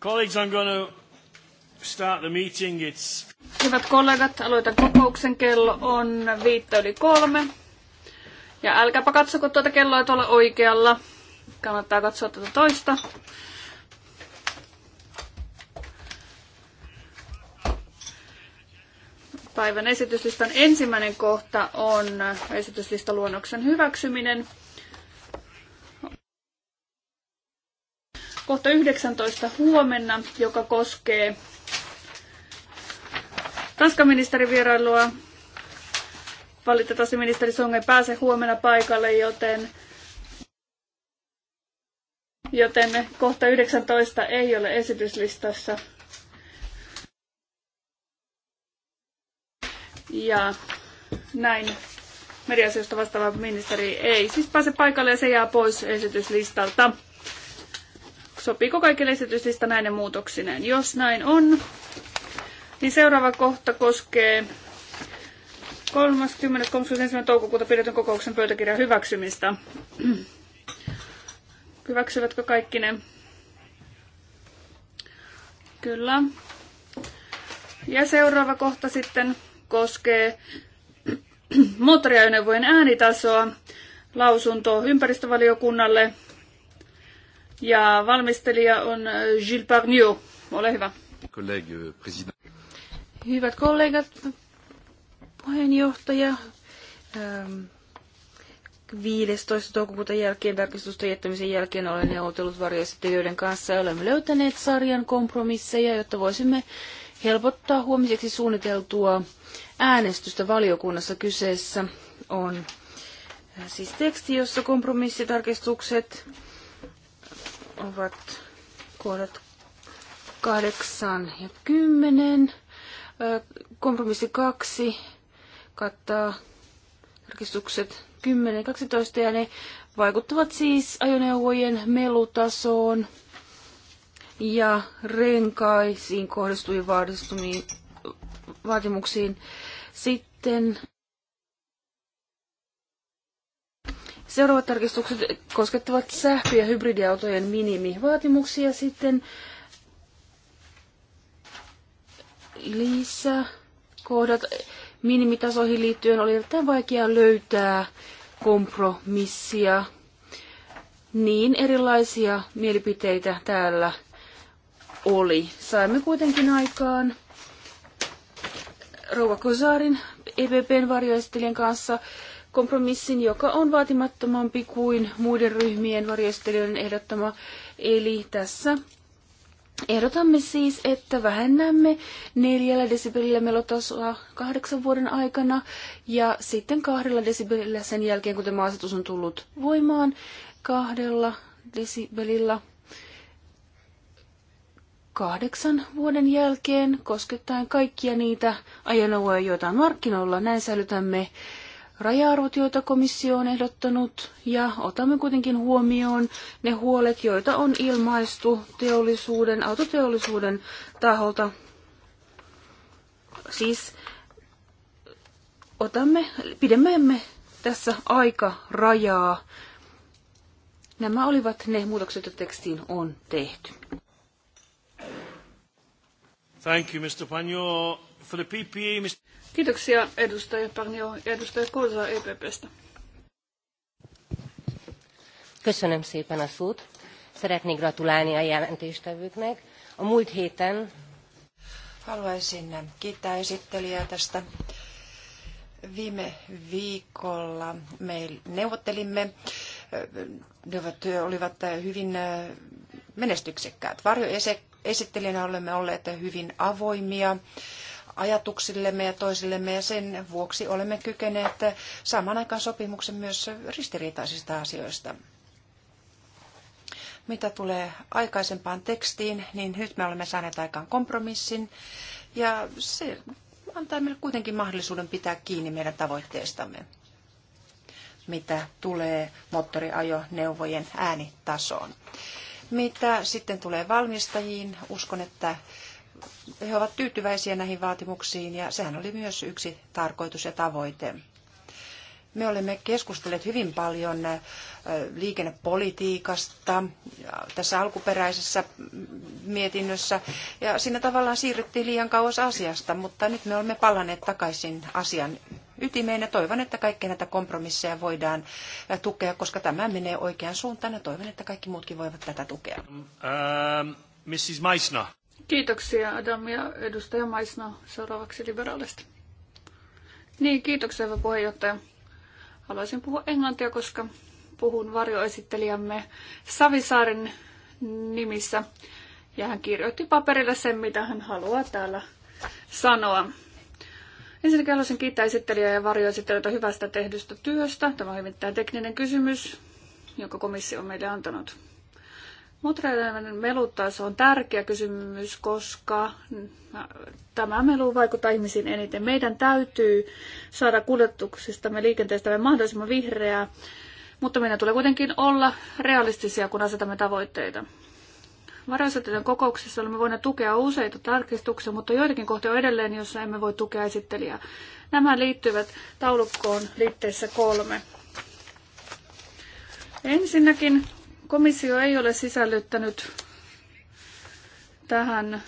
Colleagues, I'm going to start the meeting. It's... Hyvät kollegat, aloitan kokouksen. Kello on viittä yli kolme. Ja älkääpä katsoko tuota kelloa tuolla oikealla. Kannattaa katsoa tuota toista. Päivän esityslistan ensimmäinen kohta on esityslistaluonnoksen hyväksyminen. kohta 19 huomenna, joka koskee Tanskan ministerivierailua. Valitettavasti ministeri Song ei pääse huomenna paikalle, joten, joten kohta 19 ei ole esityslistassa. Ja näin mediasiosta vastaava ministeri ei siis pääse paikalle ja se jää pois esityslistalta. Sopiiko kaikille esityslista näiden muutoksineen? Jos näin on, niin seuraava kohta koskee 30.31. toukokuuta pidetyn kokouksen pöytäkirjan hyväksymistä. Hyväksyvätkö kaikki ne? Kyllä. Ja seuraava kohta sitten koskee moottoriajoneuvojen äänitasoa lausunto ympäristövaliokunnalle ja valmistelija on äh, Gilles Parnio. Ole hyvä. Euh, Hyvät kollegat, puheenjohtaja. 15. Ähm, toukokuuta jälkeen tarkistusten jättämisen jälkeen olen neuvotellut varjoesittelijöiden kanssa ja olemme löytäneet sarjan kompromisseja, jotta voisimme helpottaa huomiseksi suunniteltua äänestystä valiokunnassa kyseessä on äh, siis teksti, jossa kompromissitarkistukset ovat kohdat 8 ja 10. Kompromissi 2 kattaa tarkistukset 10 ja 12 ja ne vaikuttavat siis ajoneuvojen melutasoon ja renkaisiin kohdistuviin vaatimuksiin. Sitten Seuraavat tarkistukset koskettavat sähkö- ja hybridiautojen minimivaatimuksia sitten. lisä kohdat minimitasoihin liittyen oli erittäin vaikea löytää kompromissia. Niin erilaisia mielipiteitä täällä oli. Saimme kuitenkin aikaan Rouva Kosaarin EPPn varjoesittelijän kanssa kompromissin, joka on vaatimattomampi kuin muiden ryhmien varjostelijoiden ehdottama. Eli tässä ehdotamme siis, että vähennämme neljällä desibelillä melotasoa kahdeksan vuoden aikana ja sitten kahdella desibelillä sen jälkeen, kun tämä asetus on tullut voimaan, kahdella desibelillä kahdeksan vuoden jälkeen koskettaen kaikkia niitä ajoneuvoja, joita on markkinoilla. Näin säilytämme raja-arvot, joita komissio on ehdottanut, ja otamme kuitenkin huomioon ne huolet, joita on ilmaistu teollisuuden, autoteollisuuden taholta. Siis otamme, pidemmemme tässä aika rajaa. Nämä olivat ne muutokset, joita tekstiin on tehty. Thank you, Mr. Pagno for the PPE, Mr. Kiitoksia edustaja Parnio, edustaja Kulsa EPPstä. Köszönöm szépen a szót. Szeretnék gratulálni a jelentéstevőknek. A múlt héten... Haluaisin kiittää esittelijää tästä. Viime viikolla me neuvottelimme. Ne olivat hyvin äh, menestyksekkäät. Varjoesittelijänä olemme olleet hyvin avoimia ajatuksillemme ja toisillemme ja sen vuoksi olemme kykeneet saamaan aikaan sopimuksen myös ristiriitaisista asioista. Mitä tulee aikaisempaan tekstiin, niin nyt me olemme saaneet aikaan kompromissin ja se antaa meille kuitenkin mahdollisuuden pitää kiinni meidän tavoitteestamme, mitä tulee moottoriajoneuvojen äänitasoon. Mitä sitten tulee valmistajiin, uskon, että he ovat tyytyväisiä näihin vaatimuksiin ja sehän oli myös yksi tarkoitus ja tavoite. Me olemme keskustelleet hyvin paljon liikennepolitiikasta tässä alkuperäisessä mietinnössä ja siinä tavallaan siirryttiin liian kauas asiasta, mutta nyt me olemme palanneet takaisin asian ytimeen ja toivon, että kaikkia näitä kompromisseja voidaan tukea, koska tämä menee oikeaan suuntaan ja toivon, että kaikki muutkin voivat tätä tukea. Um, Mrs. Um, Meissner. Kiitoksia Adam ja edustaja Maisno seuraavaksi liberaalista. Niin, kiitoksia hyvä puheenjohtaja. Haluaisin puhua englantia, koska puhun varjoesittelijämme Savisaaren nimissä. Ja hän kirjoitti paperille sen, mitä hän haluaa täällä sanoa. Ensinnäkin haluaisin kiittää esittelijää ja varjoesittelijöitä hyvästä tehdystä työstä. Tämä on hyvin tekninen kysymys, jonka komissio on meille antanut. Mutreläinen melutaso on tärkeä kysymys, koska tämä melu vaikuttaa ihmisiin eniten. Meidän täytyy saada kuljetuksistamme liikenteestämme mahdollisimman vihreää, mutta meidän tulee kuitenkin olla realistisia, kun asetamme tavoitteita. Varaisetöiden kokouksessa olemme voineet tukea useita tarkistuksia, mutta joitakin kohtia on edelleen, jossa emme voi tukea esittelijää. Nämä liittyvät taulukkoon liitteessä kolme. Ensinnäkin Komissio ei ole sisällyttänyt tähän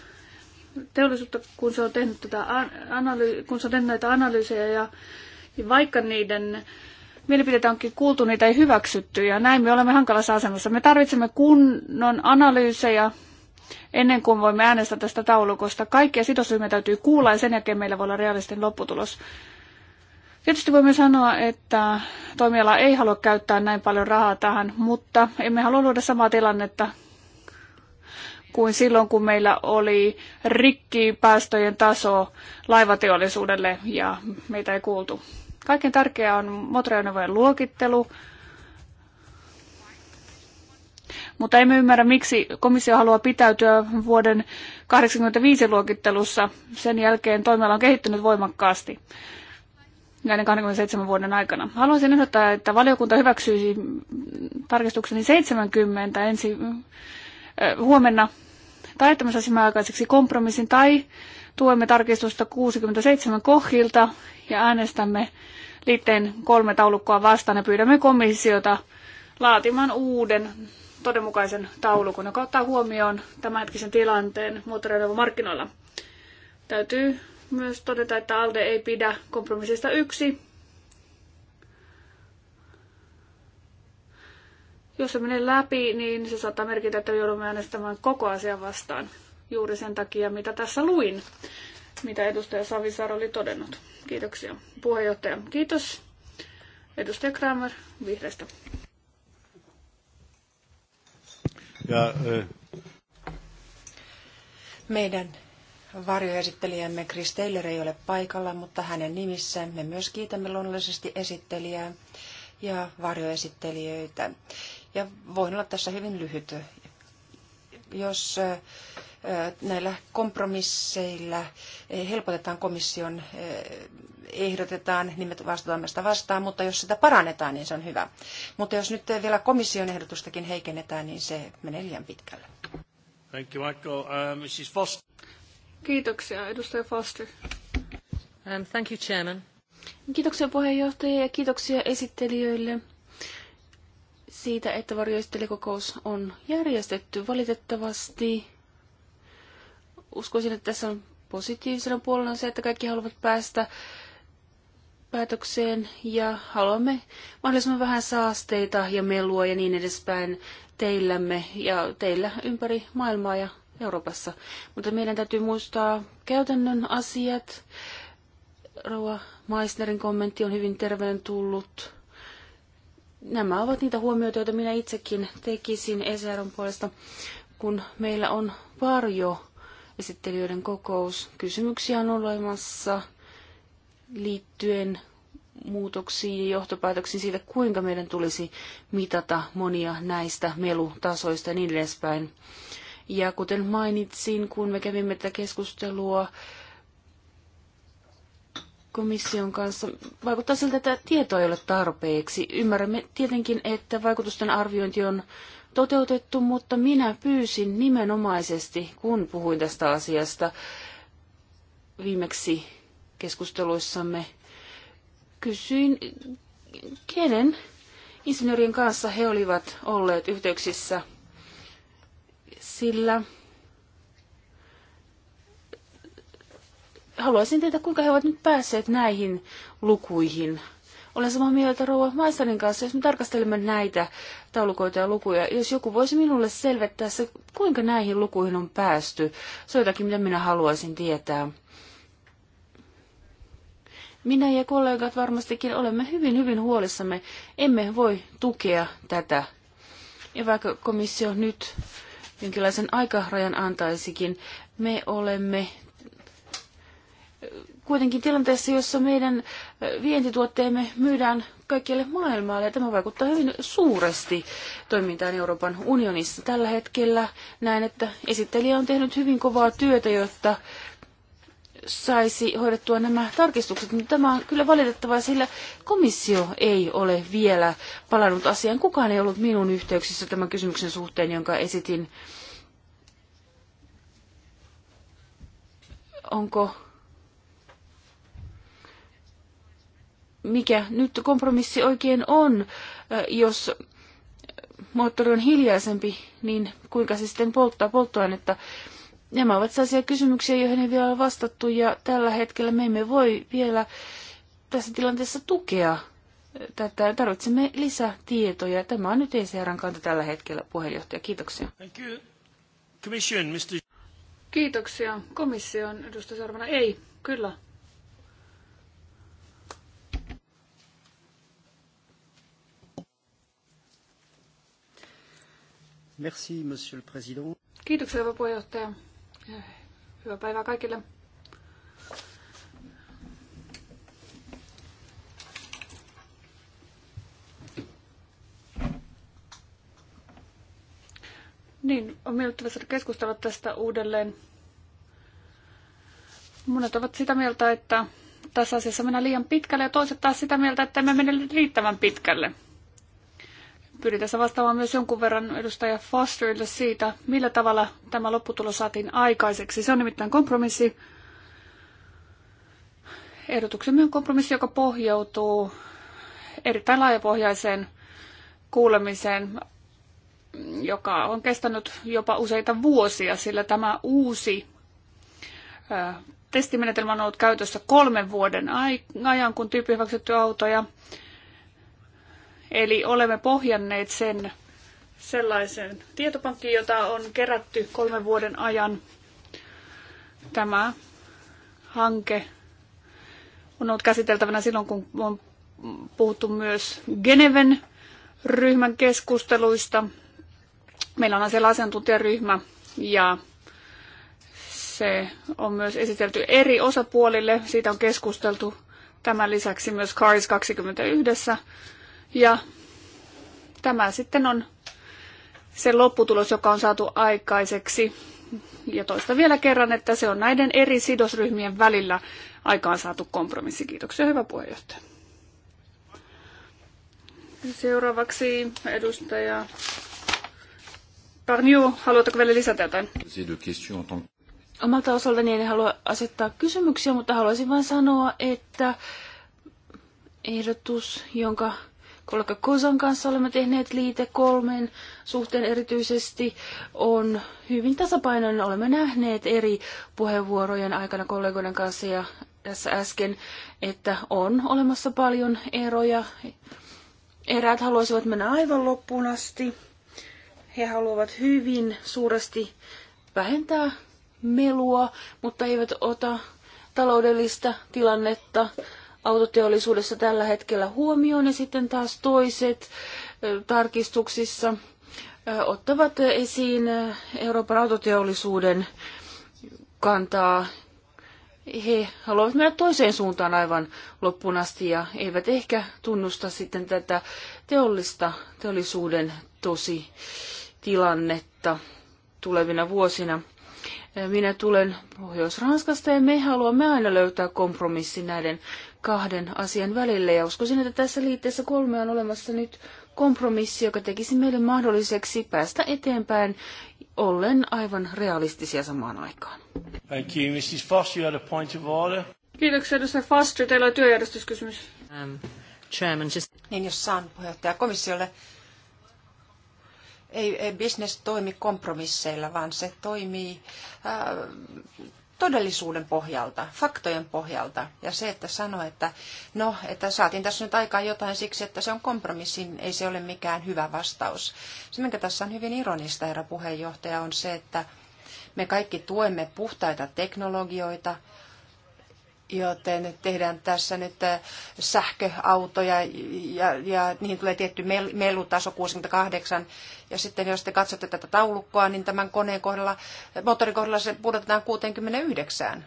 teollisuutta, kun se on tehnyt, tätä analy- kun se on tehnyt näitä analyysejä ja, ja vaikka niiden mielipiteitä onkin kuultu, niitä ei hyväksytty ja näin me olemme hankalassa asemassa. Me tarvitsemme kunnon analyysejä ennen kuin voimme äänestää tästä taulukosta. Kaikkia sidosryhmiä täytyy kuulla ja sen jälkeen meillä voi olla realistinen lopputulos. Tietysti voimme sanoa, että toimiala ei halua käyttää näin paljon rahaa tähän, mutta emme halua luoda samaa tilannetta kuin silloin, kun meillä oli rikki päästöjen taso laivateollisuudelle ja meitä ei kuultu. Kaiken tärkeää on motoriajoneuvojen luokittelu, mutta emme ymmärrä, miksi komissio haluaa pitäytyä vuoden 1985 luokittelussa. Sen jälkeen toimiala on kehittynyt voimakkaasti näiden 27 vuoden aikana. Haluaisin ehdottaa, että valiokunta hyväksyisi tarkistukseni 70 ensi äh, huomenna tai että me saisimme aikaiseksi kompromissin tai tuemme tarkistusta 67 kohilta ja äänestämme liitteen kolme taulukkoa vastaan ja pyydämme komissiota laatimaan uuden todenmukaisen taulukon, joka ottaa huomioon tämänhetkisen tilanteen markkinoilla Täytyy myös todeta, että ALDE ei pidä kompromissista yksi. Jos se menee läpi, niin se saattaa merkitä, että joudumme äänestämään koko asian vastaan. Juuri sen takia, mitä tässä luin, mitä edustaja Savisaar oli todennut. Kiitoksia. Puheenjohtaja, kiitos. Edustaja Kramer, vihreistä. Ja, äh. Meidän Varjoesittelijämme Chris Taylor ei ole paikalla, mutta hänen nimissään me myös kiitämme luonnollisesti esittelijää ja varjoesittelijöitä. Ja voin olla tässä hyvin lyhyt. Jos näillä kompromisseilla helpotetaan komission ehdotetaan, niin me vastuutamme vastaan, mutta jos sitä parannetaan, niin se on hyvä. Mutta jos nyt vielä komission ehdotustakin heikennetään, niin se menee liian pitkälle. Thank you, Michael. Uh, Mrs. Foster. Kiitoksia, edustaja Foster. Um, thank you, Chairman. Kiitoksia puheenjohtajia ja kiitoksia esittelijöille siitä, että varjoistelijokokous on järjestetty. Valitettavasti uskoisin, että tässä on positiivisena puolella se, että kaikki haluavat päästä päätökseen ja haluamme mahdollisimman vähän saasteita ja melua ja niin edespäin teillämme ja teillä ympäri maailmaa ja Euroopassa. Mutta meidän täytyy muistaa käytännön asiat. Rauha Meissnerin kommentti on hyvin tullut. Nämä ovat niitä huomioita, joita minä itsekin tekisin ECRn puolesta, kun meillä on varjo esittelijöiden kokous. Kysymyksiä on olemassa liittyen muutoksiin ja johtopäätöksiin siitä, kuinka meidän tulisi mitata monia näistä melutasoista ja niin edespäin. Ja kuten mainitsin, kun me kävimme tätä keskustelua komission kanssa, vaikuttaa siltä, että tieto ei ole tarpeeksi. Ymmärrämme tietenkin, että vaikutusten arviointi on toteutettu, mutta minä pyysin nimenomaisesti, kun puhuin tästä asiasta viimeksi keskusteluissamme, kysyin, kenen insinöörien kanssa he olivat olleet yhteyksissä – sillä haluaisin tietää, kuinka he ovat nyt päässeet näihin lukuihin. Olen samaa mieltä Rouva Maistarin kanssa, jos me tarkastelemme näitä taulukoita ja lukuja. Jos joku voisi minulle selvittää se, kuinka näihin lukuihin on päästy, se on jotakin, mitä minä haluaisin tietää. Minä ja kollegat varmastikin olemme hyvin, hyvin huolissamme. Emme voi tukea tätä. Ja vaikka komissio nyt jonkinlaisen aikarajan antaisikin. Me olemme kuitenkin tilanteessa, jossa meidän vientituotteemme myydään kaikkialle maailmalle, ja tämä vaikuttaa hyvin suuresti toimintaan Euroopan unionissa. Tällä hetkellä näen, että esittelijä on tehnyt hyvin kovaa työtä, jotta saisi hoidettua nämä tarkistukset, mutta tämä on kyllä valitettavaa, sillä komissio ei ole vielä palannut asiaan. Kukaan ei ollut minun yhteyksissä tämän kysymyksen suhteen, jonka esitin. Onko mikä nyt kompromissi oikein on, äh, jos moottori on hiljaisempi, niin kuinka se sitten polttaa polttoainetta? nämä ovat sellaisia kysymyksiä, joihin ei vielä ole vastattu ja tällä hetkellä me emme voi vielä tässä tilanteessa tukea tätä. Tarvitsemme lisätietoja. Tämä on nyt ECRn kanta tällä hetkellä, puheenjohtaja. Kiitoksia. Thank you. Commission, Mr. Kiitoksia. Komission edustaja Sarvana. Ei, kyllä. Merci, monsieur le président. Kiitoksia, puheenjohtaja. Hyvää päivää kaikille. Niin, on miellyttävä saada keskustella tästä uudelleen. Monet ovat sitä mieltä, että tässä asiassa mennään liian pitkälle ja toiset taas sitä mieltä, että emme mene riittävän pitkälle. Pyrin tässä vastaamaan myös jonkun verran edustaja Fosterille siitä, millä tavalla tämä lopputulos saatiin aikaiseksi. Se on nimittäin kompromissi. Ehdotuksemme on kompromissi, joka pohjautuu erittäin laajapohjaiseen kuulemiseen, joka on kestänyt jopa useita vuosia, sillä tämä uusi testimenetelmä on ollut käytössä kolmen vuoden ajan, kun tyyppi hyväksytty autoja Eli olemme pohjanneet sen sellaisen tietopankkiin, jota on kerätty kolmen vuoden ajan. Tämä hanke on ollut käsiteltävänä silloin, kun on puhuttu myös Geneven ryhmän keskusteluista. Meillä on siellä asiantuntijaryhmä ja se on myös esitelty eri osapuolille. Siitä on keskusteltu tämän lisäksi myös CARS 21 ja tämä sitten on se lopputulos, joka on saatu aikaiseksi. Ja toista vielä kerran, että se on näiden eri sidosryhmien välillä aikaan saatu kompromissi. Kiitoksia, hyvä puheenjohtaja. Seuraavaksi edustaja Parniu, haluatko vielä lisätä jotain? Omalta osaltani en halua asettaa kysymyksiä, mutta haluaisin vain sanoa, että ehdotus, jonka Kollega Kosan kanssa olemme tehneet liite kolmen suhteen erityisesti on hyvin tasapainoinen. Olemme nähneet eri puheenvuorojen aikana kollegoiden kanssa ja tässä äsken, että on olemassa paljon eroja. Eräät haluaisivat mennä aivan loppuun asti. He haluavat hyvin suuresti vähentää melua, mutta eivät ota taloudellista tilannetta autoteollisuudessa tällä hetkellä huomioon ja sitten taas toiset tarkistuksissa ottavat esiin Euroopan autoteollisuuden kantaa. He haluavat mennä toiseen suuntaan aivan loppuun asti ja eivät ehkä tunnusta sitten tätä teollista teollisuuden tosi tilannetta tulevina vuosina. Minä tulen Pohjois-Ranskasta ja me haluamme aina löytää kompromissin näiden kahden asian välille. Ja uskoisin, että tässä liitteessä kolme on olemassa nyt kompromissi, joka tekisi meille mahdolliseksi päästä eteenpäin ollen aivan realistisia samaan aikaan. Thank you, Mrs. Foss, you had a point of order. Kiitoksia, edustaja Foster. Teillä on työjärjestyskysymys. Um, chairman, just... Niin, jos saan puheenjohtaja komissiolle. Ei, ei business toimi kompromisseilla, vaan se toimii äh, todellisuuden pohjalta, faktojen pohjalta. Ja se, että sanoi, että no, että saatiin tässä nyt aikaan jotain siksi, että se on kompromissin, niin ei se ole mikään hyvä vastaus. Se, minkä tässä on hyvin ironista, herra puheenjohtaja, on se, että me kaikki tuemme puhtaita teknologioita, joten tehdään tässä nyt äh, sähköautoja ja, ja niihin tulee tietty melutaso 68. Ja sitten jos te katsotte tätä taulukkoa, niin tämän koneen kohdalla, moottorin kohdalla se pudotetaan 69.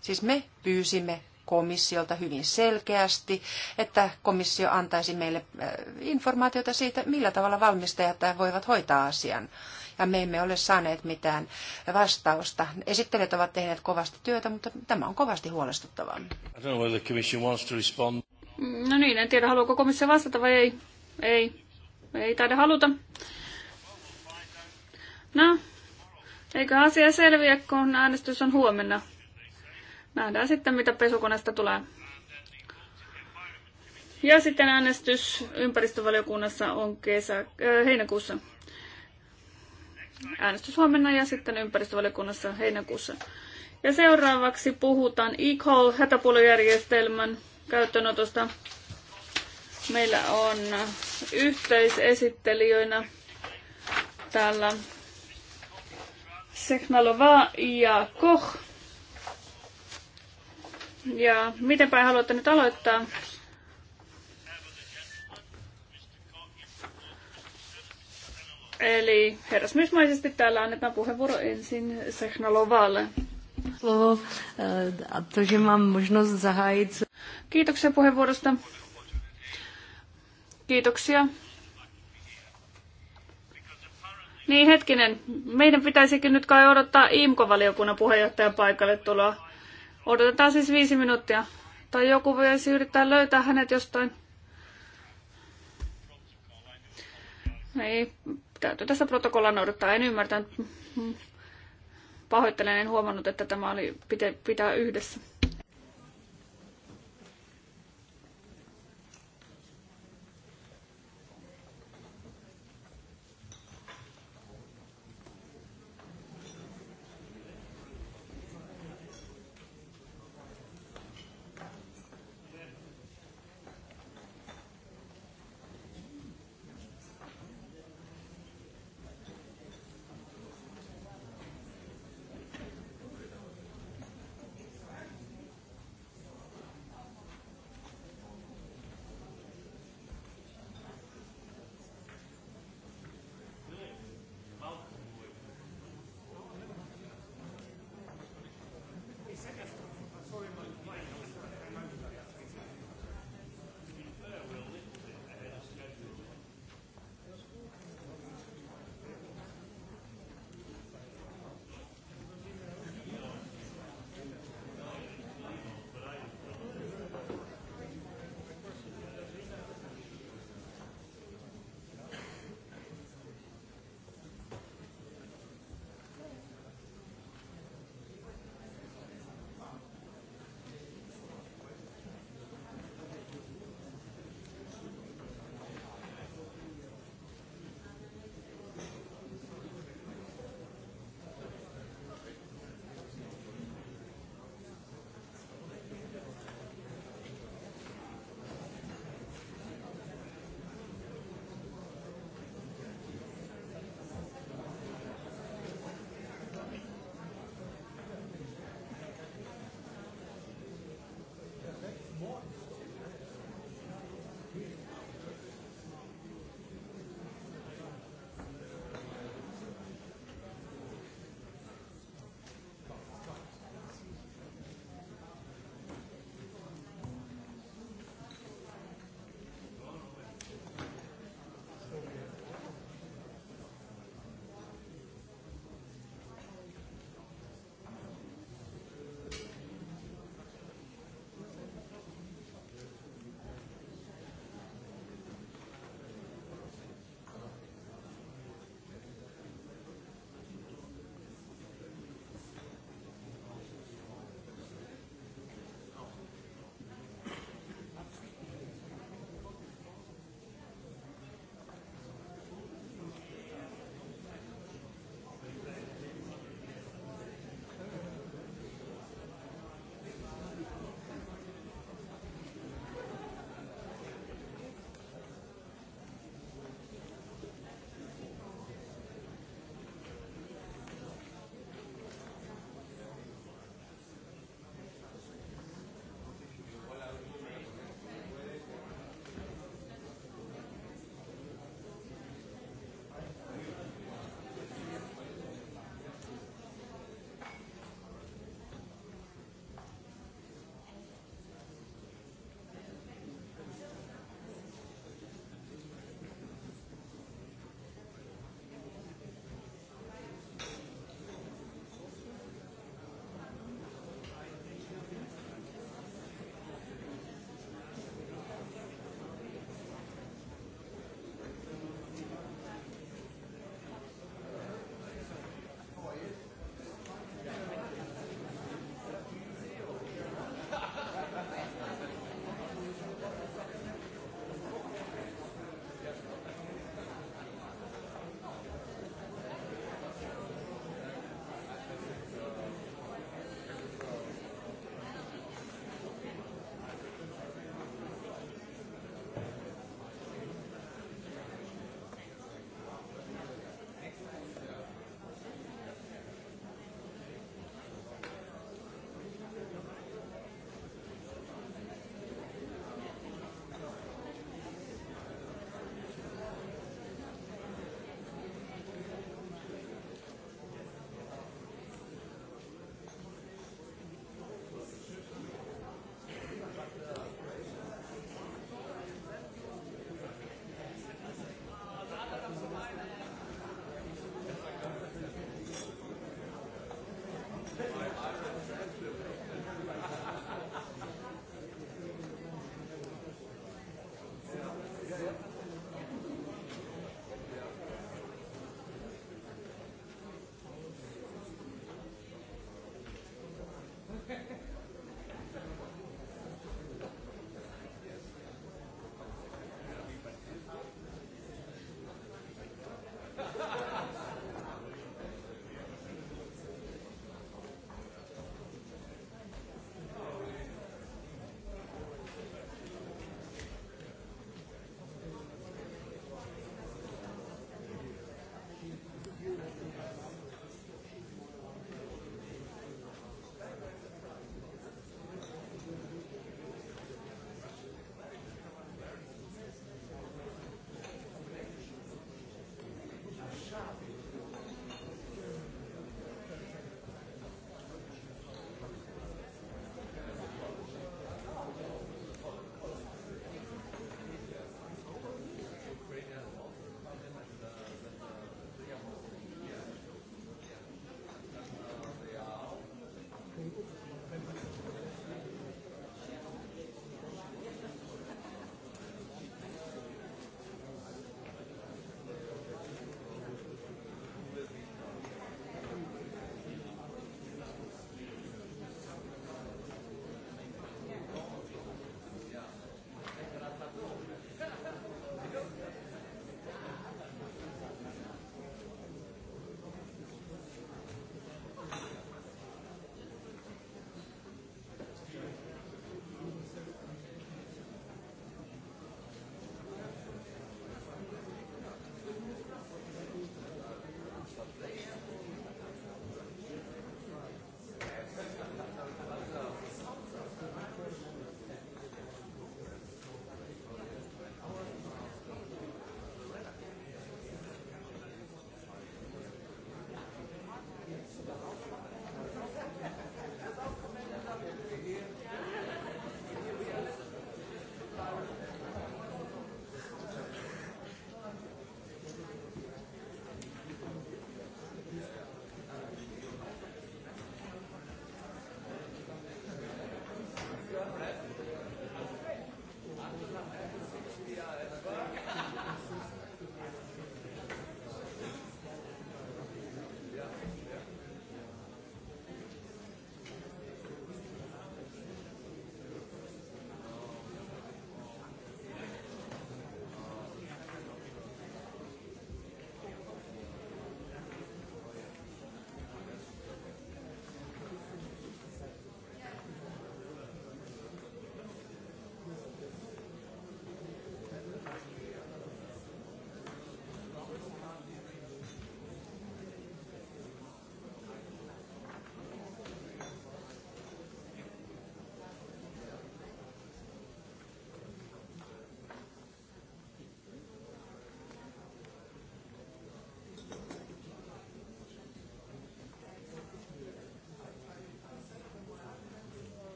Siis me pyysimme komissiolta hyvin selkeästi, että komissio antaisi meille äh, informaatiota siitä, millä tavalla valmistajat voivat hoitaa asian ja me emme ole saaneet mitään vastausta. Esittelijät ovat tehneet kovasti työtä, mutta tämä on kovasti huolestuttavaa. No niin, en tiedä haluaako komissio vastata vai ei. Ei, ei taida haluta. No, eikö asia selviä, kun äänestys on huomenna? Nähdään sitten, mitä pesukoneesta tulee. Ja sitten äänestys ympäristövaliokunnassa on kesä, äh, heinäkuussa äänestys huomenna ja sitten ympäristövaliokunnassa heinäkuussa. Ja seuraavaksi puhutaan e hätäpuolujärjestelmän käyttöönotosta. Meillä on yhteisesittelijöinä täällä Seknalova ja Koch. Ja mitenpä haluatte nyt aloittaa? Eli herrasmiesmaisesti täällä annetaan puheenvuoro ensin Sechnalovalle. Slovo, eh, a to, že mám možnost zahájit. Kiitoksia puheenvuorosta. Kiitoksia. Niin hetkinen, meidän pitäisikin nyt kai odottaa IMKO-valiokunnan puheenjohtajan paikalle tuloa. Odotetaan siis viisi minuuttia. Tai joku voisi yrittää löytää hänet jostain. Ei, Täytyy tässä protokollaa noudattaa. En ymmärtänyt. Pahoittelen, en huomannut, että tämä oli pitää yhdessä.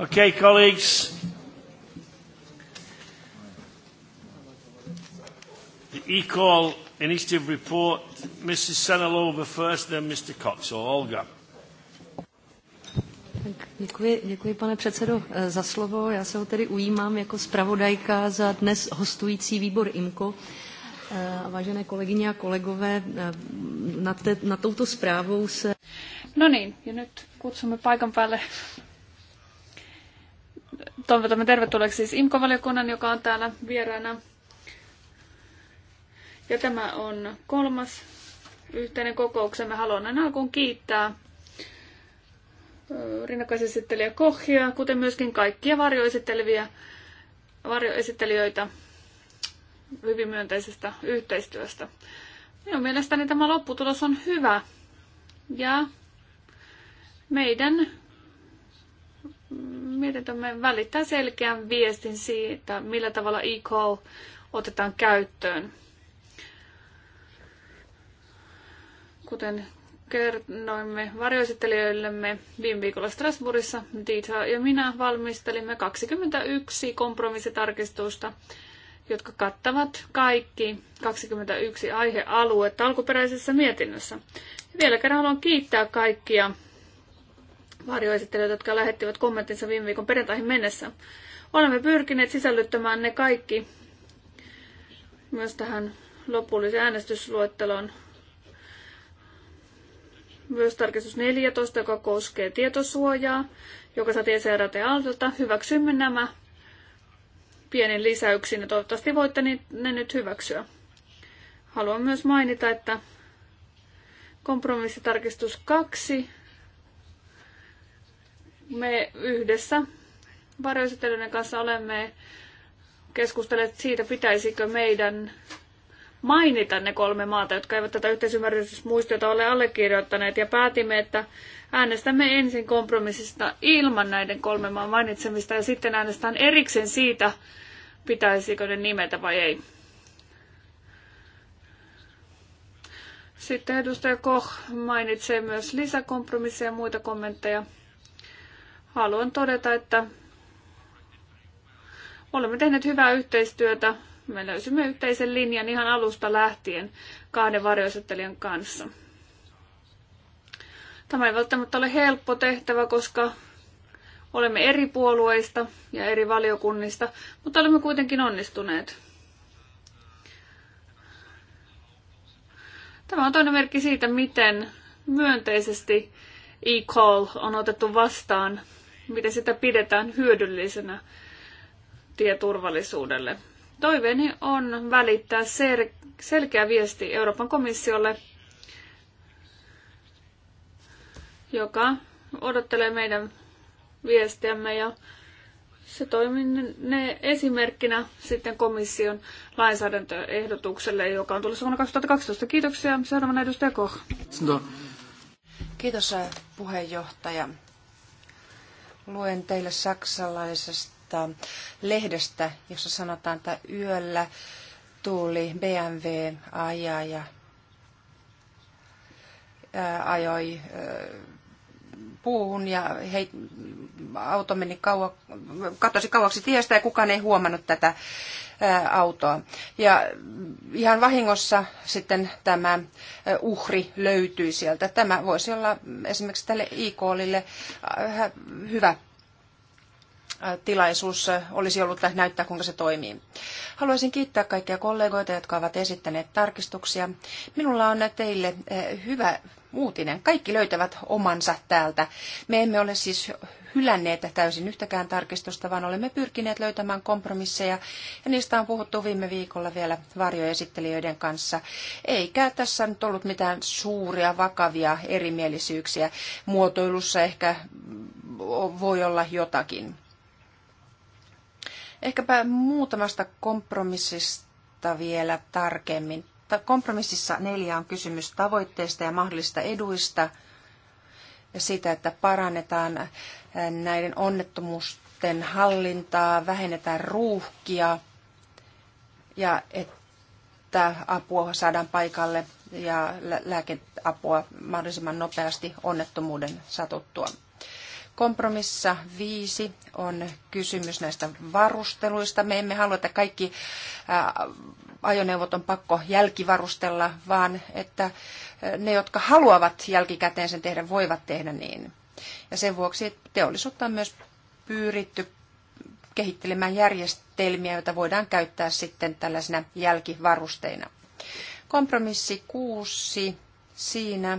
Okay, colleagues. The eCall initiative report, Mrs. Senalova first, then Mr. Cox or Olga. Děkuji, děkuji, pane předsedo, eh, za slovo. Já se ho tedy ujímám jako zpravodajka za dnes hostující výbor IMCO. Eh, vážené kolegyně a kolegové, eh, na, te, na touto zprávou se... No niin, ja nyt kutsumme paikan päälle Toivotamme tervetulleeksi siis IMKO-valiokunnan, joka on täällä vieraana. Ja tämä on kolmas yhteinen kokouksemme. Haluan näin alkuun kiittää rinnakkaisesittelijä Kohjaa, kuten myöskin kaikkia varjoesitteleviä, varjoesittelijöitä hyvin myönteisestä yhteistyöstä. Minun mielestäni tämä lopputulos on hyvä ja meidän mietintömme välittää selkeän viestin siitä, millä tavalla e-call otetaan käyttöön. Kuten kerroimme varjoesittelijöillemme viime viikolla Strasbourgissa, Dita ja minä valmistelimme 21 kompromissitarkistusta, jotka kattavat kaikki 21 aihealuetta alkuperäisessä mietinnössä. Vielä kerran haluan kiittää kaikkia varjoesittelijöitä, jotka lähettivät kommenttinsa viime viikon perjantaihin mennessä. Olemme pyrkineet sisällyttämään ne kaikki myös tähän lopulliseen äänestysluetteloon. Myös tarkistus 14, joka koskee tietosuojaa, joka saa ECRT Aaltolta. Hyväksymme nämä pienin lisäyksin ja toivottavasti voitte ne nyt hyväksyä. Haluan myös mainita, että kompromissitarkistus 2 me yhdessä varjoesittelyiden kanssa olemme keskustelleet siitä, pitäisikö meidän mainita ne kolme maata, jotka eivät tätä yhteisymmärrysmuistiota ole allekirjoittaneet, ja päätimme, että äänestämme ensin kompromissista ilman näiden kolmen maan mainitsemista, ja sitten äänestään erikseen siitä, pitäisikö ne nimetä vai ei. Sitten edustaja Koch mainitsee myös lisäkompromisseja ja muita kommentteja haluan todeta, että olemme tehneet hyvää yhteistyötä. Me löysimme yhteisen linjan ihan alusta lähtien kahden varjoisettelijan kanssa. Tämä ei välttämättä ole helppo tehtävä, koska olemme eri puolueista ja eri valiokunnista, mutta olemme kuitenkin onnistuneet. Tämä on toinen merkki siitä, miten myönteisesti e-call on otettu vastaan miten sitä pidetään hyödyllisenä tieturvallisuudelle. Toiveeni on välittää sel- selkeä viesti Euroopan komissiolle, joka odottelee meidän viestiämme ja se toimii ne esimerkkinä sitten komission lainsäädäntöehdotukselle, joka on tulossa vuonna 2012. Kiitoksia. Seuraavana edustaja Koch. Kiitos äh, puheenjohtaja. Luen teille saksalaisesta lehdestä, jossa sanotaan, että yöllä tuli bmw ja ajoi puuhun ja hei, auto meni kauaksi, katosi kauaksi tiestä ja kukaan ei huomannut tätä autoa. Ja ihan vahingossa sitten tämä uhri löytyi sieltä. Tämä voisi olla esimerkiksi tälle IKOLille hyvä tilaisuus olisi ollut näyttää, kuinka se toimii. Haluaisin kiittää kaikkia kollegoita, jotka ovat esittäneet tarkistuksia. Minulla on teille hyvä uutinen. Kaikki löytävät omansa täältä. Me emme ole siis hylänneet täysin yhtäkään tarkistusta, vaan olemme pyrkineet löytämään kompromisseja, ja niistä on puhuttu viime viikolla vielä varjoesittelijöiden kanssa. Eikä tässä nyt ollut mitään suuria, vakavia erimielisyyksiä. Muotoilussa ehkä voi olla jotakin. Ehkäpä muutamasta kompromissista vielä tarkemmin. Kompromississa neljä on kysymys tavoitteista ja mahdollisista eduista ja siitä, että parannetaan äh, näiden onnettomuusten hallintaa, vähennetään ruuhkia ja että apua saadaan paikalle ja lääkeapua mahdollisimman nopeasti onnettomuuden satuttua. Kompromissa viisi on kysymys näistä varusteluista. Me emme halua, että kaikki äh, ajoneuvot on pakko jälkivarustella, vaan että ne, jotka haluavat jälkikäteen sen tehdä, voivat tehdä niin. Ja sen vuoksi teollisuutta on myös pyritty kehittelemään järjestelmiä, joita voidaan käyttää sitten tällaisina jälkivarusteina. Kompromissi kuusi siinä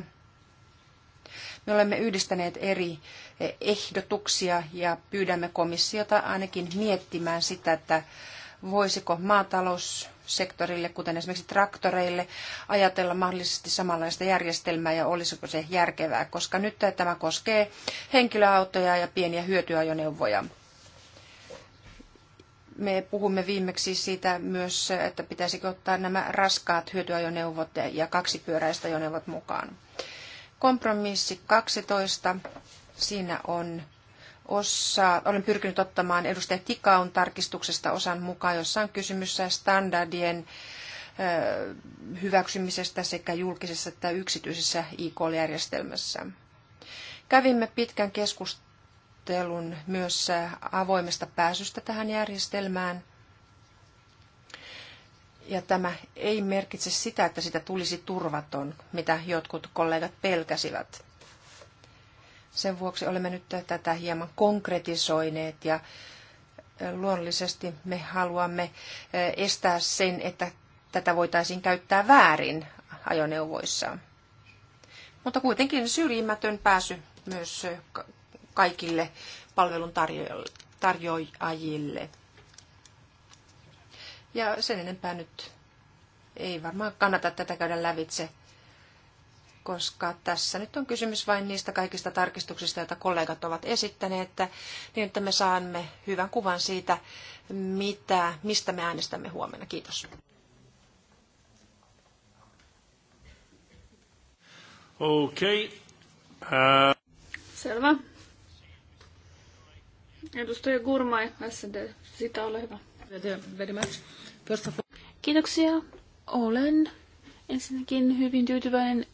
me olemme yhdistäneet eri e, ehdotuksia ja pyydämme komissiota ainakin miettimään sitä, että voisiko maatalous sektorille, kuten esimerkiksi traktoreille, ajatella mahdollisesti samanlaista järjestelmää ja olisiko se järkevää, koska nyt tämä koskee henkilöautoja ja pieniä hyötyajoneuvoja. Me puhumme viimeksi siitä myös, että pitäisikö ottaa nämä raskaat hyötyajoneuvot ja kaksipyöräiset ajoneuvot mukaan. Kompromissi 12. Siinä on osa, olen pyrkinyt ottamaan edustaja Tikaun tarkistuksesta osan mukaan, jossa on kysymys standardien hyväksymisestä sekä julkisessa että yksityisessä IK-järjestelmässä. Kävimme pitkän keskustelun myös avoimesta pääsystä tähän järjestelmään. Ja tämä ei merkitse sitä, että sitä tulisi turvaton, mitä jotkut kollegat pelkäsivät. Sen vuoksi olemme nyt tätä hieman konkretisoineet ja luonnollisesti me haluamme eh, estää sen, että tätä voitaisiin käyttää väärin ajoneuvoissa. Mutta kuitenkin syrjimätön pääsy myös eh, kaikille palvelun tarjoajille. Ja sen enempää nyt ei varmaan kannata tätä käydä lävitse koska tässä nyt on kysymys vain niistä kaikista tarkistuksista, joita kollegat ovat esittäneet, että, niin että me saamme hyvän kuvan siitä, mitä, mistä me äänestämme huomenna. Kiitos. Okei. Okay. Uh... Selvä. Edustaja Gurmai, SD, sitä ole hyvä. Kiitoksia. Olen ensinnäkin hyvin tyytyväinen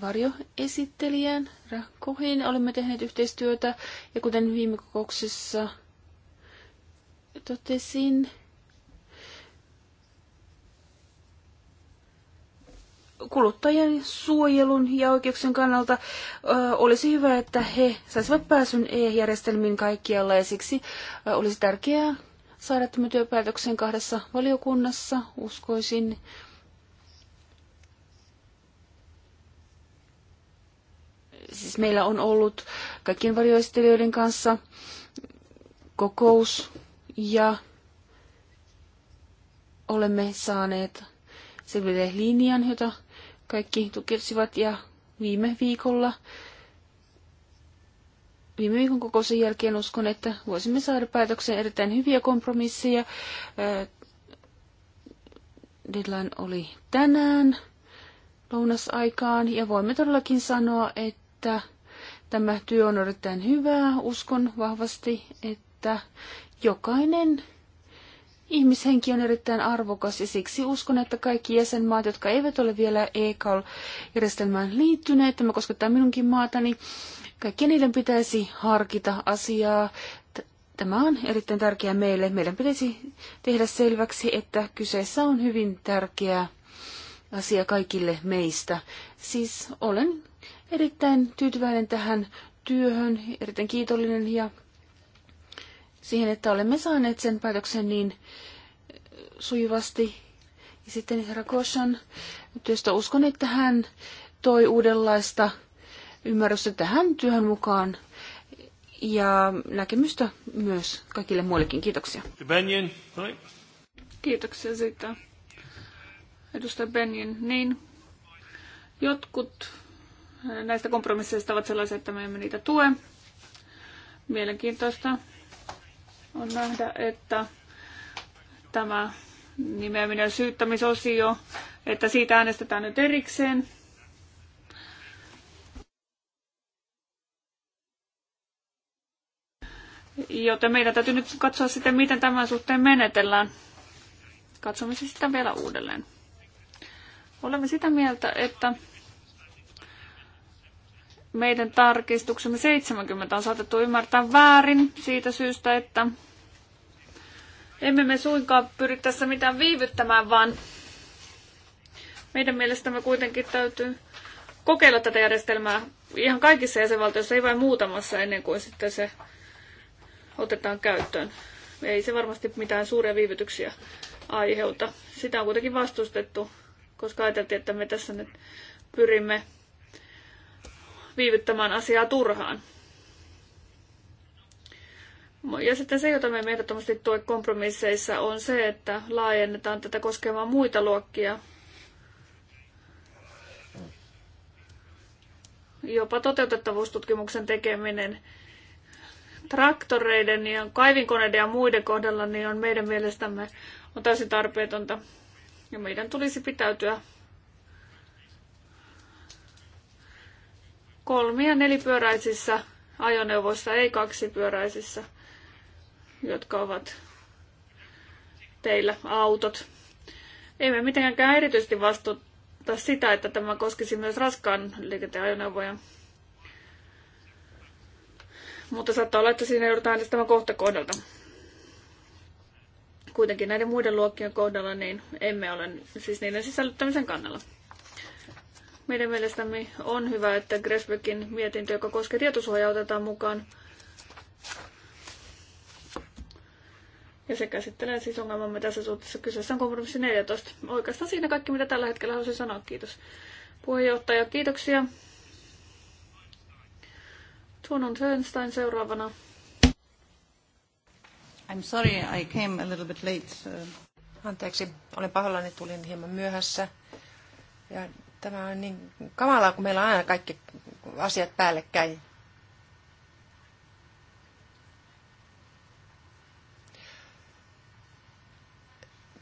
varjoesittelijän Rakkohin. Olemme tehneet yhteistyötä ja kuten viime kokouksessa totesin, kuluttajien suojelun ja oikeuksien kannalta ö, olisi hyvä, että he saisivat pääsyn e-järjestelmiin kaikkialla ja siksi ö, olisi tärkeää saada tämä työpäätöksen kahdessa valiokunnassa. Uskoisin siis meillä on ollut kaikkien varjoistelijoiden kanssa kokous ja olemme saaneet selville linjan, jota kaikki tukisivat ja viime viikolla viime viikon kokouksen jälkeen uskon, että voisimme saada päätökseen erittäin hyviä kompromisseja. Deadline oli tänään lounasaikaan ja voimme todellakin sanoa, että että tämä työ on erittäin hyvää. Uskon vahvasti, että jokainen ihmishenki on erittäin arvokas ja siksi uskon, että kaikki jäsenmaat, jotka eivät ole vielä EKAL-järjestelmään liittyneet, tämä koskettaa minunkin maatani, kaikki niiden pitäisi harkita asiaa. Tämä on erittäin tärkeää meille. Meidän pitäisi tehdä selväksi, että kyseessä on hyvin tärkeä asia kaikille meistä. Siis olen erittäin tyytyväinen tähän työhön, erittäin kiitollinen ja siihen, että olemme saaneet sen päätöksen niin sujuvasti. Ja sitten herra Koshan työstä uskon, että hän toi uudenlaista ymmärrystä tähän työhön mukaan ja näkemystä myös kaikille muillekin. Kiitoksia. Benjen, Kiitoksia siitä. Edustaja Benjen, niin jotkut näistä kompromisseista ovat sellaisia, että me emme niitä tue. Mielenkiintoista on nähdä, että tämä nimeäminen syyttämisosio, että siitä äänestetään nyt erikseen. Joten meidän täytyy nyt katsoa sitten, miten tämän suhteen menetellään. Katsomme sitä vielä uudelleen. Olemme sitä mieltä, että meidän tarkistuksemme 70 on saatettu ymmärtää väärin siitä syystä, että emme me suinkaan pyri tässä mitään viivyttämään, vaan meidän mielestämme kuitenkin täytyy kokeilla tätä järjestelmää ihan kaikissa jäsenvaltioissa, ei vain muutamassa ennen kuin sitten se otetaan käyttöön. Ei se varmasti mitään suuria viivytyksiä aiheuta. Sitä on kuitenkin vastustettu, koska ajateltiin, että me tässä nyt pyrimme viivyttämään asiaa turhaan. Ja sitten se, jota me emme ehdottomasti tue kompromisseissa, on se, että laajennetaan tätä koskemaan muita luokkia. Jopa toteutettavuustutkimuksen tekeminen traktoreiden ja kaivinkoneiden ja muiden kohdalla niin on meidän mielestämme on täysin tarpeetonta. Ja meidän tulisi pitäytyä kolmi- ja nelipyöräisissä ajoneuvoissa, ei kaksipyöräisissä, jotka ovat teillä autot. Ei me mitenkään erityisesti vastuuta sitä, että tämä koskisi myös raskaan liikenteen ajoneuvoja. Mutta saattaa olla, että siinä joudutaan äänestämään kohta kohdalta. Kuitenkin näiden muiden luokkien kohdalla niin emme ole siis niiden sisällyttämisen kannalla. Meidän mielestämme on hyvä, että Gresbeckin mietintö, joka koskee tietosuojaa, otetaan mukaan. Ja se käsittelee siis ongelmamme tässä suhteessa. Kyseessä on kompromissi 14. Oikeastaan siinä kaikki, mitä tällä hetkellä haluaisin sanoa. Kiitos. Puheenjohtaja, kiitoksia. on Hönstein seuraavana. I'm sorry, I came a little bit late. Anteeksi, olen pahoillani, tulin hieman myöhässä. Ja Tämä on niin kamalaa, kun meillä on aina kaikki asiat päällekkäin.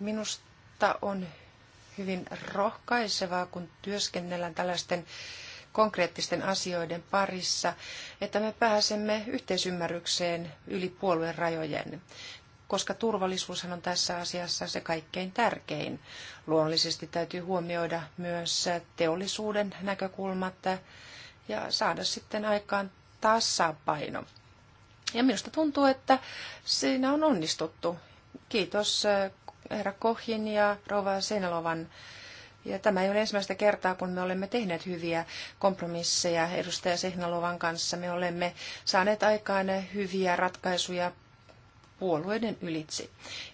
Minusta on hyvin rohkaisevaa, kun työskennellään tällaisten konkreettisten asioiden parissa, että me pääsemme yhteisymmärrykseen yli puolueen rajojen koska turvallisuushan on tässä asiassa se kaikkein tärkein. Luonnollisesti täytyy huomioida myös teollisuuden näkökulmat ja saada sitten aikaan tasapaino. Ja minusta tuntuu, että siinä on onnistuttu. Kiitos eh, herra Kohin ja Rova Senelovan. Ja tämä ei ole ensimmäistä kertaa, kun me olemme tehneet hyviä kompromisseja edustaja Sehnalovan kanssa. Me olemme saaneet aikaan hyviä ratkaisuja puolueiden ylitse.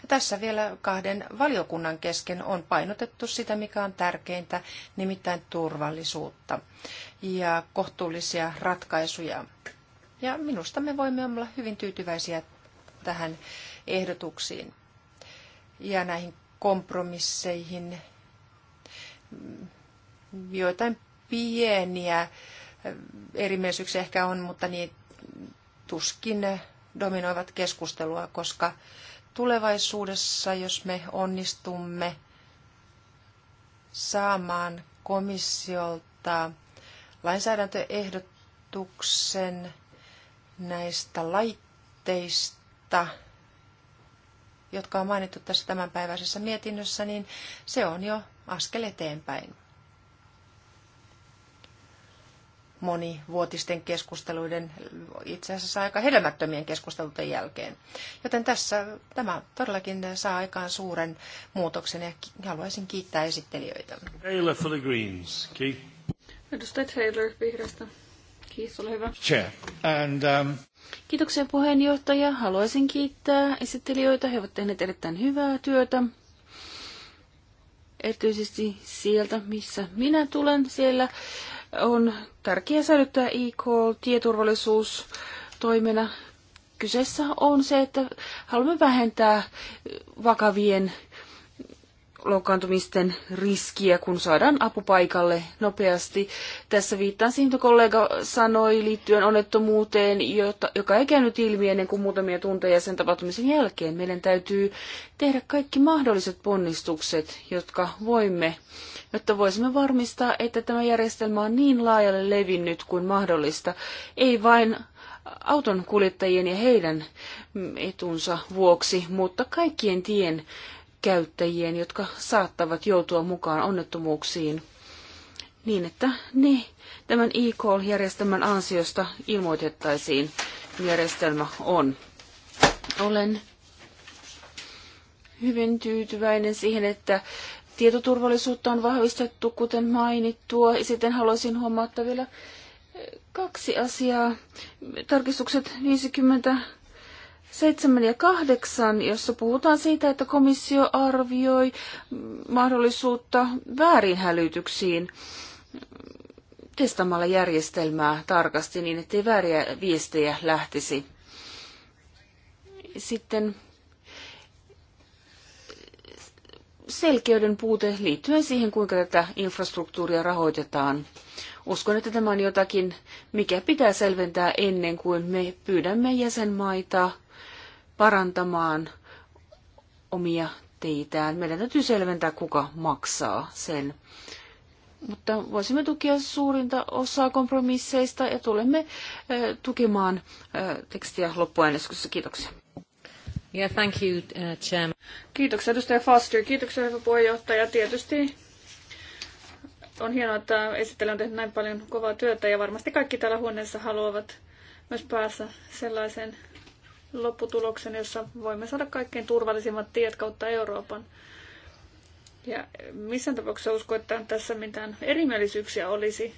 Ja tässä vielä kahden valiokunnan kesken on painotettu sitä, mikä on tärkeintä, nimittäin turvallisuutta ja kohtuullisia ratkaisuja. Ja minusta me voimme olla hyvin tyytyväisiä tähän ehdotuksiin ja näihin kompromisseihin. Joitain pieniä erimielisyyksiä ehkä on, mutta niin tuskin dominoivat keskustelua, koska tulevaisuudessa, jos me onnistumme saamaan komissiolta lainsäädäntöehdotuksen näistä laitteista, jotka on mainittu tässä tämänpäiväisessä mietinnössä, niin se on jo askel eteenpäin. monivuotisten keskusteluiden, itse asiassa aika hedelmättömien keskusteluiden jälkeen. Joten tässä tämä todellakin saa aikaan suuren muutoksen ja haluaisin kiittää esittelijöitä. Taylor for the Greens. Keith. Edustaja Taylor vihreästä. Keith, ole hyvä. Chair. And, um... Kiitoksia puheenjohtaja. Haluaisin kiittää esittelijöitä. He ovat tehneet erittäin hyvää työtä erityisesti sieltä, missä minä tulen siellä on tärkeää säilyttää e tietoturvallisuus tieturvallisuus toimena. Kyseessä on se, että haluamme vähentää vakavien loukkaantumisten riskiä, kun saadaan apu paikalle nopeasti. Tässä viittaan siihen, mitä kollega sanoi liittyen onnettomuuteen, jota, joka ei käynyt ilmi ennen kuin muutamia tunteja sen tapahtumisen jälkeen. Meidän täytyy tehdä kaikki mahdolliset ponnistukset, jotka voimme jotta voisimme varmistaa, että tämä järjestelmä on niin laajalle levinnyt kuin mahdollista, ei vain auton kuljettajien ja heidän etunsa vuoksi, mutta kaikkien tien käyttäjien, jotka saattavat joutua mukaan onnettomuuksiin, niin että ne tämän e-call-järjestelmän ansiosta ilmoitettaisiin, järjestelmä on. Olen hyvin tyytyväinen siihen, että Tietoturvallisuutta on vahvistettu, kuten mainittua. Ja sitten haluaisin huomauttaa vielä kaksi asiaa. Tarkistukset 57 ja 8, jossa puhutaan siitä, että komissio arvioi mahdollisuutta väärinhälytyksiin testaamalla järjestelmää tarkasti niin, ettei vääriä viestejä lähtisi. Sitten selkeyden puute liittyen siihen, kuinka tätä infrastruktuuria rahoitetaan. Uskon, että tämä on jotakin, mikä pitää selventää ennen kuin me pyydämme jäsenmaita parantamaan omia teitään. Meidän täytyy selventää, kuka maksaa sen. Mutta voisimme tukea suurinta osaa kompromisseista ja tulemme tukemaan tekstiä loppuäänestyksessä. Kiitoksia. Yeah, thank you, uh, Kiitoksia edustaja Foster, kiitoksia hyvä puheenjohtaja. Tietysti on hienoa, että esittely on tehnyt näin paljon kovaa työtä ja varmasti kaikki täällä huoneessa haluavat myös päästä sellaisen lopputuloksen, jossa voimme saada kaikkein turvallisimmat tiet kautta Euroopan. Ja missään tapauksessa usko, että tässä mitään erimielisyyksiä olisi,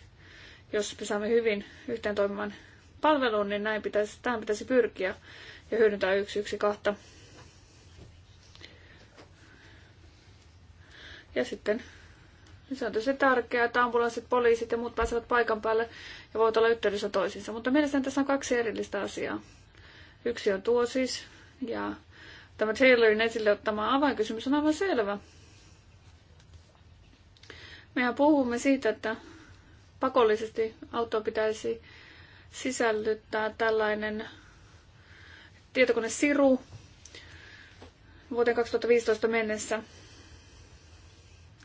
jos me saamme hyvin yhteen toimivan palveluun, niin näin pitäisi, tähän pitäisi pyrkiä ja hyödyntää 112. Ja sitten se on tosi tärkeää, että ambulanssit, poliisit ja muut pääsevät paikan päälle ja voivat olla yhteydessä toisiinsa. Mutta mielestäni tässä on kaksi erillistä asiaa. Yksi on tuo siis, ja tämä Taylorin esille ottama avainkysymys on aivan selvä. Mehän puhumme siitä, että pakollisesti auto pitäisi sisällyttää tällainen tietokone Siru vuoteen 2015 mennessä.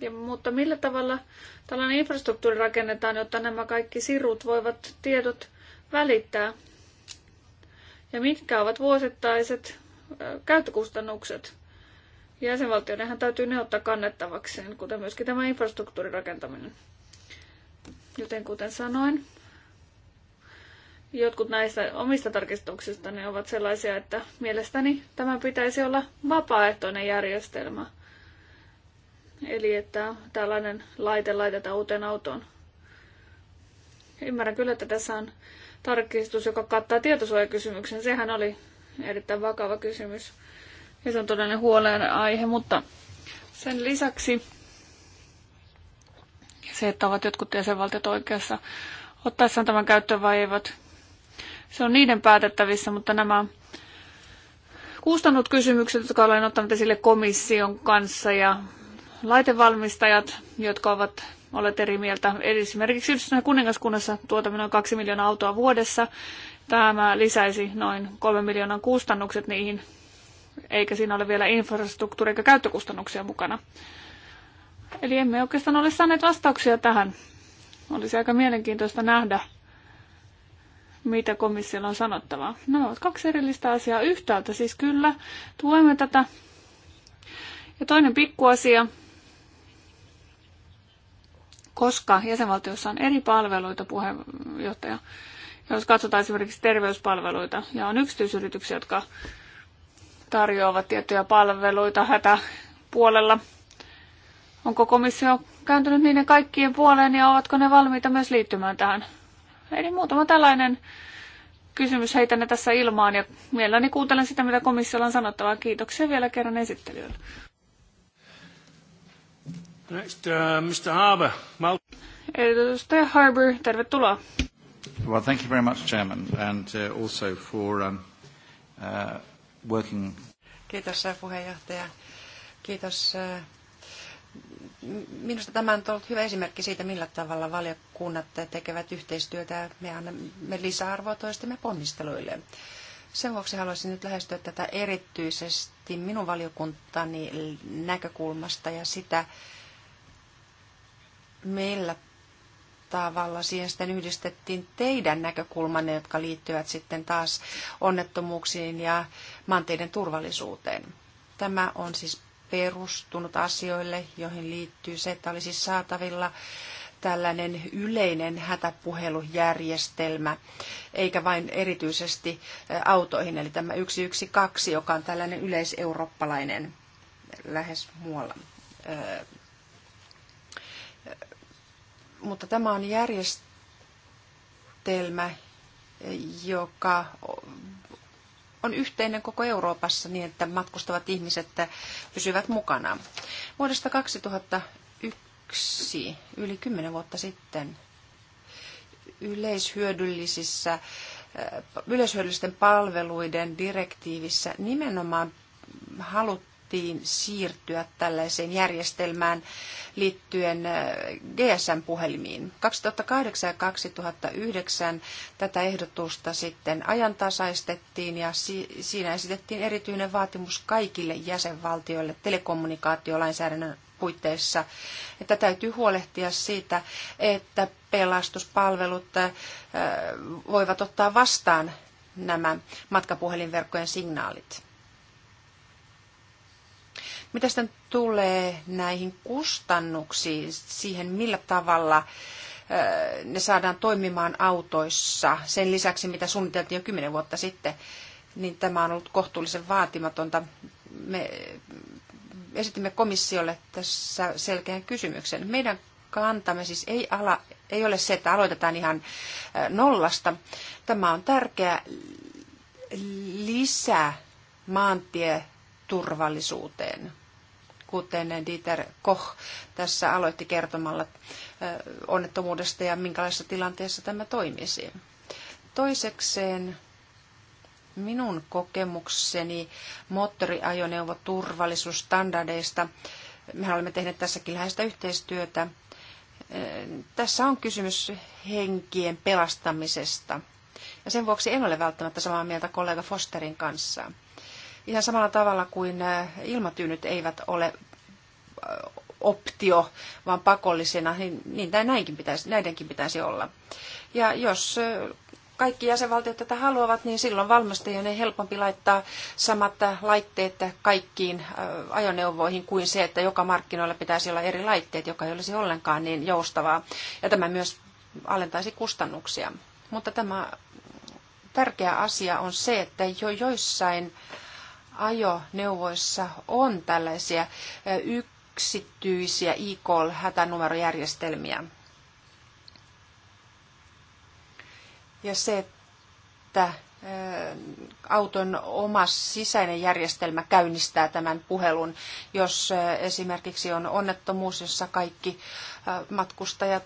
Ja, mutta millä tavalla tällainen infrastruktuuri rakennetaan, jotta nämä kaikki sirut voivat tiedot välittää? Ja mitkä ovat vuosittaiset käyttökustannukset? Jäsenvaltioidenhan täytyy ne ottaa kannettavakseen, kuten myöskin tämä infrastruktuurin rakentaminen. Joten kuten sanoin, jotkut näistä omista tarkistuksista ne ovat sellaisia, että mielestäni tämä pitäisi olla vapaaehtoinen järjestelmä. Eli että tällainen laite laitetaan uuteen autoon. Ymmärrän kyllä, että tässä on tarkistus, joka kattaa tietosuojakysymyksen. Sehän oli erittäin vakava kysymys. Ja se on todellinen huolenaihe, mutta sen lisäksi se, että ovat jotkut jäsenvaltiot oikeassa ottaessaan tämän käyttöön vai eivät, se on niiden päätettävissä, mutta nämä kustannuskysymykset, jotka olen ottanut esille komission kanssa ja laitevalmistajat, jotka ovat olleet eri mieltä. Esimerkiksi yhdistyneen kuningaskunnassa tuotamme noin 2 miljoonaa autoa vuodessa. Tämä lisäisi noin 3 miljoonan kustannukset niihin, eikä siinä ole vielä infrastruktuuri- eikä käyttökustannuksia mukana. Eli emme oikeastaan ole saaneet vastauksia tähän. Olisi aika mielenkiintoista nähdä, mitä komissiolla on sanottavaa. Nämä ovat kaksi erillistä asiaa. Yhtäältä siis kyllä tuemme tätä. Ja toinen pikkuasia, koska jäsenvaltiossa on eri palveluita, puheenjohtaja. Jos katsotaan esimerkiksi terveyspalveluita ja on yksityisyrityksiä, jotka tarjoavat tiettyjä palveluita hätäpuolella, onko komissio kääntynyt niiden kaikkien puoleen ja ovatko ne valmiita myös liittymään tähän Eli muutama tällainen kysymys heitän tässä ilmaan ja mielelläni kuuntelen sitä, mitä komissiolla on sanottavaa. Kiitoksia vielä kerran esittelijöille. Next, uh, Mr. Harbour. Mal- Edustaja Harbour, tervetuloa. Well, thank you very much, Chairman, and uh, also for um, uh, working. Kiitos puheenjohtaja. Kiitos uh, minusta tämä on ollut hyvä esimerkki siitä, millä tavalla valiokunnat tekevät yhteistyötä ja me annamme lisäarvoa toistemme ponnisteluille. Sen vuoksi haluaisin nyt lähestyä tätä erityisesti minun valiokuntani näkökulmasta ja sitä, millä tavalla siihen sitten yhdistettiin teidän näkökulmanne, jotka liittyvät sitten taas onnettomuuksiin ja maanteiden turvallisuuteen. Tämä on siis perustunut asioille, joihin liittyy se, että olisi saatavilla tällainen yleinen hätäpuhelujärjestelmä, eikä vain erityisesti autoihin, eli tämä 112, joka on tällainen yleiseurooppalainen lähes muualla. Mutta tämä on järjestelmä, joka on yhteinen koko Euroopassa niin, että matkustavat ihmiset pysyvät mukana. Vuodesta 2001, yli 10 vuotta sitten, yleishyödyllisissä, äh, yleishyödyllisten palveluiden direktiivissä nimenomaan halut, haluttiin siirtyä tällaiseen järjestelmään liittyen äh, GSM-puhelimiin. 2008 ja 2009 tätä ehdotusta sitten ajantasaistettiin ja siinä esitettiin erityinen vaatimus kaikille jäsenvaltioille telekommunikaatiolainsäädännön puitteissa, että täytyy huolehtia siitä, että pelastuspalvelut äh, voivat ottaa vastaan nämä matkapuhelinverkkojen signaalit. Mitä sitten tulee näihin kustannuksiin, siihen millä tavalla äh, ne saadaan toimimaan autoissa, sen lisäksi mitä suunniteltiin jo kymmenen vuotta sitten, niin tämä on ollut kohtuullisen vaatimatonta. Me äh, esitimme komissiolle tässä selkeän kysymyksen. Meidän kantamme siis ei, ala, ei ole se, että aloitetaan ihan äh, nollasta. Tämä on tärkeä lisä maantieturvallisuuteen kuten Dieter Koch tässä aloitti kertomalla onnettomuudesta ja minkälaisessa tilanteessa tämä toimisi. Toisekseen minun kokemukseni moottoriajoneuvoturvallisuusstandardeista, mehän olemme tehneet tässäkin läheistä yhteistyötä, tässä on kysymys henkien pelastamisesta. Ja sen vuoksi en ole välttämättä samaa mieltä kollega Fosterin kanssa ihan samalla tavalla kuin ilmatyynyt eivät ole optio, vaan pakollisena, niin, niin tai näinkin pitäisi, näidenkin pitäisi olla. Ja jos kaikki jäsenvaltiot tätä haluavat, niin silloin valmistajien on helpompi laittaa samat laitteet kaikkiin ajoneuvoihin kuin se, että joka markkinoilla pitäisi olla eri laitteet, joka ei olisi ollenkaan niin joustavaa. Ja tämä myös alentaisi kustannuksia. Mutta tämä tärkeä asia on se, että jo joissain äh, ajoneuvoissa on tällaisia yksityisiä e-call-hätänumerojärjestelmiä. Ja se, että auton oma sisäinen järjestelmä käynnistää tämän puhelun, jos esimerkiksi on onnettomuus, jossa kaikki matkustajat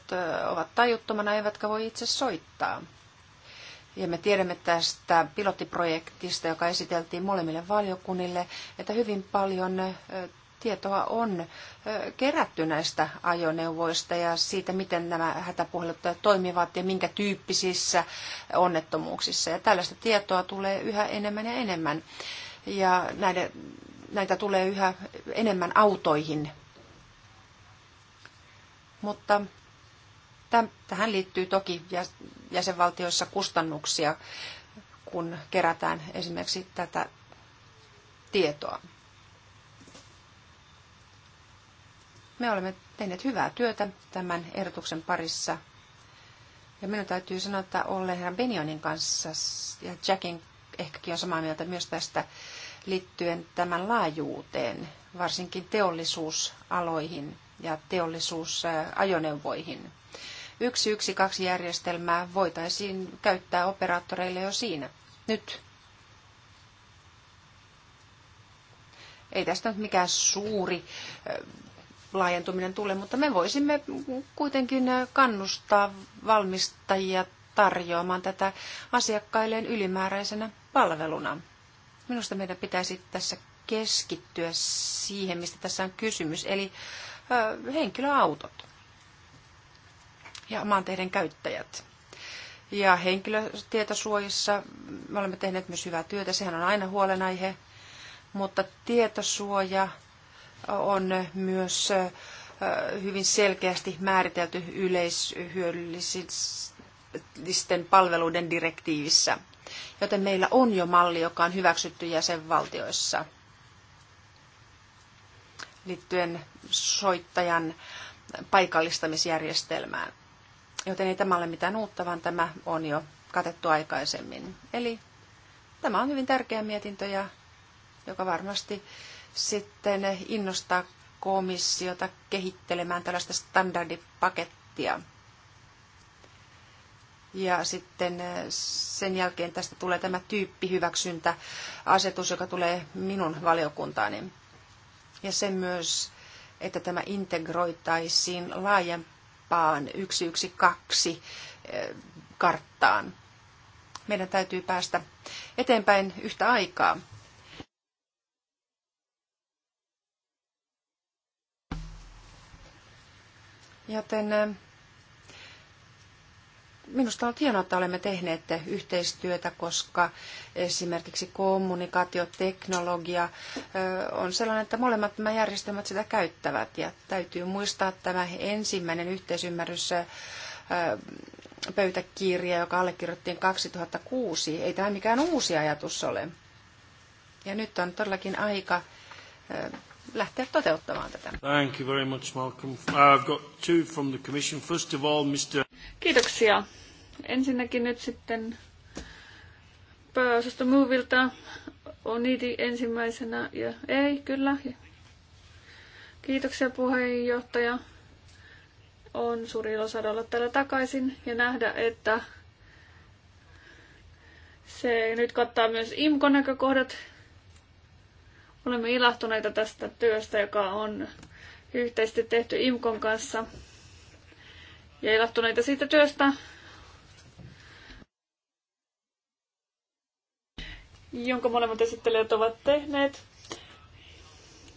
ovat tajuttomana eivätkä voi itse soittaa. Ja me tiedämme tästä pilottiprojektista, joka esiteltiin molemmille valiokunnille, että hyvin paljon tietoa on kerätty näistä ajoneuvoista ja siitä, miten nämä hätäpuhelut toimivat ja minkä tyyppisissä onnettomuuksissa. Ja tällaista tietoa tulee yhä enemmän ja enemmän. Ja näiden, näitä tulee yhä enemmän autoihin. Mutta tähän liittyy toki jäsenvaltioissa kustannuksia, kun kerätään esimerkiksi tätä tietoa. Me olemme tehneet hyvää työtä tämän ehdotuksen parissa. Ja minun täytyy sanoa, että olen herran Benionin kanssa ja Jackin ehkäkin on samaa mieltä myös tästä liittyen tämän laajuuteen, varsinkin teollisuusaloihin ja teollisuusajoneuvoihin. 112-järjestelmää voitaisiin käyttää operaattoreille jo siinä, nyt. Ei tästä nyt mikään suuri laajentuminen tule, mutta me voisimme kuitenkin kannustaa valmistajia tarjoamaan tätä asiakkailleen ylimääräisenä palveluna. Minusta meidän pitäisi tässä keskittyä siihen, mistä tässä on kysymys, eli henkilöautot ja maanteiden käyttäjät. Ja henkilötietosuojissa me olemme tehneet myös hyvää työtä, sehän on aina huolenaihe, mutta tietosuoja on myös hyvin selkeästi määritelty yleishyödyllisten palveluiden direktiivissä. Joten meillä on jo malli, joka on hyväksytty jäsenvaltioissa liittyen soittajan paikallistamisjärjestelmään. Joten ei tämä ole mitään uutta, vaan tämä on jo katettu aikaisemmin. Eli tämä on hyvin tärkeä mietintö, ja joka varmasti sitten innostaa komissiota kehittelemään tällaista standardipakettia. Ja sitten eh, sen jälkeen tästä tulee tämä tyyppihyväksyntäasetus, joka tulee minun valiokuntaani. Ja sen myös, että tämä integroitaisiin laajempaan parempaan 112 eh, karttaan. Meidän täytyy päästä eteenpäin yhtä aikaa. Joten eh, Minusta on hienoa, että olemme tehneet yhteistyötä, koska esimerkiksi kommunikaatioteknologia on sellainen, että molemmat nämä järjestelmät sitä käyttävät. Ja täytyy muistaa tämä ensimmäinen yhteisymmärrys pöytäkirja, joka allekirjoittiin 2006. Ei tämä mikään uusi ajatus ole. Ja nyt on todellakin aika lähteä toteuttamaan tätä. Thank you very much, Malcolm. I've got two from the Commission. First of all, Mr. Kiitoksia Ensinnäkin nyt sitten pääosasta Movilta on iti ensimmäisenä ja ei, kyllä. Kiitoksia puheenjohtaja. On suuri ilo saada olla täällä takaisin ja nähdä, että se nyt kattaa myös IMKO-näkökohdat. Olemme ilahtuneita tästä työstä, joka on yhteisesti tehty IMKON kanssa. Ja ilahtuneita siitä työstä, jonka molemmat esittelijät ovat tehneet.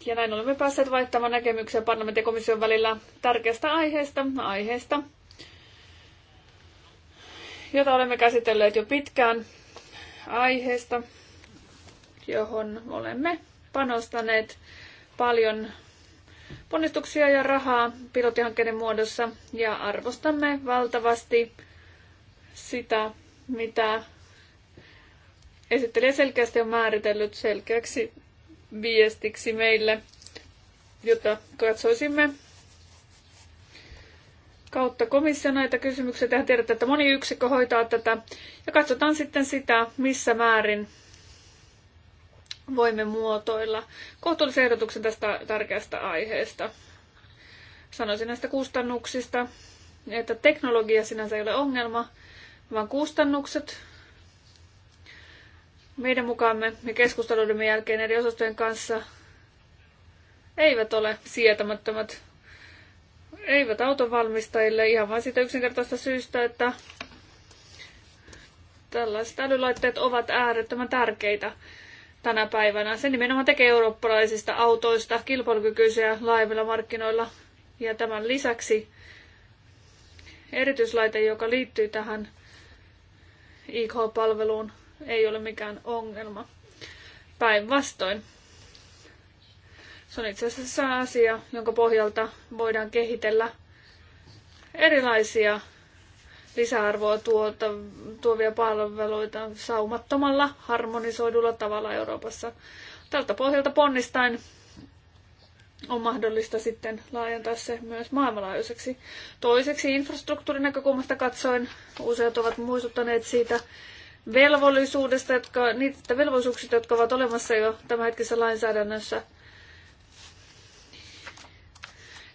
Ja näin olemme päässeet vaihtamaan näkemyksiä parlamentin ja komission välillä tärkeästä aiheesta, aiheesta, jota olemme käsitelleet jo pitkään, aiheesta, johon olemme panostaneet paljon ponnistuksia ja rahaa pilottihankkeiden muodossa ja arvostamme valtavasti sitä, mitä esittelijä selkeästi on määritellyt selkeäksi viestiksi meille, jota katsoisimme kautta komissio näitä kysymyksiä. Tehän tiedätte, että moni yksikkö hoitaa tätä. Ja katsotaan sitten sitä, missä määrin voimme muotoilla kohtuullisen ehdotuksen tästä tärkeästä aiheesta. Sanoisin näistä kustannuksista, että teknologia sinänsä ei ole ongelma, vaan kustannukset meidän mukaamme ja keskusteluidemme jälkeen eri osastojen kanssa eivät ole sietämättömät. Eivät autonvalmistajille ihan vain siitä yksinkertaista syystä, että tällaiset älylaitteet ovat äärettömän tärkeitä tänä päivänä. Se nimenomaan tekee eurooppalaisista autoista kilpailukykyisiä laajemmilla markkinoilla. Ja tämän lisäksi erityislaite, joka liittyy tähän IK-palveluun, ei ole mikään ongelma. Päinvastoin. Se on itse asiassa asia, jonka pohjalta voidaan kehitellä erilaisia lisäarvoa tuota, tuovia palveluita saumattomalla, harmonisoidulla tavalla Euroopassa. Tältä pohjalta ponnistain on mahdollista sitten laajentaa se myös maailmanlaajuiseksi. Toiseksi infrastruktuurin näkökulmasta katsoen useat ovat muistuttaneet siitä, velvollisuudesta, jotka, niitä velvollisuuksista, jotka ovat olemassa jo tämänhetkisessä lainsäädännössä.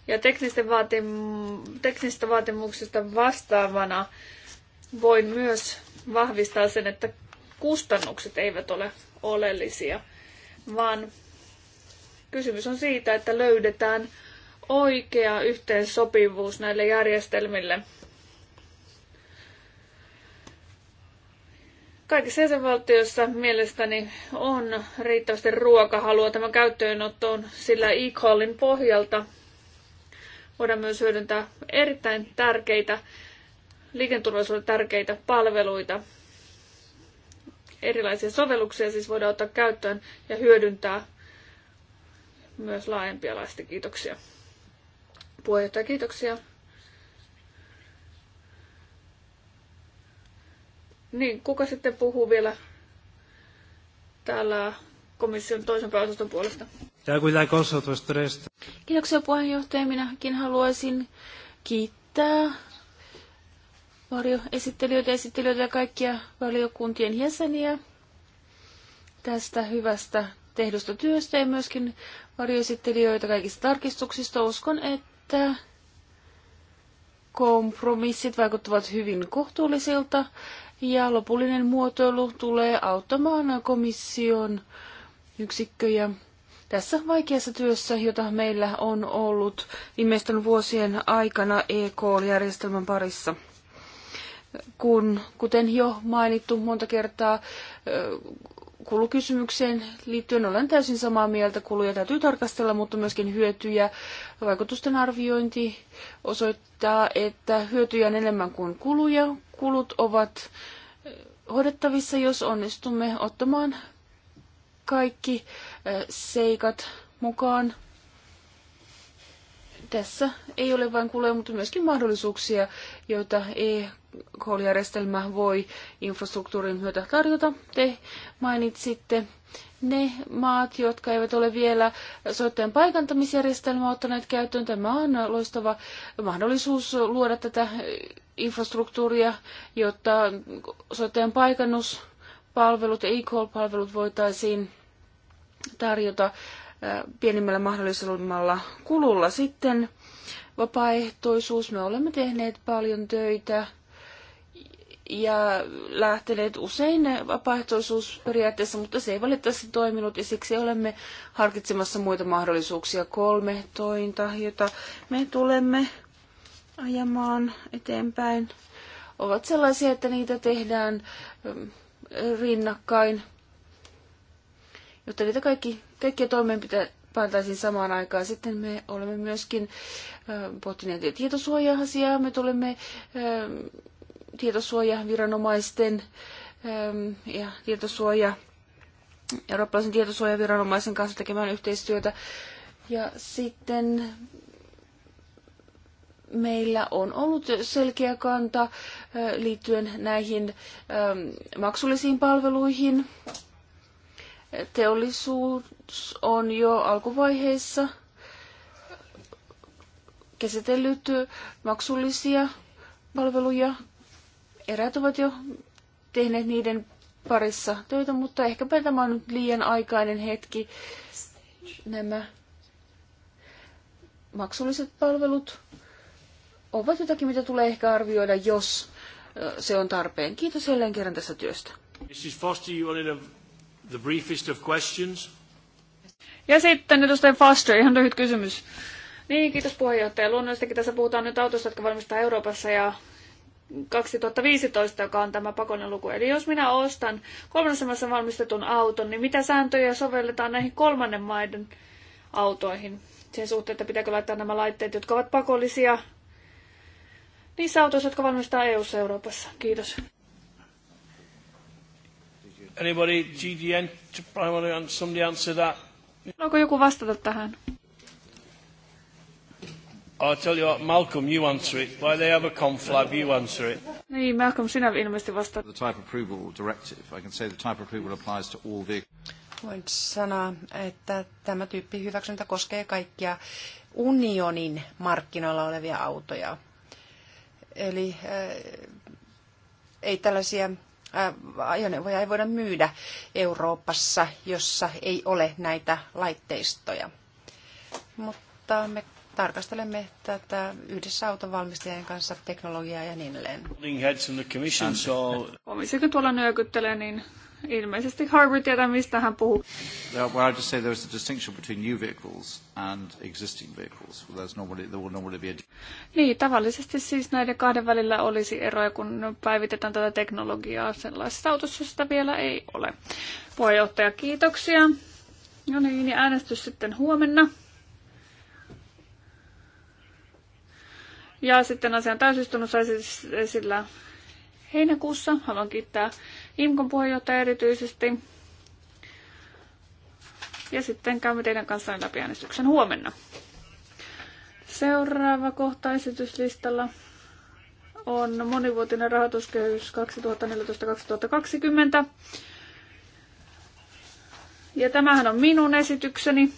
Ja teknisten vaatim- teknisistä vaatimuksista vastaavana voin myös vahvistaa sen, että kustannukset eivät ole oleellisia, vaan kysymys on siitä, että löydetään oikea yhteensopivuus näille järjestelmille – Kaikissa jäsenvaltioissa mielestäni on riittävästi ruokahalua tämän käyttöönottoon, sillä e-callin pohjalta voidaan myös hyödyntää erittäin tärkeitä, liikenturvallisuudelle tärkeitä palveluita. Erilaisia sovelluksia siis voidaan ottaa käyttöön ja hyödyntää myös laajempia laista. Kiitoksia. Puheenjohtaja, kiitoksia. Niin, kuka sitten puhuu vielä täällä komission toisen pääosaston puolesta? Kiitoksia puheenjohtaja. Minäkin haluaisin kiittää varjoesittelijöitä, esittelijöitä ja kaikkia valiokuntien jäseniä tästä hyvästä tehdystä työstä ja myöskin varjoesittelijöitä kaikista tarkistuksista. Uskon, että kompromissit vaikuttavat hyvin kohtuullisilta ja lopullinen muotoilu tulee auttamaan komission yksikköjä tässä vaikeassa työssä, jota meillä on ollut viimeisten vuosien aikana EK-järjestelmän parissa. Kun, kuten jo mainittu monta kertaa, kulukysymykseen liittyen olen täysin samaa mieltä. Kuluja täytyy tarkastella, mutta myöskin hyötyjä. Vaikutusten arviointi osoittaa, että hyötyjä on enemmän kuin kuluja kulut ovat hoidettavissa, jos onnistumme ottamaan kaikki seikat mukaan. Tässä ei ole vain kuluja, mutta myöskin mahdollisuuksia, joita ei koulujärjestelmä voi infrastruktuurin myötä tarjota. Te mainitsitte ne maat, jotka eivät ole vielä soittajan paikantamisjärjestelmää ottaneet käyttöön. Tämä on loistava mahdollisuus luoda tätä infrastruktuuria, jotta soittajan paikannuspalvelut ja e-call-palvelut voitaisiin tarjota äh, pienimmällä mahdollisimmalla kululla. Sitten vapaaehtoisuus. Me olemme tehneet paljon töitä ja lähteneet usein vapaaehtoisuusperiaatteessa, mutta se ei valitettavasti toiminut ja siksi olemme harkitsemassa muita mahdollisuuksia. Kolme tointa, jota me tulemme ajamaan eteenpäin, ovat sellaisia, että niitä tehdään ähm, rinnakkain, jotta niitä kaikki, kaikkia toimenpiteitä pantaisiin samaan aikaan. Sitten me olemme myöskin äh, pohtineet tietosuoja-asiaa. Me tulemme ähm, tietosuojaviranomaisten ähm, ja tietosuoja, eurooppalaisen tietosuojaviranomaisen kanssa tekemään yhteistyötä. Ja sitten meillä on ollut selkeä kanta äh, liittyen näihin ähm, maksullisiin palveluihin. Teollisuus on jo alkuvaiheessa käsitellyt maksullisia palveluja Eräät ovat jo tehneet niiden parissa töitä, mutta ehkäpä tämä on nyt liian aikainen hetki. Nämä maksulliset palvelut ovat jotakin, mitä tulee ehkä arvioida, jos se on tarpeen. Kiitos jälleen kerran tästä työstä. Mrs. Foster, you wanted the briefest of questions. Ja sitten edustaja Foster, ihan lyhyt kysymys. Niin, kiitos puheenjohtaja. Luonnollisestikin tässä puhutaan nyt autosta, jotka valmistetaan Euroopassa ja 2015, joka on tämä pakollinen luku. Eli jos minä ostan kolmannessa maassa valmistetun auton, niin mitä sääntöjä sovelletaan näihin kolmannen maiden autoihin? Sen suhteen, että pitääkö laittaa nämä laitteet, jotka ovat pakollisia niissä autoissa, jotka valmistetaan EU-ssa Euroopassa. Kiitos. Anybody, GDN, somebody answer that? Onko joku vastata tähän? I'll tell you what, Malcolm, you answer it. Why they have a conflab, you answer it. Niin, Malcolm, sinä ilmeisesti vastaat. The type approval directive, I can say the type approval applies to all the... Voin sanoa, että tämä tyyppi hyväksyntä koskee kaikkia unionin markkinoilla olevia autoja. Eli äh, ei tällaisia äh, ajoneuvoja ei voida myydä Euroopassa, jossa ei ole näitä laitteistoja. Mutta me tarkastelemme tätä yhdessä autonvalmistajien kanssa, teknologiaa ja niin edelleen. Komissio kun tuolla nyökyttelee, niin ilmeisesti Harbour tietää, mistä hän puhuu. well, I just say there is a distinction between new vehicles and existing vehicles. Well, there's normally, there will normally be a... Niin, tavallisesti siis näiden kahden välillä olisi eroja, kun päivitetään tätä teknologiaa. Sellaisessa autossa sitä vielä ei ole. Puheenjohtaja, kiitoksia. No niin, ja äänestys sitten huomenna. Ja sitten asian täysistunnossa esillä heinäkuussa. Haluan kiittää IMKon puheenjohtaja erityisesti. Ja sitten käymme teidän kanssanne läpi äänestyksen huomenna. Seuraava kohta esityslistalla on monivuotinen rahoituskehys 2014-2020. Ja tämähän on minun esitykseni.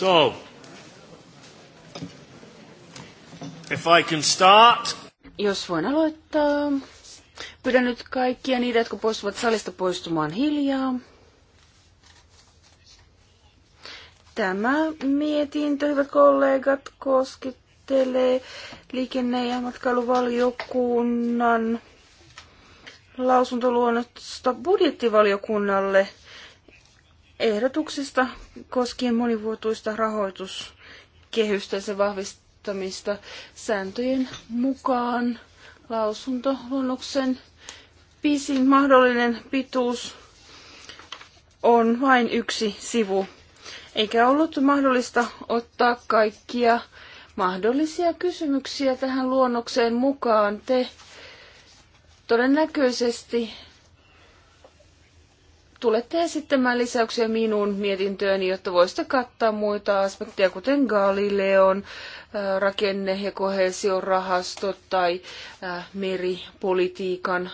So, if I can start. Jos voin aloittaa. Pyydän nyt kaikkia niitä, jotka poistuvat salista poistumaan hiljaa. Tämä mietintö, hyvät kollegat, koskettelee liikenne- ja matkailuvaliokunnan lausuntoluonnosta budjettivaliokunnalle – ehdotuksista koskien monivuotuista rahoituskehystä ja sen vahvistamista sääntöjen mukaan lausuntoluonnoksen pisin mahdollinen pituus on vain yksi sivu, eikä ollut mahdollista ottaa kaikkia mahdollisia kysymyksiä tähän luonnokseen mukaan. Te todennäköisesti tulette esittämään lisäyksiä minun mietintööni, jotta voisitte kattaa muita aspekteja, kuten Galileon, rakenne- ja kohesiorahastot tai meripolitiikan.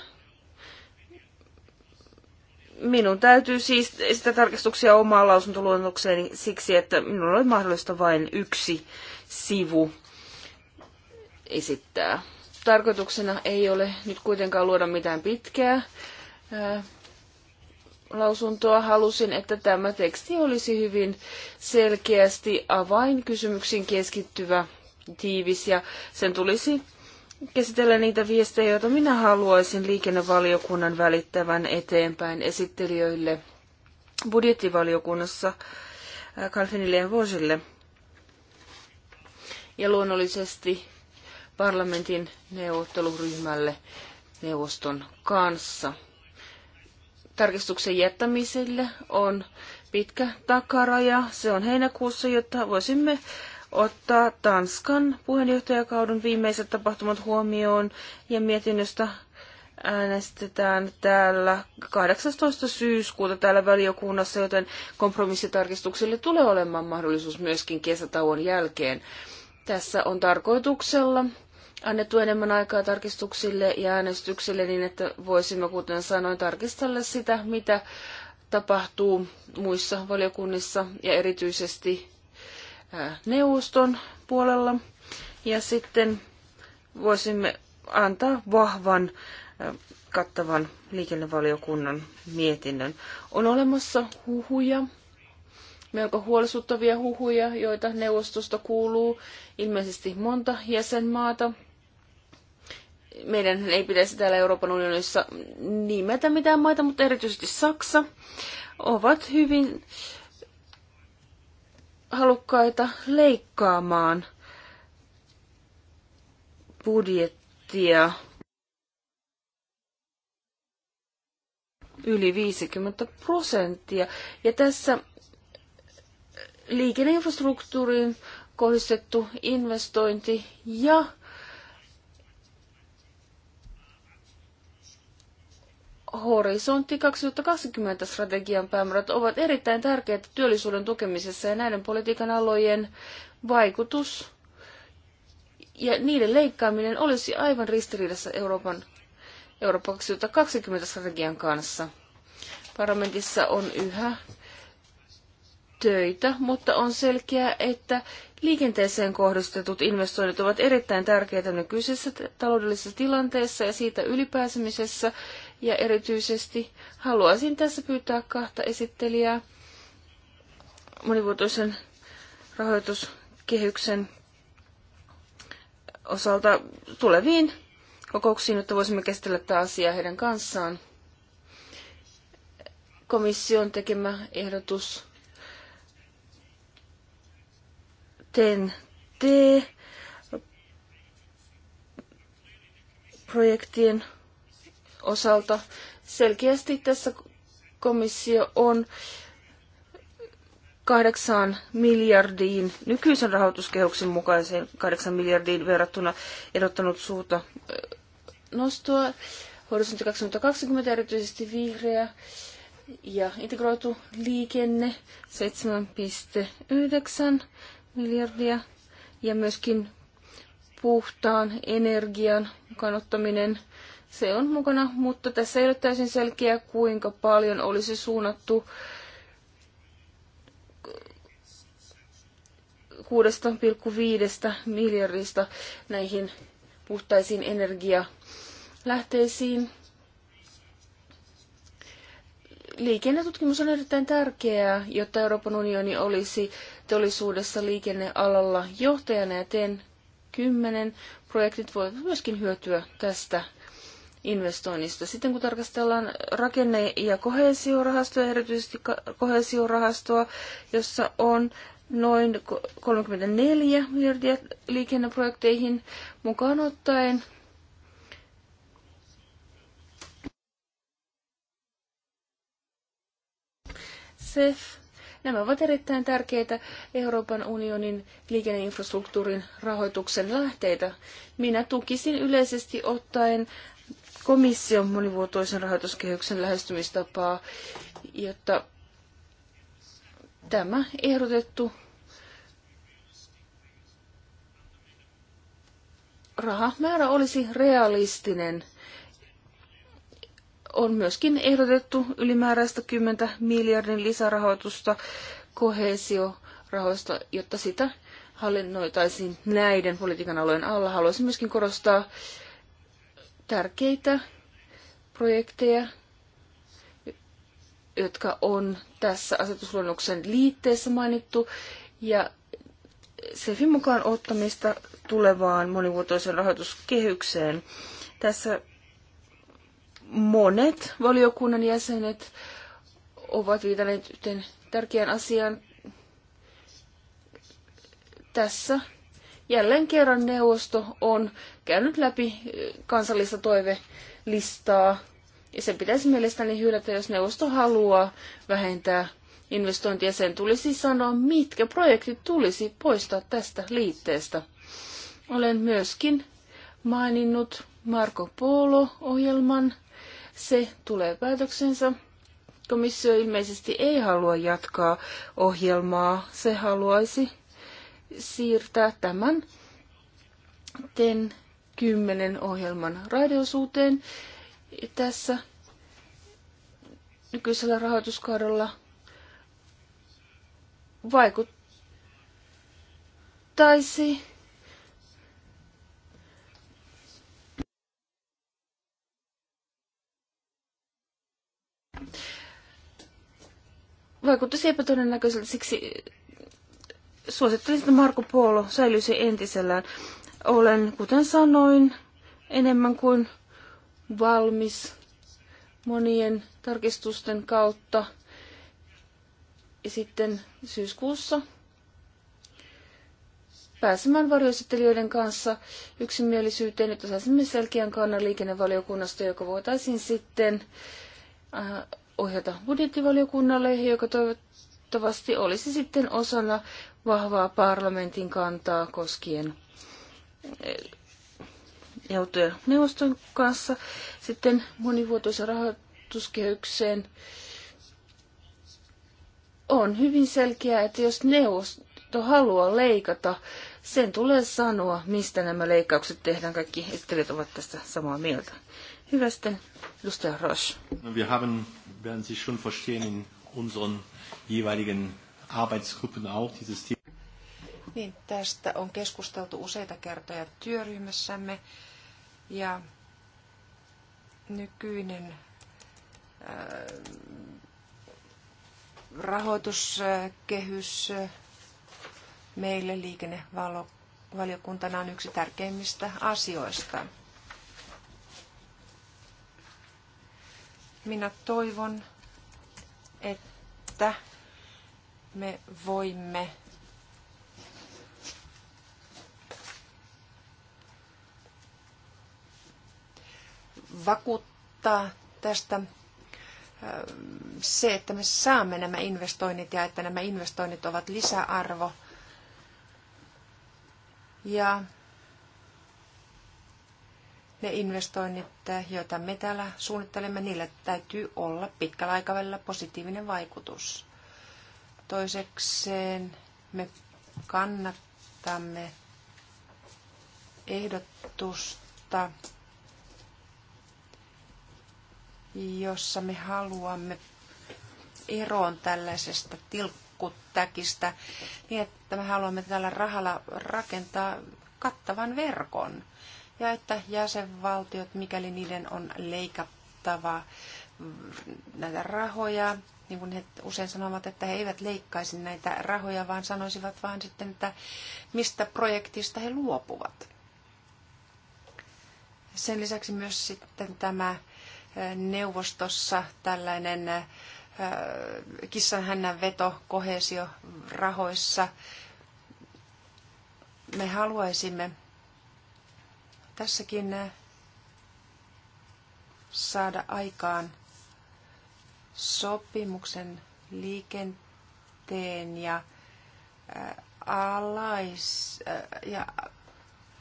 Minun täytyy siis esittää tarkistuksia omaan lausuntoluonnokseeni siksi, että minulla oli mahdollista vain yksi sivu esittää. Tarkoituksena ei ole nyt kuitenkaan luoda mitään pitkää lausuntoa halusin, että tämä teksti olisi hyvin selkeästi avainkysymyksiin keskittyvä, tiivis ja sen tulisi käsitellä niitä viestejä, joita minä haluaisin liikennevaliokunnan välittävän eteenpäin esittelijöille budjettivaliokunnassa äh, Kalfinille ja Vosille. Ja luonnollisesti parlamentin neuvotteluryhmälle neuvoston kanssa tarkistuksen jättämiselle on pitkä takaraja. Se on heinäkuussa, jotta voisimme ottaa Tanskan puheenjohtajakauden viimeiset tapahtumat huomioon ja mietinnöstä äänestetään täällä 18. syyskuuta täällä valiokunnassa, joten kompromissitarkistukselle tulee olemaan mahdollisuus myöskin kesätauon jälkeen. Tässä on tarkoituksella annettu enemmän aikaa tarkistuksille ja äänestyksille niin, että voisimme, kuten sanoin, tarkistella sitä, mitä tapahtuu muissa valiokunnissa ja erityisesti neuvoston puolella. Ja sitten voisimme antaa vahvan kattavan liikennevaliokunnan mietinnön. On olemassa huhuja, melko huolestuttavia huhuja, joita neuvostosta kuuluu ilmeisesti monta jäsenmaata, meidän ei pitäisi täällä Euroopan unionissa nimetä mitään maita, mutta erityisesti Saksa, ovat hyvin halukkaita leikkaamaan budjettia yli 50 prosenttia. Ja tässä liikenneinfrastruktuuriin kohdistettu investointi ja Horisontti 2020 strategian päämäärät ovat erittäin tärkeitä työllisyyden tukemisessa ja näiden politiikan alojen vaikutus ja niiden leikkaaminen olisi aivan ristiriidassa Euroopan Eurooppa 2020 strategian kanssa. Parlamentissa on yhä töitä, mutta on selkeää, että liikenteeseen kohdistetut investoinnit ovat erittäin tärkeitä nykyisessä taloudellisessa tilanteessa ja siitä ylipääsemisessä ja erityisesti haluaisin tässä pyytää kahta esittelijää monivuotoisen rahoituskehyksen osalta tuleviin kokouksiin, jotta voisimme käsitellä tätä asiaa heidän kanssaan. Komission tekemä ehdotus TEN-T projektien osalta. Selkeästi tässä komissio on kahdeksaan miljardiin, nykyisen rahoituskehyksen mukaiseen kahdeksan miljardiin verrattuna erottanut suurta nostoa. Horisontti 2020 erityisesti vihreä ja integroitu liikenne 7,9 miljardia ja myöskin puhtaan energian kannottaminen se on mukana, mutta tässä ei ole täysin selkeä, kuinka paljon olisi suunnattu 6,5 miljardista näihin puhtaisiin energialähteisiin. Liikennetutkimus on erittäin tärkeää, jotta Euroopan unioni olisi teollisuudessa liikennealalla johtajana ja TEN 10 projektit voivat myöskin hyötyä tästä investoinnista. Sitten kun tarkastellaan rakenne- ja kohesiorahastoa, erityisesti kohesiorahastoa, jossa on noin 34 miljardia liikenneprojekteihin mukaan ottaen CEF. Nämä ovat erittäin tärkeitä Euroopan unionin liikenneinfrastruktuurin rahoituksen lähteitä. Minä tukisin yleisesti ottaen komission monivuotoisen rahoituskehyksen lähestymistapaa, jotta tämä ehdotettu rahamäärä olisi realistinen. On myöskin ehdotettu ylimääräistä 10 miljardin lisärahoitusta kohesiorahoista, jotta sitä hallinnoitaisiin näiden politiikan alueen alla. Haluaisin myöskin korostaa tärkeitä projekteja, jotka on tässä asetusluonnoksen liitteessä mainittu, ja SEFin mukaan ottamista tulevaan monivuotoiseen rahoituskehykseen. Tässä monet valiokunnan jäsenet ovat viitanneet yhteen tärkeään asiaan tässä jälleen kerran neuvosto on käynyt läpi kansallista toivelistaa, ja sen pitäisi mielestäni hylätä, jos neuvosto haluaa vähentää investointia. Sen tulisi sanoa, mitkä projektit tulisi poistaa tästä liitteestä. Olen myöskin maininnut Marco Polo-ohjelman. Se tulee päätöksensä. Komissio ilmeisesti ei halua jatkaa ohjelmaa. Se haluaisi siirtää tämän TEN 10 ohjelman radiosuuteen, Tässä nykyisellä rahoituskaudella vaikuttaisi vaikuttaisi epätodennäköiseltä, siksi suosittelisin, että Marko Polo säilyisi entisellään. Olen, kuten sanoin, enemmän kuin valmis monien tarkistusten kautta. Ja sitten syyskuussa pääsemään varjoesittelijöiden kanssa yksimielisyyteen, että saisimme selkeän kannan liikennevaliokunnasta, joka voitaisiin sitten äh, ohjata budjettivaliokunnalle, joka toivottavasti olisi sitten osana vahvaa parlamentin kantaa koskien neuvotteluja eh, neuvoston kanssa. Sitten monivuotoisen rahoituskehykseen on hyvin selkeää, että jos neuvosto haluaa leikata, sen tulee sanoa, mistä nämä leikkaukset tehdään. Kaikki esittelijät ovat tästä samaa mieltä. Hyvä sitten, edustaja Roche. Wir haben, werden Sie schon verstehen, in unseren jeweiligen Arbeitsgruppen auch dieses Thema. Niin, tästä on keskusteltu useita kertoja työryhmässämme ja nykyinen äh, rahoituskehys äh, meille liikennevaliokuntana on yksi tärkeimmistä asioista. Minä toivon, että me voimme vakuuttaa tästä se, että me saamme nämä investoinnit ja että nämä investoinnit ovat lisäarvo. Ja ne investoinnit, joita me täällä suunnittelemme, niillä täytyy olla pitkällä aikavälillä positiivinen vaikutus. Toisekseen me kannattamme ehdotusta, jossa me haluamme eroon tällaisesta tilkkutäkistä niin, että me haluamme tällä rahalla rakentaa kattavan verkon ja että jäsenvaltiot, mikäli niiden on leikattava näitä rahoja, niin kuin he usein sanovat, että he eivät leikkaisi näitä rahoja, vaan sanoisivat vain sitten, että mistä projektista he luopuvat. Sen lisäksi myös sitten tämä neuvostossa tällainen kissanhännän veto kohesiorahoissa. Me haluaisimme tässäkin saada aikaan sopimuksen liikenteen ja äh, alais äh, ja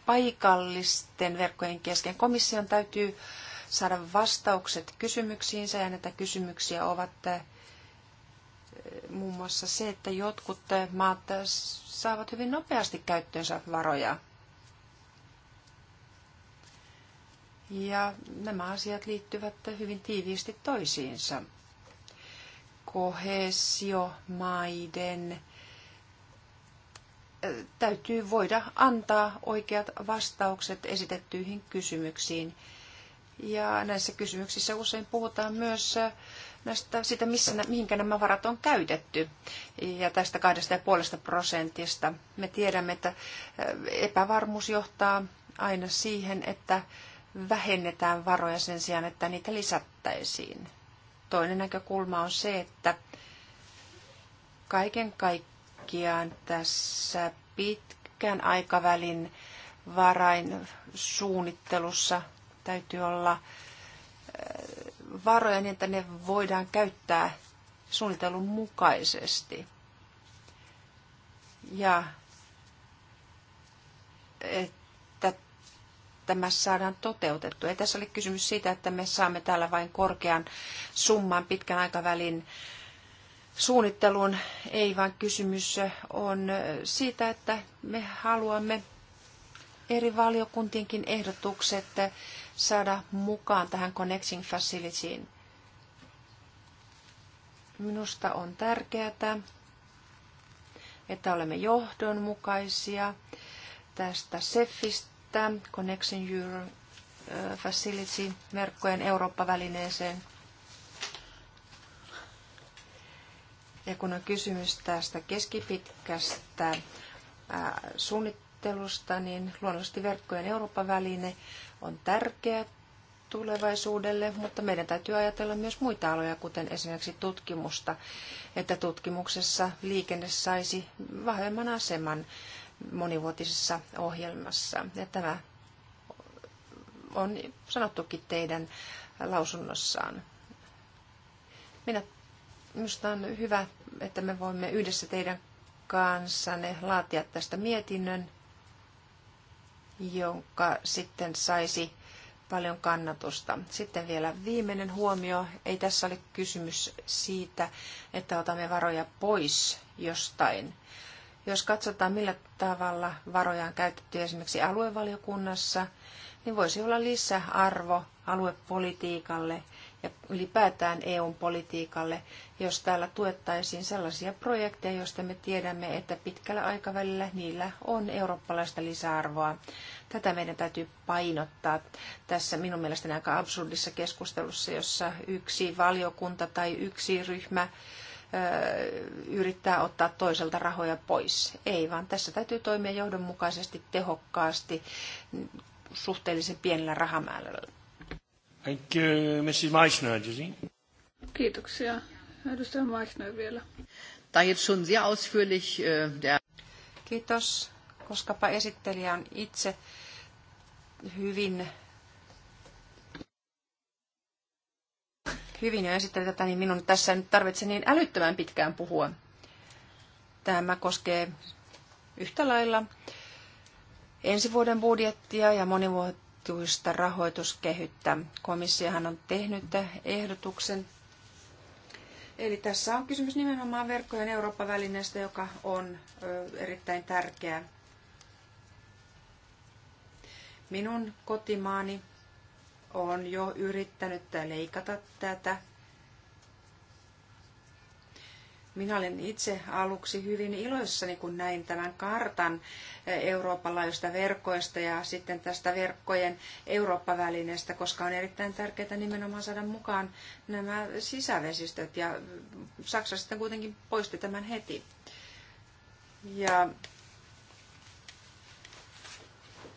paikallisten verkkojen kesken. Komission täytyy saada vastaukset kysymyksiinsä ja näitä kysymyksiä ovat äh, muun muassa se, että jotkut maat saavat hyvin nopeasti käyttöönsä varoja. Ja nämä asiat liittyvät hyvin tiiviisti toisiinsa kohesiomaiden täytyy voida antaa oikeat vastaukset esitettyihin kysymyksiin. Ja näissä kysymyksissä usein puhutaan myös näistä, sitä missä, mihinkä nämä varat on käytetty. Ja tästä kahdesta ja puolesta prosentista me tiedämme, että epävarmuus johtaa aina siihen, että vähennetään varoja sen sijaan, että niitä lisättäisiin. Toinen näkökulma on se, että kaiken kaikkiaan tässä pitkän aikavälin varain suunnittelussa täytyy olla äh, varoja niin, että ne voidaan käyttää suunnitelun mukaisesti. Ja et, tämä saadaan toteutettua. Ei tässä ole kysymys siitä, että me saamme täällä vain korkean summan pitkän aikavälin suunnitteluun. Ei, vaan kysymys on siitä, että me haluamme eri valiokuntienkin ehdotukset saada mukaan tähän Connecting Facilityin. Minusta on tärkeää, että olemme johdonmukaisia tästä SEFistä liittää Connection Euro Facility verkkojen Eurooppa-välineeseen. Ja kun on kysymys tästä keskipitkästä suunnittelusta, niin luonnollisesti verkkojen Eurooppa-väline on tärkeä tulevaisuudelle, mutta meidän täytyy ajatella myös muita aloja, kuten esimerkiksi tutkimusta, että tutkimuksessa liikenne saisi vahvemman aseman monivuotisessa ohjelmassa. Ja tämä on sanottukin teidän lausunnossaan. Minä, minusta on hyvä, että me voimme yhdessä teidän kanssanne laatia tästä mietinnön, jonka sitten saisi paljon kannatusta. Sitten vielä viimeinen huomio. Ei tässä ole kysymys siitä, että otamme varoja pois jostain jos katsotaan, millä tavalla varoja on käytetty esimerkiksi aluevaliokunnassa, niin voisi olla lisäarvo aluepolitiikalle ja ylipäätään EU-politiikalle, jos täällä tuettaisiin sellaisia projekteja, joista me tiedämme, että pitkällä aikavälillä niillä on eurooppalaista lisäarvoa. Tätä meidän täytyy painottaa tässä minun mielestäni aika absurdissa keskustelussa, jossa yksi valiokunta tai yksi ryhmä yrittää ottaa toiselta rahoja pois. Ei, vaan tässä täytyy toimia johdonmukaisesti, tehokkaasti, suhteellisen pienellä rahamäärällä. Thank you, Mrs. Meissner, Kiitoksia. Edustaja Meissner vielä. Da jetzt schon sehr ausführlich äh, der... Kiitos, koskapa esittelijä on itse hyvin hyvin jo esitteli tätä, niin minun tässä nyt tarvitse niin älyttömän pitkään puhua. Tämä koskee yhtä lailla ensi vuoden budjettia ja monivuotuista rahoituskehyttä. Komissiohan on tehnyt ehdotuksen. Eli tässä on kysymys nimenomaan verkkojen Euroopan välineestä, joka on erittäin tärkeä. Minun kotimaani on jo yrittänyt leikata tätä. Minä olen itse aluksi hyvin iloissani, kun näin tämän kartan Euroopan laajuista verkoista ja sitten tästä verkkojen Eurooppa-välineestä, koska on erittäin tärkeää nimenomaan saada mukaan nämä sisävesistöt. Ja Saksa sitten kuitenkin poisti tämän heti. Ja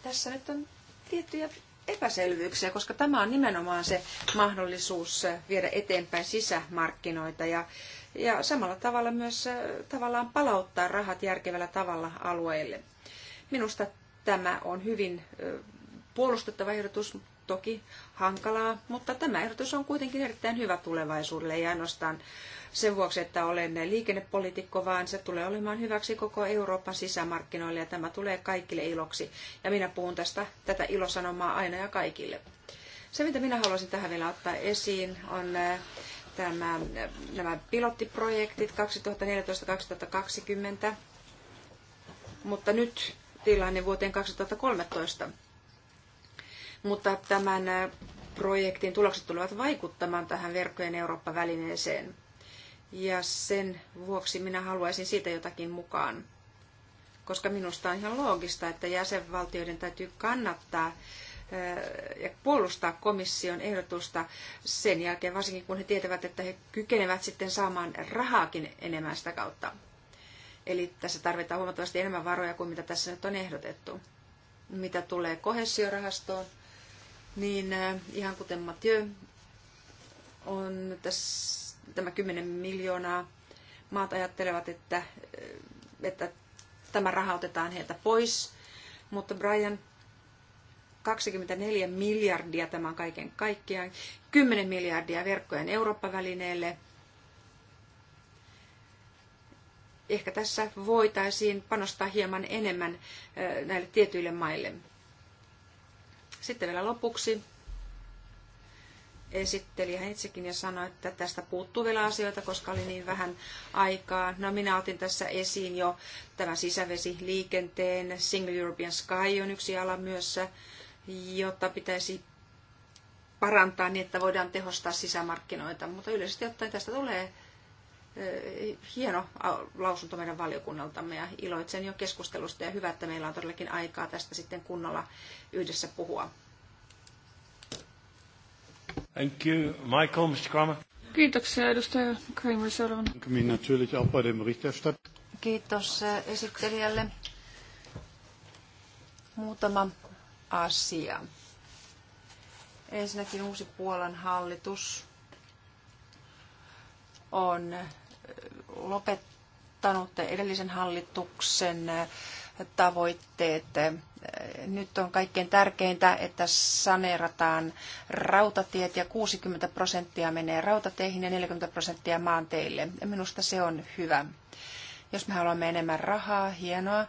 tässä nyt on tiettyjä epäselvyyksiä, koska tämä on nimenomaan se mahdollisuus viedä eteenpäin sisämarkkinoita ja, ja samalla tavalla myös äh, tavallaan palauttaa rahat järkevällä tavalla alueille. Minusta tämä on hyvin äh, puolustettava ehdotus, toki hankalaa, mutta tämä ehdotus on kuitenkin erittäin hyvä tulevaisuudelle, ei ainoastaan sen vuoksi, että olen liikennepoliitikko, vaan se tulee olemaan hyväksi koko Euroopan sisämarkkinoille ja tämä tulee kaikille iloksi. Ja minä puhun tästä tätä ilosanomaa aina ja kaikille. Se, mitä minä haluaisin tähän vielä ottaa esiin, on äh, tämä, äh, nämä pilottiprojektit 2014-2020, mutta nyt tilanne vuoteen 2013. Mutta tämän äh, projektin tulokset tulevat vaikuttamaan tähän verkkojen Eurooppa-välineeseen ja sen vuoksi minä haluaisin siitä jotakin mukaan. Koska minusta on ihan loogista, että jäsenvaltioiden täytyy kannattaa ja puolustaa komission ehdotusta sen jälkeen, varsinkin kun he tietävät, että he kykenevät sitten saamaan rahaakin enemmän sitä kautta. Eli tässä tarvitaan huomattavasti enemmän varoja kuin mitä tässä nyt on ehdotettu. Mitä tulee kohesiorahastoon, niin ihan kuten Mathieu on tässä tämä 10 miljoonaa. Maat ajattelevat, että, että tämä raha otetaan heiltä pois, mutta Brian 24 miljardia tämä on kaiken kaikkiaan, 10 miljardia verkkojen Eurooppa-välineelle. Ehkä tässä voitaisiin panostaa hieman enemmän näille tietyille maille. Sitten vielä lopuksi esitteli hän itsekin ja sanoi, että tästä puuttuu vielä asioita, koska oli niin vähän aikaa. No minä otin tässä esiin jo tämän sisävesiliikenteen, Single European Sky on yksi ala myös, jota pitäisi parantaa niin, että voidaan tehostaa sisämarkkinoita. Mutta yleisesti ottaen tästä tulee eh, hieno lausunto meidän valiokunnaltamme ja iloitsen jo keskustelusta ja hyvä, että meillä on todellakin aikaa tästä sitten kunnolla yhdessä puhua. Thank you. Michael, Mr. Kramer. Kiitoksia edustaja Kramer seuraavana. Kiitos eh, esittelijälle. Muutama asia. Ensinnäkin uusi Puolan hallitus on eh, lopettanut edellisen hallituksen eh, tavoitteet nyt on kaikkein tärkeintä, että saneerataan rautatiet ja 60 prosenttia menee rautateihin ja 40 prosenttia maanteille. Ja minusta se on hyvä. Jos me haluamme enemmän rahaa, hienoa,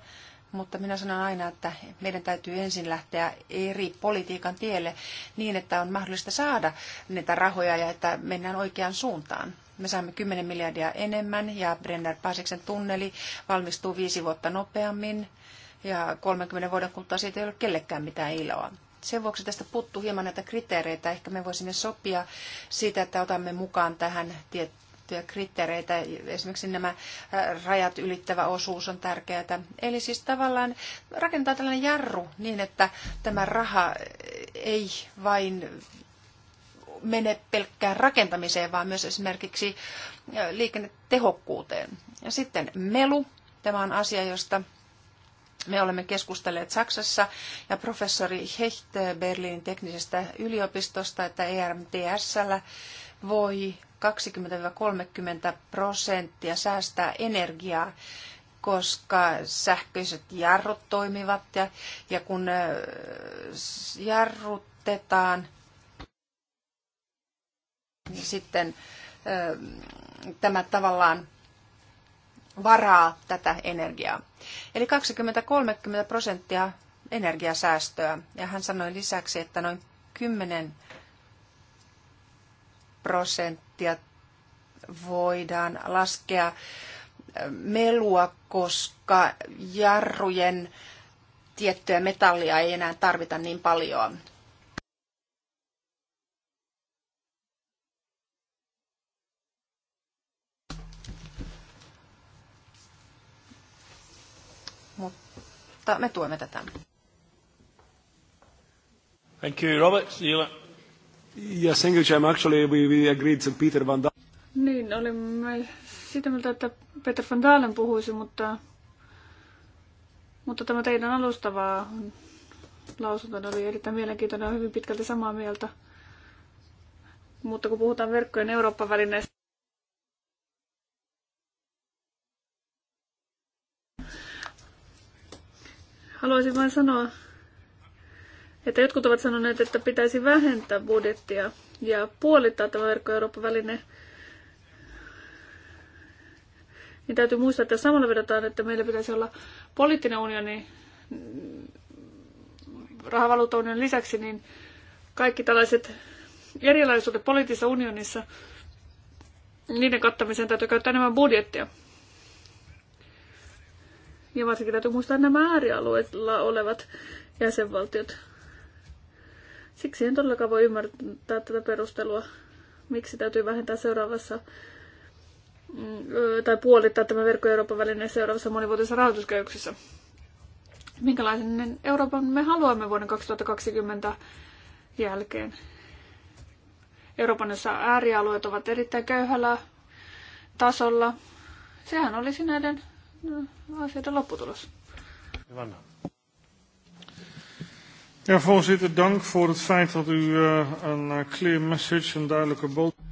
mutta minä sanon aina, että meidän täytyy ensin lähteä eri politiikan tielle niin, että on mahdollista saada niitä rahoja ja että mennään oikeaan suuntaan. Me saamme 10 miljardia enemmän ja Brenner Pasiksen tunneli valmistuu viisi vuotta nopeammin ja 30 vuoden kuluttua siitä ei ole kellekään mitään iloa. Sen vuoksi tästä puuttuu hieman näitä kriteereitä. Ehkä me voisimme sopia siitä, että otamme mukaan tähän tiettyjä kriteereitä. Esimerkiksi nämä rajat ylittävä osuus on tärkeää. Eli siis tavallaan rakentaa tällainen jarru niin, että tämä raha ei vain mene pelkkään rakentamiseen, vaan myös esimerkiksi liikennetehokkuuteen. Ja sitten melu. Tämä on asia, josta me olemme keskustelleet Saksassa ja professori Hecht Berliinin teknisestä yliopistosta, että ERMTSllä voi 20-30 prosenttia säästää energiaa, koska sähköiset jarrut toimivat ja, ja kun jarrutetaan, niin sitten tämä tavallaan varaa tätä energiaa. Eli 20-30 prosenttia energiasäästöä. Ja hän sanoi lisäksi, että noin 10 prosenttia voidaan laskea melua, koska jarrujen tiettyä metallia ei enää tarvita niin paljon. mutta me tuemme tätä. Thank you, Robert. Yes, thank you, Jim. Actually, we, we agreed to Peter Van Dalen. Niin, olimme sitä mieltä, että Peter Van Dalen puhuisi, mutta, mutta tämä teidän alustava lausunto oli erittäin mielenkiintoinen ja hyvin pitkälti samaa mieltä. Mutta kun puhutaan verkkojen Euroopan välineestä, Haluaisin vain sanoa, että jotkut ovat sanoneet, että pitäisi vähentää budjettia ja puolittaa tämä verkko Euroopan väline. Niin täytyy muistaa, että samalla vedotaan, että meillä pitäisi olla poliittinen unioni rahavaluutaunion lisäksi, niin kaikki tällaiset erilaisuudet poliittisessa unionissa, niiden kattamiseen täytyy käyttää enemmän budjettia. Ja varsinkin täytyy muistaa nämä äärialueilla olevat jäsenvaltiot. Siksi en todellakaan voi ymmärtää tätä perustelua, miksi täytyy vähentää seuraavassa mm, tai puolittaa tämä verkko Euroopan välineen seuraavassa monivuotisessa rahoituskehyksessä. Minkälainen Euroopan me haluamme vuoden 2020 jälkeen? Euroopan, jossa äärialueet ovat erittäin köyhällä tasolla. Sehän olisi näiden No, asioiden lopputulos. Ja, voorzitter, dank voor het feit dat u uh, een eh, clear message, een duidelijke boodschap.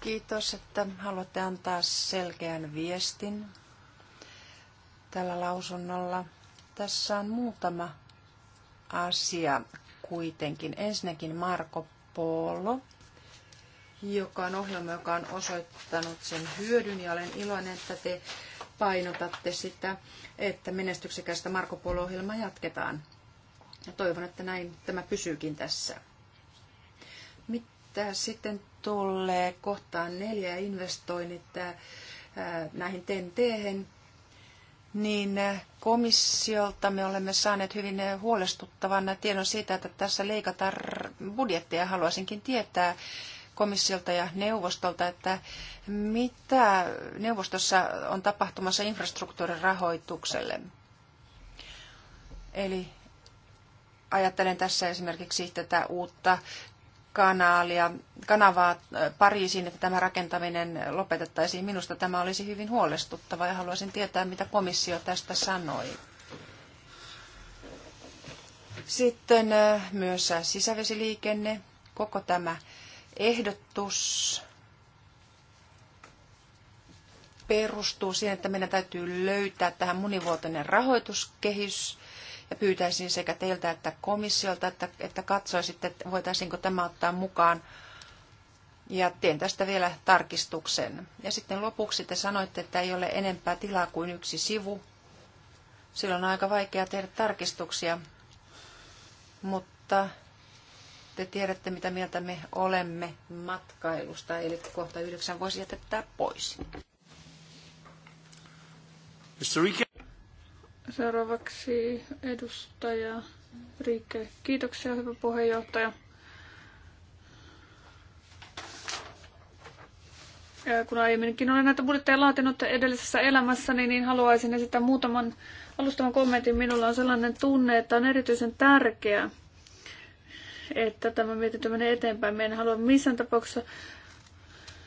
Kiitos, että haluatte antaa selkeän viestin tällä lausunnolla. Tässä on muutama asia kuitenkin. Ensinnäkin Marko Polo, joka on ohjelma, joka on osoittanut sen hyödyn ja olen iloinen, että te painotatte sitä, että menestyksekästä Marko Polo-ohjelmaa jatketaan. Ja toivon, että näin tämä pysyykin tässä. Mitä sitten tulee kohtaan neljä investoinnit äh, näihin ten niin äh, komissiolta me olemme saaneet hyvin äh, huolestuttavan tiedon siitä, että tässä leikataan budjettia. Haluaisinkin tietää, komissiolta ja neuvostolta, että mitä neuvostossa on tapahtumassa infrastruktuurin rahoitukselle? Eli ajattelen tässä esimerkiksi tätä uutta kanaalia, kanavaa Pariisiin, että tämä rakentaminen lopetettaisiin. Minusta tämä olisi hyvin huolestuttava ja haluaisin tietää, mitä komissio tästä sanoi. Sitten äh, myös sisävesiliikenne, koko tämä ehdotus perustuu siihen, että meidän täytyy löytää tähän monivuotinen rahoituskehys. Ja pyytäisin sekä teiltä että komissiolta, että, että katsoisitte, että voitaisiinko tämä ottaa mukaan. Ja teen tästä vielä tarkistuksen. Ja sitten lopuksi te sanoitte, että ei ole enempää tilaa kuin yksi sivu. Silloin on aika vaikea tehdä tarkistuksia. Mutta te tiedätte, mitä mieltä me olemme matkailusta, eli kohta yhdeksän voisi jätettää pois. Seuraavaksi edustaja Riike. Kiitoksia, hyvä puheenjohtaja. kun aiemminkin olen näitä budjetteja laatinut edellisessä elämässäni, niin haluaisin esittää muutaman alustavan kommentin. Minulla on sellainen tunne, että on erityisen tärkeää, että tämä mietintö menee eteenpäin. Me en halua missään tapauksessa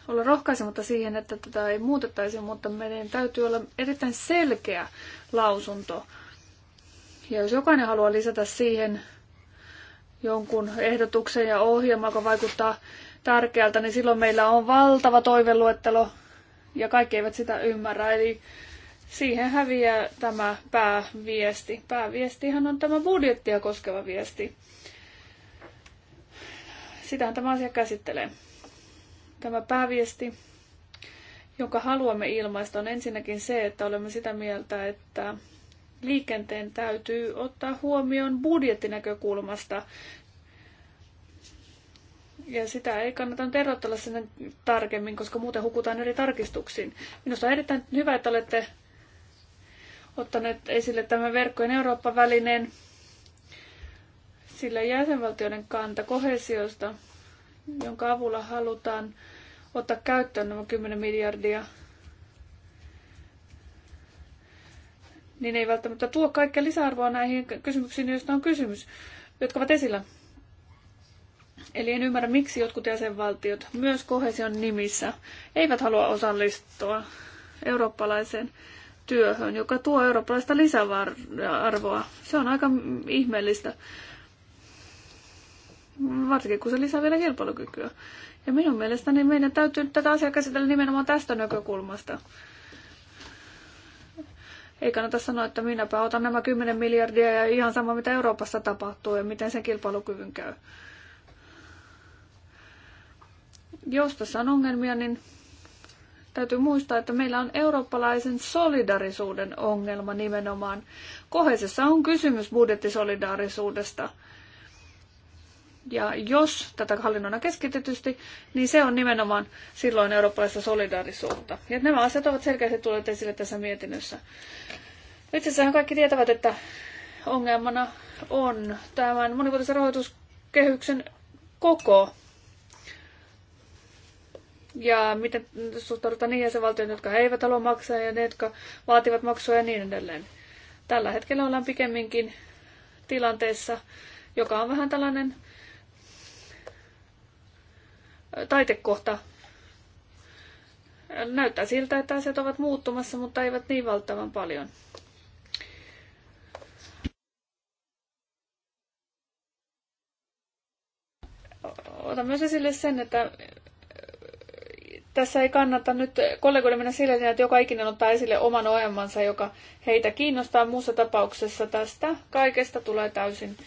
olla rohkaisematta siihen, että tätä ei muutettaisi, mutta meidän täytyy olla erittäin selkeä lausunto. Ja jos jokainen haluaa lisätä siihen jonkun ehdotuksen ja ohjelman, joka vaikuttaa tärkeältä, niin silloin meillä on valtava toiveluettelo ja kaikki eivät sitä ymmärrä. Eli siihen häviää tämä pääviesti. Pääviestihan on tämä budjettia koskeva viesti. Sitähän tämä asia käsittelee. Tämä pääviesti, jonka haluamme ilmaista, on ensinnäkin se, että olemme sitä mieltä, että liikenteen täytyy ottaa huomioon budjettinäkökulmasta. Ja sitä ei kannata nyt erottella sinne tarkemmin, koska muuten hukutaan eri tarkistuksiin. Minusta on erittäin hyvä, että olette ottaneet esille tämän verkkojen Eurooppa-välineen sillä jäsenvaltioiden kanta kohesiosta, jonka avulla halutaan ottaa käyttöön nämä 10 miljardia, niin ei välttämättä tuo kaikkea lisäarvoa näihin kysymyksiin, joista on kysymys, jotka ovat esillä. Eli en ymmärrä, miksi jotkut jäsenvaltiot, myös kohesion nimissä, eivät halua osallistua eurooppalaiseen työhön, joka tuo eurooppalaista lisäarvoa. Se on aika ihmeellistä varsinkin kun se lisää vielä kilpailukykyä. Ja minun mielestäni meidän täytyy tätä asiaa käsitellä nimenomaan tästä näkökulmasta. Ei kannata sanoa, että minäpä otan nämä 10 miljardia ja ihan sama mitä Euroopassa tapahtuu ja miten sen kilpailukyvyn käy. Jos tässä on ongelmia, niin täytyy muistaa, että meillä on eurooppalaisen solidarisuuden ongelma nimenomaan. Kohesessa on kysymys budjettisolidaarisuudesta – ja jos tätä hallinnona keskitetysti, niin se on nimenomaan silloin eurooppalaista solidaarisuutta. Ja nämä asiat ovat selkeästi tulleet esille tässä mietinnössä. Itse asiassa kaikki tietävät, että ongelmana on tämän monivuotisen rahoituskehyksen koko. Ja miten suhtaudutaan niihin jäsenvaltioihin, jotka eivät halua maksaa ja ne, jotka vaativat maksua ja niin edelleen. Tällä hetkellä ollaan pikemminkin tilanteessa, joka on vähän tällainen taitekohta. Näyttää siltä, että asiat ovat muuttumassa, mutta eivät niin valtavan paljon. Otan myös esille sen, että äh, tässä ei kannata nyt kollegoiden mennä sillä että joka ikinen ottaa esille oman ohjelmansa, joka heitä kiinnostaa. Muussa tapauksessa tästä kaikesta tulee täysin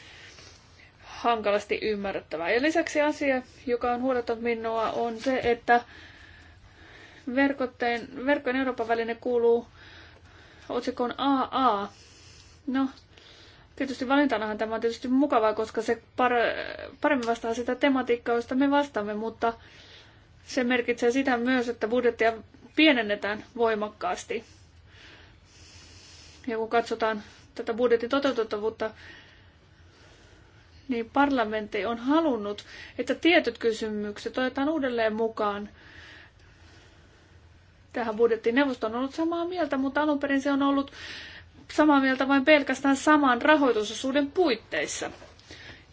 hankalasti ymmärrettävää. Ja lisäksi asia, joka on huolettanut minua, on se, että verkotteen, verkkojen Euroopan väline kuuluu otsikon AA. No, tietysti valintanahan tämä on tietysti mukavaa, koska se paremmin vastaa sitä tematiikkaa, josta me vastaamme, mutta se merkitsee sitä myös, että budjettia pienennetään voimakkaasti. Ja kun katsotaan tätä budjetin toteutettavuutta, niin parlamentti on halunnut, että tietyt kysymykset otetaan uudelleen mukaan tähän budjettineuvosto on ollut samaa mieltä, mutta alun perin se on ollut samaa mieltä vain pelkästään saman rahoitusosuuden puitteissa.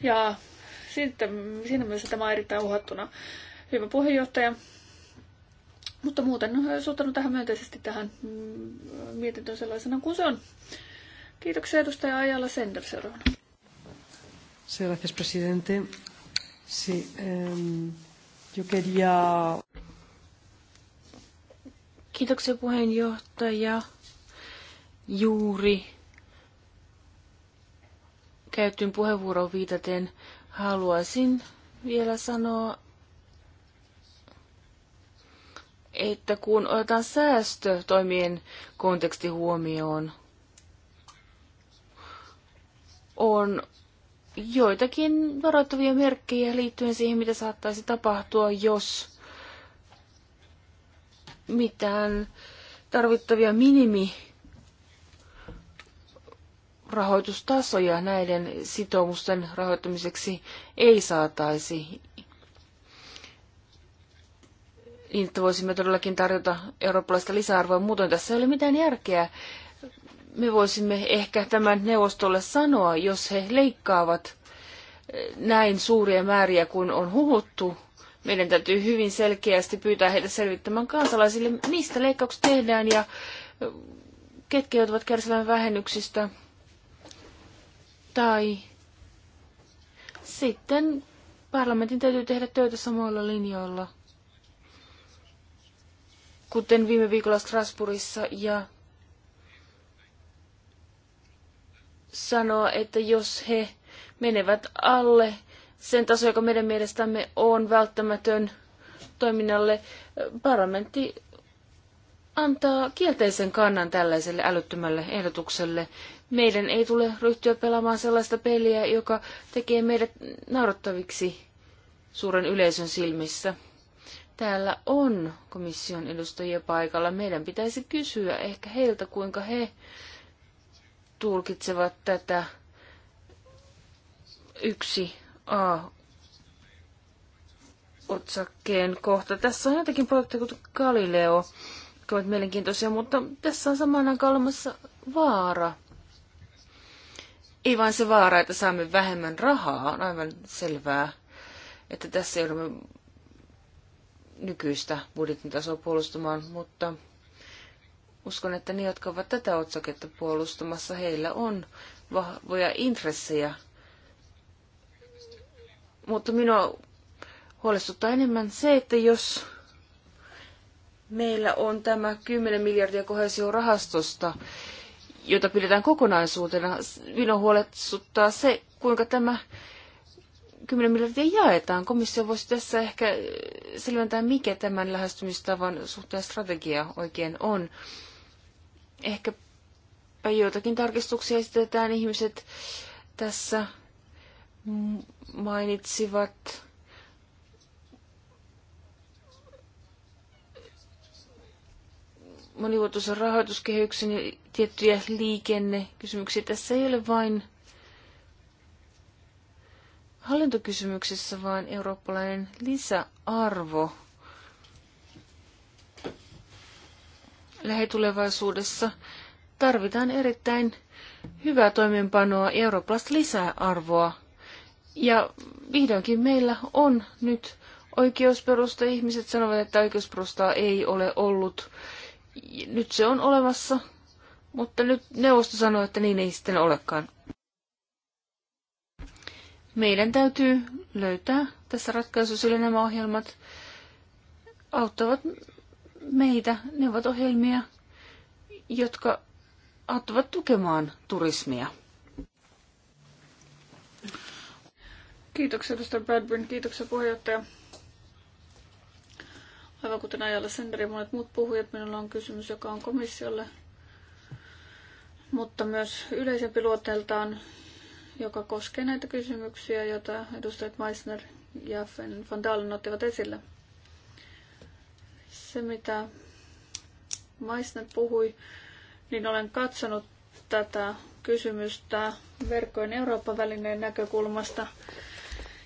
Ja sitten, siinä mielessä tämä on erittäin uhattuna. Hyvä puheenjohtaja. Mutta muuten no, suhtaudun tähän myönteisesti tähän mm, mietintöön sellaisena kuin se on. Kiitoksia edustaja Ajalla Sender seuraavana gracias, presidente. Sí, eh, yo quería... Kiitoksia puheenjohtaja. Juuri käyttyyn puheenvuoroon viitaten haluaisin vielä sanoa, että kun otetaan säästötoimien konteksti huomioon, on joitakin varoittavia merkkejä liittyen siihen, mitä saattaisi tapahtua, jos mitään tarvittavia minimi rahoitustasoja näiden sitoumusten rahoittamiseksi ei saataisi, niin että voisimme todellakin tarjota eurooppalaista lisäarvoa. Muuten tässä ei ole mitään järkeä me voisimme ehkä tämän neuvostolle sanoa, jos he leikkaavat eh, näin suuria määriä kuin on huhuttu. Meidän täytyy hyvin selkeästi pyytää heitä selvittämään kansalaisille, mistä leikkaukset tehdään ja eh, ketkä joutuvat kärsimään vähennyksistä. Tai sitten parlamentin täytyy tehdä töitä samoilla linjoilla, kuten viime viikolla Strasbourgissa ja sanoa, että jos he menevät alle sen taso, joka meidän mielestämme on välttämätön toiminnalle, parlamentti antaa kielteisen kannan tällaiselle älyttömälle ehdotukselle. Meidän ei tule ryhtyä pelaamaan sellaista peliä, joka tekee meidät naurattaviksi suuren yleisön silmissä. Täällä on komission edustajia paikalla. Meidän pitäisi kysyä ehkä heiltä, kuinka he tulkitsevat tätä yksi a otsakkeen kohta. Tässä on jotakin projekteja kuin Galileo, jotka ovat mielenkiintoisia, mutta tässä on samaan aikaan olemassa vaara. Ei vain se vaara, että saamme vähemmän rahaa, on aivan selvää, että tässä joudumme nykyistä budjetin tasoa puolustamaan, mutta Uskon, että ne, jotka ovat tätä otsaketta puolustamassa, heillä on vahvoja intressejä. Mutta minua huolestuttaa enemmän se, että jos meillä on tämä 10 miljardia kohesiorahastosta, jota pidetään kokonaisuutena, minua huolestuttaa se, kuinka tämä 10 miljardia jaetaan. Komissio voisi tässä ehkä selventää, mikä tämän lähestymistavan suhteen strategia oikein on ehkäpä joitakin tarkistuksia esitetään. Ihmiset tässä mainitsivat monivuotoisen rahoituskehyksen ja tiettyjä liikennekysymyksiä. Tässä ei ole vain hallintokysymyksessä, vaan eurooppalainen lisäarvo – lähitulevaisuudessa tarvitaan erittäin hyvää toimeenpanoa ja lisää lisäarvoa. Ja vihdoinkin meillä on nyt oikeusperusta. Ihmiset sanovat, että oikeusperustaa ei ole ollut. Nyt se on olemassa, mutta nyt neuvosto sanoo, että niin ei sitten olekaan. Meidän täytyy löytää tässä ratkaisu, sillä nämä ohjelmat auttavat meitä. Ne ovat ohjelmia, jotka auttavat tukemaan turismia. Kiitoksia, edustaja Bradburn. Kiitoksia, puheenjohtaja. Aivan kuten ajalla Senderi monet muut puhujat, minulla on kysymys, joka on komissiolle, mutta myös yleisempi luonteeltaan, joka koskee näitä kysymyksiä, joita edustajat Meissner ja Van Dalen ottivat esille – se, mitä Maisne puhui, niin olen katsonut tätä kysymystä verkkojen Euroopan välineen näkökulmasta.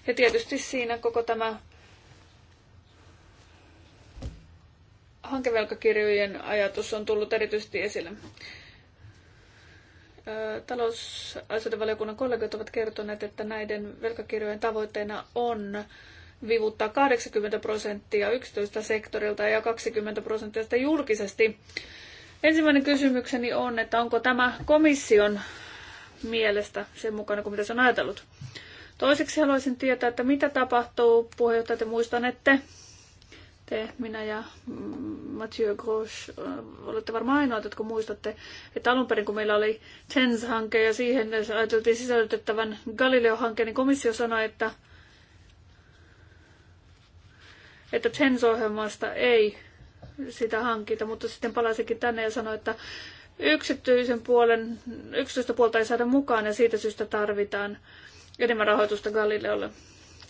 Ja tietysti siinä koko tämä hankevelkakirjojen ajatus on tullut erityisesti esille. Talousasioiden valiokunnan kollegat ovat kertoneet, että näiden velkakirjojen tavoitteena on vivuttaa 80 prosenttia yksityistä sektorilta ja 20 prosenttia julkisesti. Ensimmäinen kysymykseni on, että onko tämä komission mielestä sen mukana kuin mitä se on ajatellut. Toiseksi haluaisin tietää, että mitä tapahtuu, puheenjohtaja, te muistanette, te, minä ja mm, Mathieu Grosch, äh, olette varmaan ainoat, jotka muistatte, että alun perin kun meillä oli TENS-hanke ja siihen ajateltiin sisällytettävän Galileo-hanke, niin komissio sanoi, että että Chens-ohjelmasta ei sitä hankita, mutta sitten palasikin tänne ja sanoi, että yksityisen puolen, yksityistä puolta ei saada mukaan ja siitä syystä tarvitaan enemmän rahoitusta Galileolle.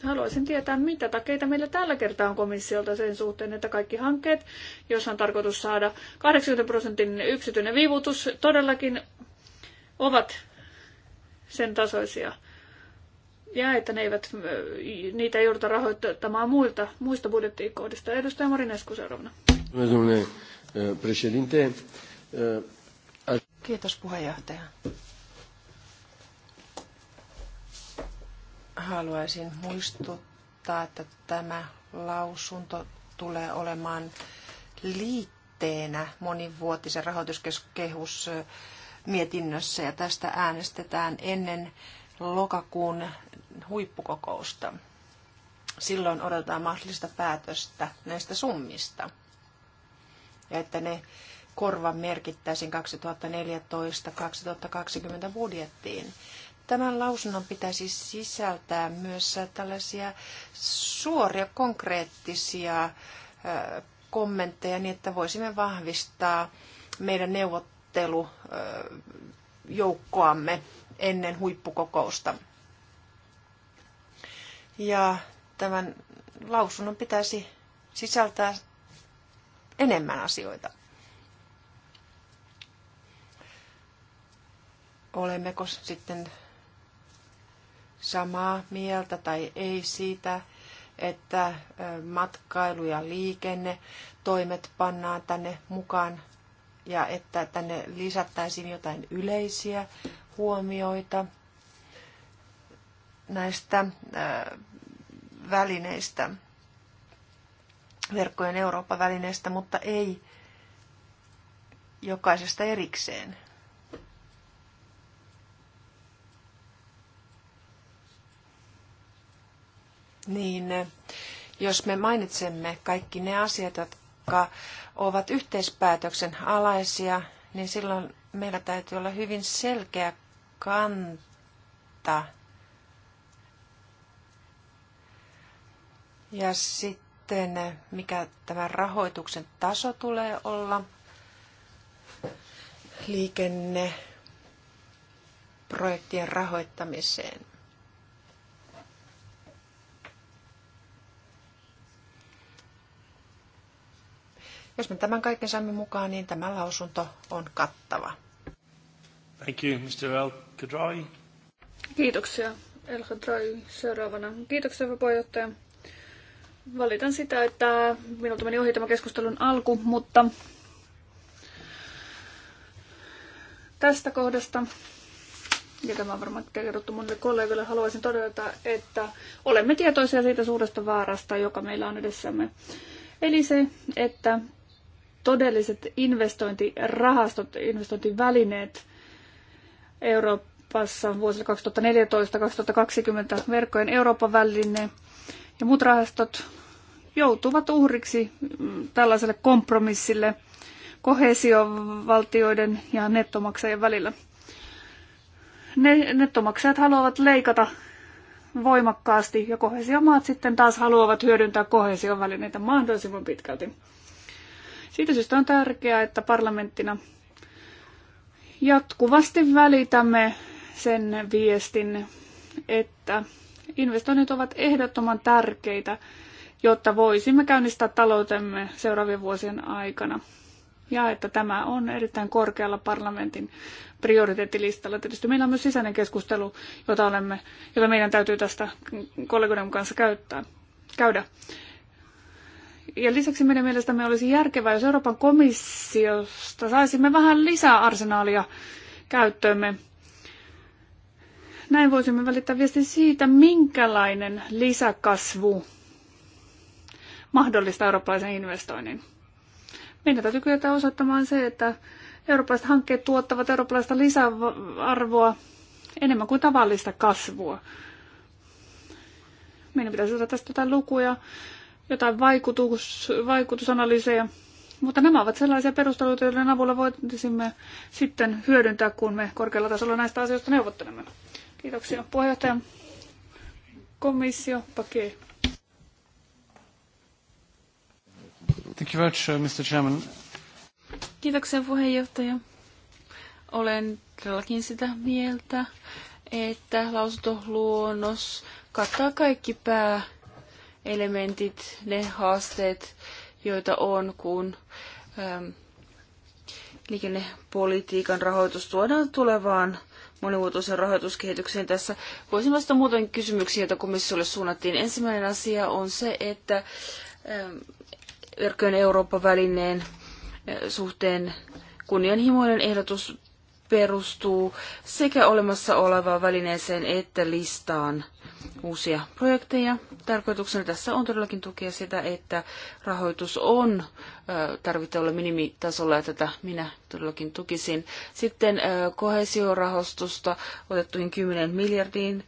Haluaisin tietää, mitä takeita meillä tällä kertaa on komissiolta sen suhteen, että kaikki hankkeet, jos on tarkoitus saada 80 prosentin yksityinen viivutus, todellakin ovat sen tasoisia ja että ne eivät, niitä ei jouduta rahoittamaan muilta, muista budjettikohdista. Edustaja Marinescu seuraavana. Kiitos puheenjohtaja. Haluaisin muistuttaa, että tämä lausunto tulee olemaan liitteenä monivuotisen rahoituskehus mietinnössä ja tästä äänestetään ennen lokakuun huippukokousta. Silloin odotetaan mahdollista päätöstä näistä summista. Ja että ne korva merkittäisiin 2014-2020 budjettiin. Tämän lausunnon pitäisi sisältää myös tällaisia suoria konkreettisia kommentteja niin, että voisimme vahvistaa meidän neuvottelujoukkoamme ennen huippukokousta. Ja tämän lausunnon pitäisi sisältää enemmän asioita. Olemmeko sitten samaa mieltä tai ei siitä, että matkailu ja liikenne toimet pannaan tänne mukaan ja että tänne lisättäisiin jotain yleisiä huomioita näistä välineistä, verkkojen Euroopan välineistä mutta ei jokaisesta erikseen. Niin jos me mainitsemme kaikki ne asiat, jotka ovat yhteispäätöksen alaisia, niin silloin meillä täytyy olla hyvin selkeä kanta Ja sitten mikä tämän rahoituksen taso tulee olla liikenneprojektien rahoittamiseen. Jos me tämän kaiken saamme mukaan, niin tämä lausunto on kattava. Thank you, Mr. El Khadraoui. Kiitoksia, El Khadraoui. Seuraavana. Kiitoksia, puheenjohtaja. Valitan sitä, että minulta meni ohi tämä keskustelun alku, mutta tästä kohdasta, ja tämä on varmaan kerrottu monille kollegoille, haluaisin todeta, että olemme tietoisia siitä suuresta vaarasta, joka meillä on edessämme. Eli se, että todelliset investointirahastot, investointivälineet Euroopassa vuosille 2014-2020 verkkojen Euroopan väline – ja muut rahastot joutuvat uhriksi mm, tällaiselle kompromissille kohesiovaltioiden ja nettomaksajien välillä. Ne, nettomaksajat haluavat leikata voimakkaasti ja kohesiomaat sitten taas haluavat hyödyntää kohesion välineitä mahdollisimman pitkälti. Siitä syystä on tärkeää, että parlamenttina jatkuvasti välitämme sen viestin, että Investoinnit ovat ehdottoman tärkeitä, jotta voisimme käynnistää taloutemme seuraavien vuosien aikana. Ja että tämä on erittäin korkealla parlamentin prioriteettilistalla. Tietysti meillä on myös sisäinen keskustelu, jota, olemme, jota meidän täytyy tästä kollegoiden kanssa käyttää, käydä. Ja lisäksi meidän mielestämme olisi järkevää, jos Euroopan komissiosta saisimme vähän lisää arsenaalia käyttöömme näin voisimme välittää viestin siitä, minkälainen lisäkasvu mahdollista eurooppalaisen investoinnin. Meidän täytyy kyetä osoittamaan se, että eurooppalaiset hankkeet tuottavat eurooppalaista lisäarvoa enemmän kuin tavallista kasvua. Meidän pitäisi ottaa tästä jotain lukuja, jotain vaikutus, vaikutusanalyyseja. mutta nämä ovat sellaisia perusteluita, joiden avulla voisimme sitten hyödyntää, kun me korkealla tasolla näistä asioista neuvottelemme. Kiitoksia puheenjohtaja. Komissio Pake. Thank you much, uh, Mr. Chairman. Kiitoksia puheenjohtaja. Olen todellakin sitä mieltä, että lausuntoluonnos kattaa kaikki pääelementit, ne haasteet, joita on, kun ähm, liikennepolitiikan rahoitus tuodaan tulevaan monivuotoisen rahoituskehitykseen tässä. Voisin vastata muuten kysymyksiä, joita komissiolle suunnattiin. Ensimmäinen asia on se, että ähm, verkkojen Euroopan välineen äh, suhteen kunnianhimoinen ehdotus perustuu sekä olemassa olevaan välineeseen että listaan uusia projekteja. Tarkoituksena tässä on todellakin tukea sitä, että rahoitus on tarvittavalla minimitasolla ja tätä minä todellakin tukisin. Sitten kohesiorahoitusta otettuihin 10 miljardiin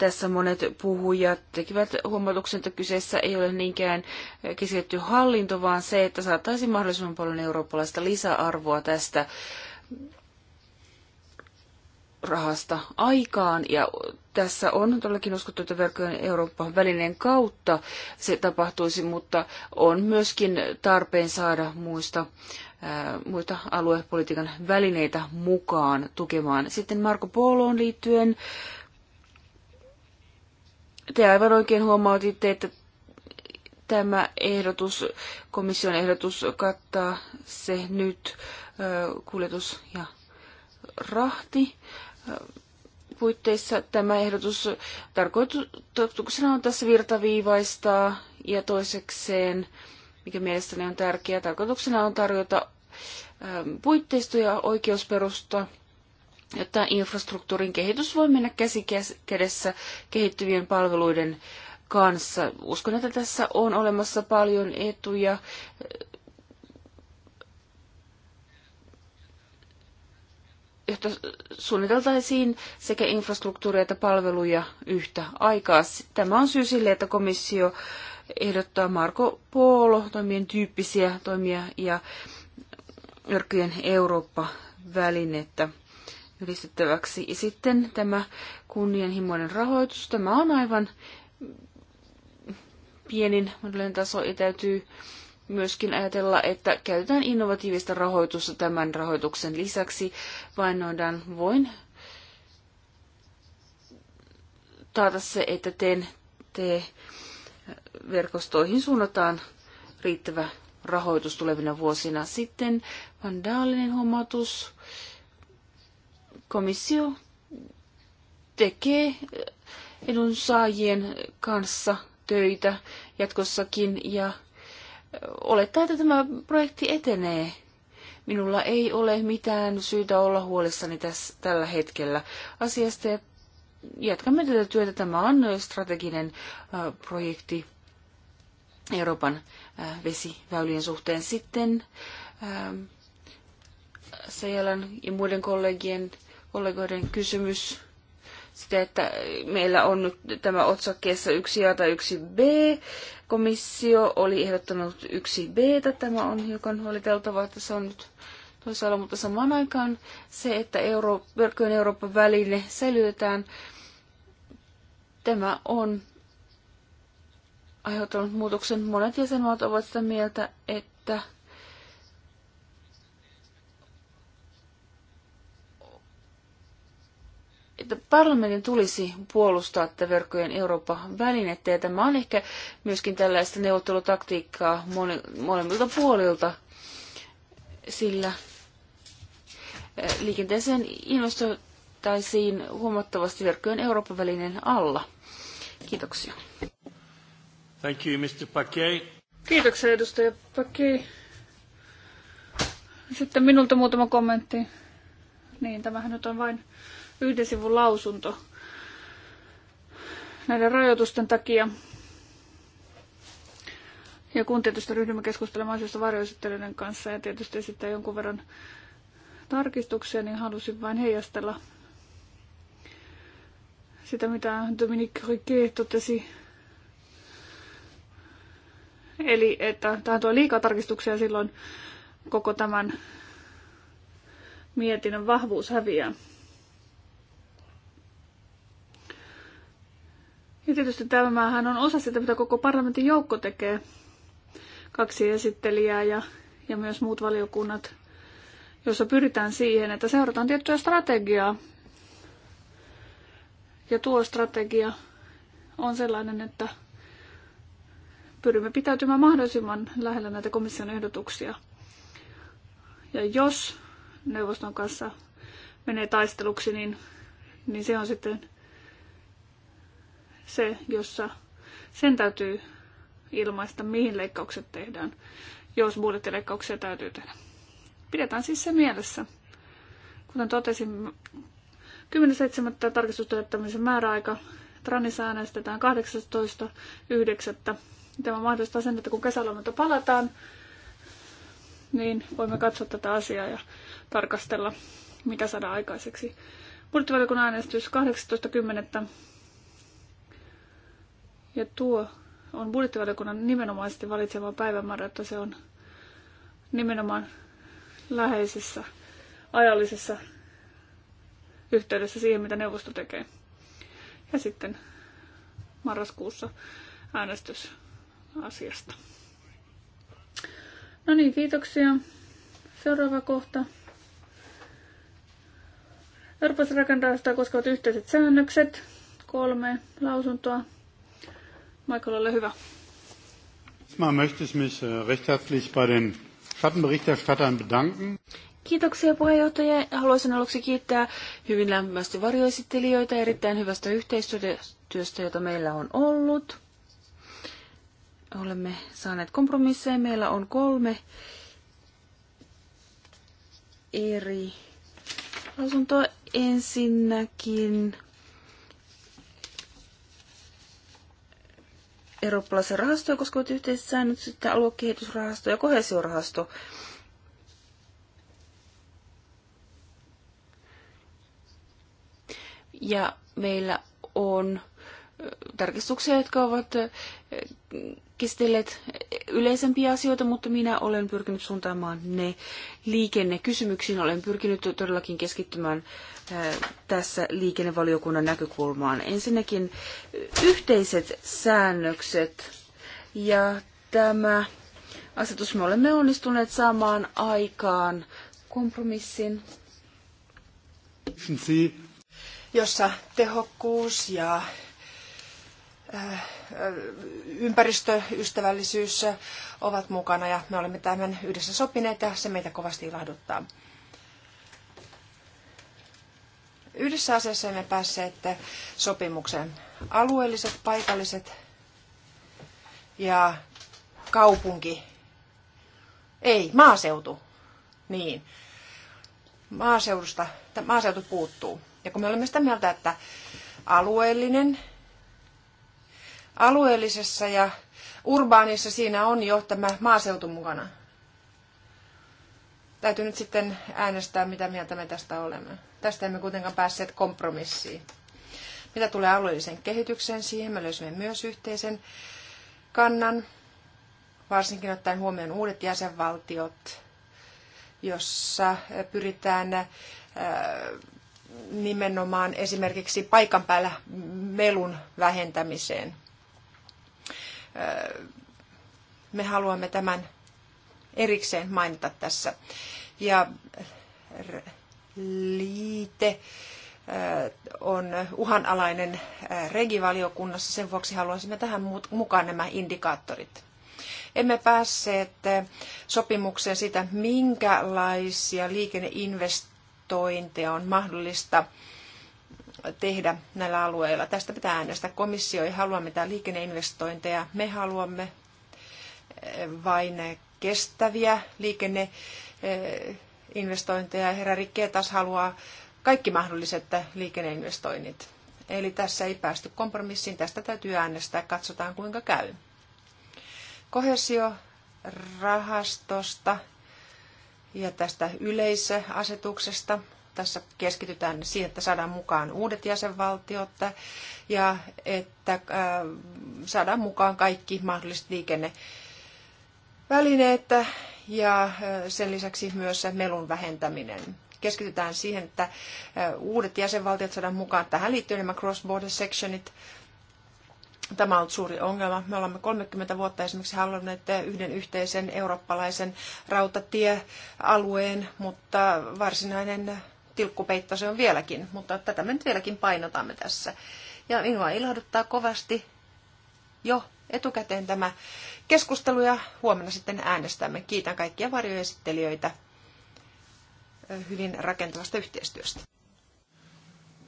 tässä monet puhujat tekivät huomautuksen, että kyseessä ei ole niinkään keskitetty hallinto, vaan se, että saataisiin mahdollisimman paljon eurooppalaista lisäarvoa tästä rahasta aikaan. Ja tässä on todellakin uskottu, että verkkojen Euroopan välineen kautta se tapahtuisi, mutta on myöskin tarpeen saada muista muita aluepolitiikan välineitä mukaan tukemaan. Sitten Marko Poloon liittyen te aivan oikein huomautitte, että tämä ehdotus, komission ehdotus kattaa se nyt kuljetus- ja rahti. Puitteissa tämä ehdotus tarkoituksena on tässä virtaviivaistaa ja toisekseen, mikä mielestäni on tärkeää, tarkoituksena on tarjota puitteistoja oikeusperusta jotta infrastruktuurin kehitys voi mennä käsi kädessä kehittyvien palveluiden kanssa. Uskon, että tässä on olemassa paljon etuja. jotta suunniteltaisiin sekä infrastruktuuria että palveluja yhtä aikaa. Tämä on syy sille, että komissio ehdottaa Marko Polo toimien tyyppisiä toimia ja Örkkyjen Eurooppa-välinettä ylistettäväksi. Ja sitten tämä kunnianhimoinen rahoitus, tämä on aivan pienin mahdollinen taso ja täytyy myöskin ajatella, että käytetään innovatiivista rahoitusta tämän rahoituksen lisäksi. vain noidaan voin taata se, että teen te verkostoihin suunnataan riittävä rahoitus tulevina vuosina. Sitten vandaalinen huomautus komissio tekee eh, edunsaajien kanssa töitä jatkossakin ja eh, olettaa, että tämä projekti etenee. Minulla ei ole mitään syytä olla huolissani tässä, tällä hetkellä asiasta ja jatkamme tätä työtä. Tämä on eh, strateginen projekti Euroopan vesiväylien suhteen sitten. Sejalan ja muiden kollegien kollegoiden kysymys sitä, että meillä on nyt tämä otsakkeessa 1a tai 1b. Komissio oli ehdottanut 1b. Tämä on hiukan huoliteltavaa, että se on nyt toisaalla, mutta samaan aikaan se, että Euro- verkkojen Euroopan väline säilytetään, tämä on aiheuttanut muutoksen. Monet jäsenmaat ovat sitä mieltä, että että parlamentin tulisi puolustaa tätä verkkojen Euroopan välinettä, ja tämä on ehkä myöskin tällaista neuvottelutaktiikkaa molemmilta puolilta, sillä eh, liikenteeseen investoitaisiin huomattavasti verkkojen Euroopan välinen alla. Kiitoksia. Thank you, Mr. Paquet. Kiitoksia, edustaja Paquet. Sitten minulta muutama kommentti. Niin, tämähän nyt on vain yhden sivun lausunto näiden rajoitusten takia. Ja kun tietysti ryhdymme keskustelemaan asioista varjoesittelyiden kanssa ja tietysti esittää jonkun verran tarkistuksia, niin halusin vain heijastella sitä, mitä Dominique Riquet totesi. Eli että tähän tuo liikaa tarkistuksia silloin koko tämän mietinnön vahvuus häviää. Ja tietysti tämähän on osa sitä, mitä koko parlamentin joukko tekee. Kaksi esittelijää ja, ja myös muut valiokunnat, jossa pyritään siihen, että seurataan tiettyä strategiaa. Ja tuo strategia on sellainen, että pyrimme pitäytymään mahdollisimman lähellä näitä komission ehdotuksia. Ja jos neuvoston kanssa menee taisteluksi, niin, niin se on sitten se, jossa sen täytyy ilmaista, mihin leikkaukset tehdään, jos budjettileikkauksia täytyy tehdä. Pidetään siis se mielessä. Kuten totesin, 10.7. tarkistustodettamisen määräaika. Tranissa äänestetään 18.9. Tämä mahdollistaa sen, että kun kesälomalta palataan, niin voimme katsoa tätä asiaa ja tarkastella, mitä saadaan aikaiseksi. Budjettivaliokunnan äänestys ja tuo on budjettivaliokunnan nimenomaisesti valitsema päivämäärä, että se on nimenomaan läheisessä ajallisessa yhteydessä siihen, mitä neuvosto tekee. Ja sitten marraskuussa äänestys asiasta. No niin, kiitoksia. Seuraava kohta. rakentaa sitä koskevat yhteiset säännökset. Kolme lausuntoa. Michael, ole hyvä. Mal möchte ich mich äh, recht herzlich bei den Schattenberichterstattern bedanken. Kiitoksia puheenjohtaja. Haluaisin aluksi kiittää hyvin lämpimästi varjoesittelijöitä erittäin hyvästä yhteistyöstä, jota meillä on ollut. Olemme saaneet kompromisseja. Meillä on kolme eri lausuntoa. Ensinnäkin eurooppalaisia rahastoja koskevat yhteiset säännöt, sitten aluekehitysrahasto ja kohesiorahasto. Ja meillä on tarkistuksia, jotka ovat käsitelleet yleisempiä asioita, mutta minä olen pyrkinyt suuntaamaan ne liikennekysymyksiin. Olen pyrkinyt todellakin keskittymään äh, tässä liikennevaliokunnan näkökulmaan. Ensinnäkin äh, yhteiset säännökset ja tämä asetus me olemme onnistuneet saamaan aikaan kompromissin jossa tehokkuus ja Äh, äh, ympäristöystävällisyys äh, ovat mukana ja me olemme tämän yhdessä sopineet ja se meitä kovasti ilahduttaa. Yhdessä asiassa emme päässeet sopimuksen alueelliset, paikalliset ja kaupunki. Ei, maaseutu. Niin. Maaseudusta, maaseutu puuttuu. Ja kun me olemme sitä mieltä, että alueellinen alueellisessa ja urbaanissa siinä on jo tämä maaseutu mukana. Täytyy nyt sitten äänestää, mitä mieltä me tästä olemme. Tästä emme kuitenkaan päässeet kompromissiin. Mitä tulee alueelliseen kehitykseen, siihen me löysimme myös yhteisen kannan, varsinkin ottaen huomioon uudet jäsenvaltiot, jossa pyritään äh, nimenomaan esimerkiksi paikan päällä melun vähentämiseen – me haluamme tämän erikseen mainita tässä. Ja liite on uhanalainen regivaliokunnassa, sen vuoksi haluaisimme tähän mukaan nämä indikaattorit. Emme päässeet sopimukseen sitä, minkälaisia liikenneinvestointeja on mahdollista tehdä näillä alueilla. Tästä pitää äänestää. Komissio ei halua mitään liikenneinvestointeja. Me haluamme eh, vain kestäviä liikenneinvestointeja. Eh, Herra Rikke taas haluaa kaikki mahdolliset liikenneinvestoinnit. Eli tässä ei päästy kompromissiin. Tästä täytyy äänestää. Katsotaan kuinka käy. Kohesiorahastosta ja tästä yleisasetuksesta tässä keskitytään siihen, että saadaan mukaan uudet jäsenvaltiot ja että äh, saadaan mukaan kaikki mahdolliset liikennevälineet ja äh, sen lisäksi myös melun vähentäminen keskitytään siihen, että äh, uudet jäsenvaltiot saadaan mukaan. Tähän liittyy nämä cross-border sectionit. Tämä on ollut suuri ongelma. Me olemme 30 vuotta esimerkiksi halunneet yhden yhteisen eurooppalaisen rautatiealueen, mutta varsinainen tilkkupeitto se on vieläkin, mutta tätä me nyt vieläkin painotamme tässä. Ja minua ilahduttaa kovasti jo etukäteen tämä keskustelu ja huomenna sitten äänestämme. Kiitän kaikkia varjoesittelijöitä hyvin rakentavasta yhteistyöstä.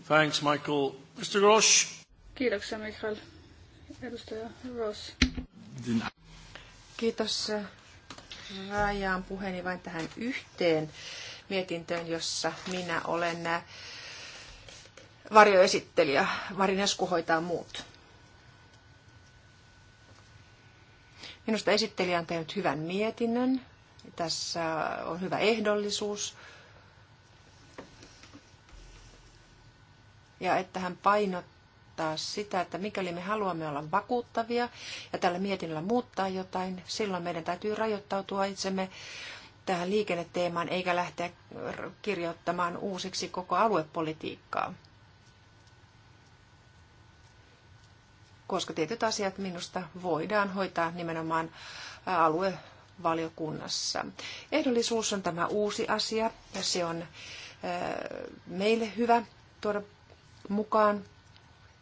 Thanks, Michael. Mr. Grosch. Kiitoksia, Michael. Edustaja Ross. Kiitos. Rajaan puheeni vain tähän yhteen mietintöön, jossa minä olen äh, varjoesittelijä. Varinesku hoitaa muut. Minusta esittelijä on tehnyt hyvän mietinnön. Tässä on hyvä ehdollisuus. Ja että hän painottaa sitä, että mikäli me haluamme olla vakuuttavia ja tällä mietinnöllä muuttaa jotain, silloin meidän täytyy rajoittautua itsemme tähän liikenneteemaan eikä lähteä kirjoittamaan uusiksi koko aluepolitiikkaa. Koska tietyt asiat minusta voidaan hoitaa nimenomaan aluevaliokunnassa. Ehdollisuus on tämä uusi asia ja se on meille hyvä tuoda mukaan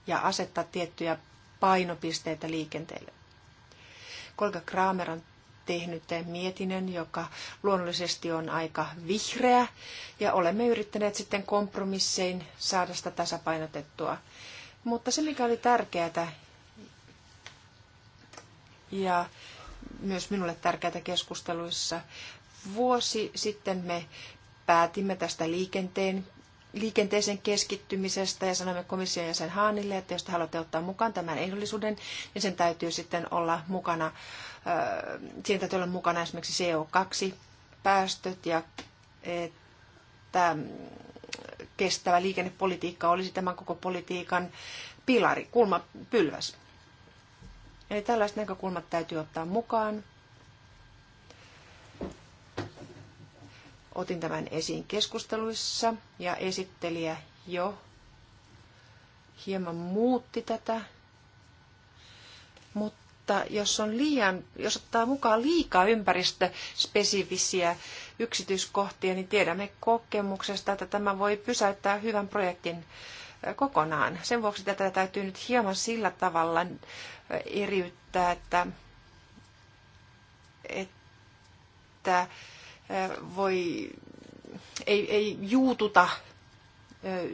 ja asettaa tiettyjä painopisteitä liikenteelle. Kolka Kramer on tehnyt mietinnön, joka luonnollisesti on aika vihreä, ja olemme yrittäneet sitten kompromissein saada sitä tasapainotettua. Mutta se, mikä oli tärkeää, ja myös minulle tärkeää keskusteluissa, vuosi sitten me päätimme tästä liikenteen liikenteeseen keskittymisestä ja sanoimme komission jäsen Haanille, että jos te haluatte ottaa mukaan tämän ehdollisuuden, niin sen täytyy sitten olla mukana siinä täytyy olla mukana esimerkiksi CO2-päästöt ja että kestävä liikennepolitiikka olisi tämän koko politiikan pilari, kulmapylväs. Eli tällaiset näkökulmat täytyy ottaa mukaan. Otin tämän esiin keskusteluissa ja esittelijä jo hieman muutti tätä, mutta mutta jos, on liian, jos ottaa mukaan liikaa ympäristöspesifisiä yksityiskohtia, niin tiedämme kokemuksesta, että tämä voi pysäyttää hyvän projektin kokonaan. Sen vuoksi tätä täytyy nyt hieman sillä tavalla eriyttää, että, että voi, ei, ei juututa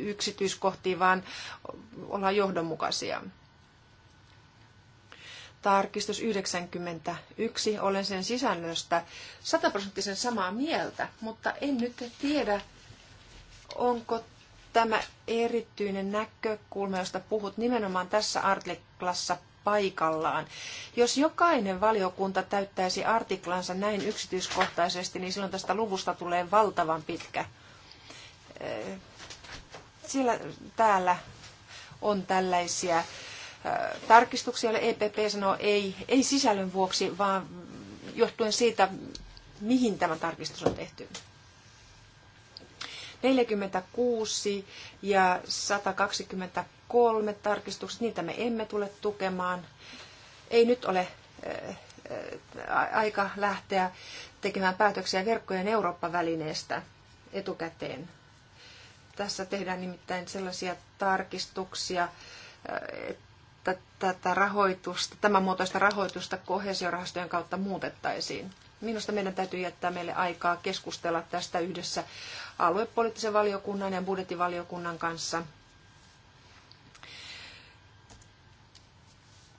yksityiskohtiin, vaan ollaan johdonmukaisia. Tarkistus 91, olen sen sisällöstä sataprosenttisen samaa mieltä, mutta en nyt tiedä, onko tämä erityinen näkökulma, josta puhut nimenomaan tässä artiklassa paikallaan. Jos jokainen valiokunta täyttäisi artiklansa näin yksityiskohtaisesti, niin silloin tästä luvusta tulee valtavan pitkä. Siellä täällä on tällaisia tarkistuksia, joille EPP sanoo ei, ei sisällön vuoksi, vaan johtuen siitä, mihin tämä tarkistus on tehty. 46 ja 123 tarkistukset, niitä me emme tule tukemaan. Ei nyt ole aika lähteä tekemään päätöksiä verkkojen Eurooppa-välineestä etukäteen. Tässä tehdään nimittäin sellaisia tarkistuksia, tätä rahoitusta, tämän muotoista rahoitusta kohesiorahastojen kautta muutettaisiin. Minusta meidän täytyy jättää meille aikaa keskustella tästä yhdessä aluepoliittisen valiokunnan ja budjettivaliokunnan kanssa.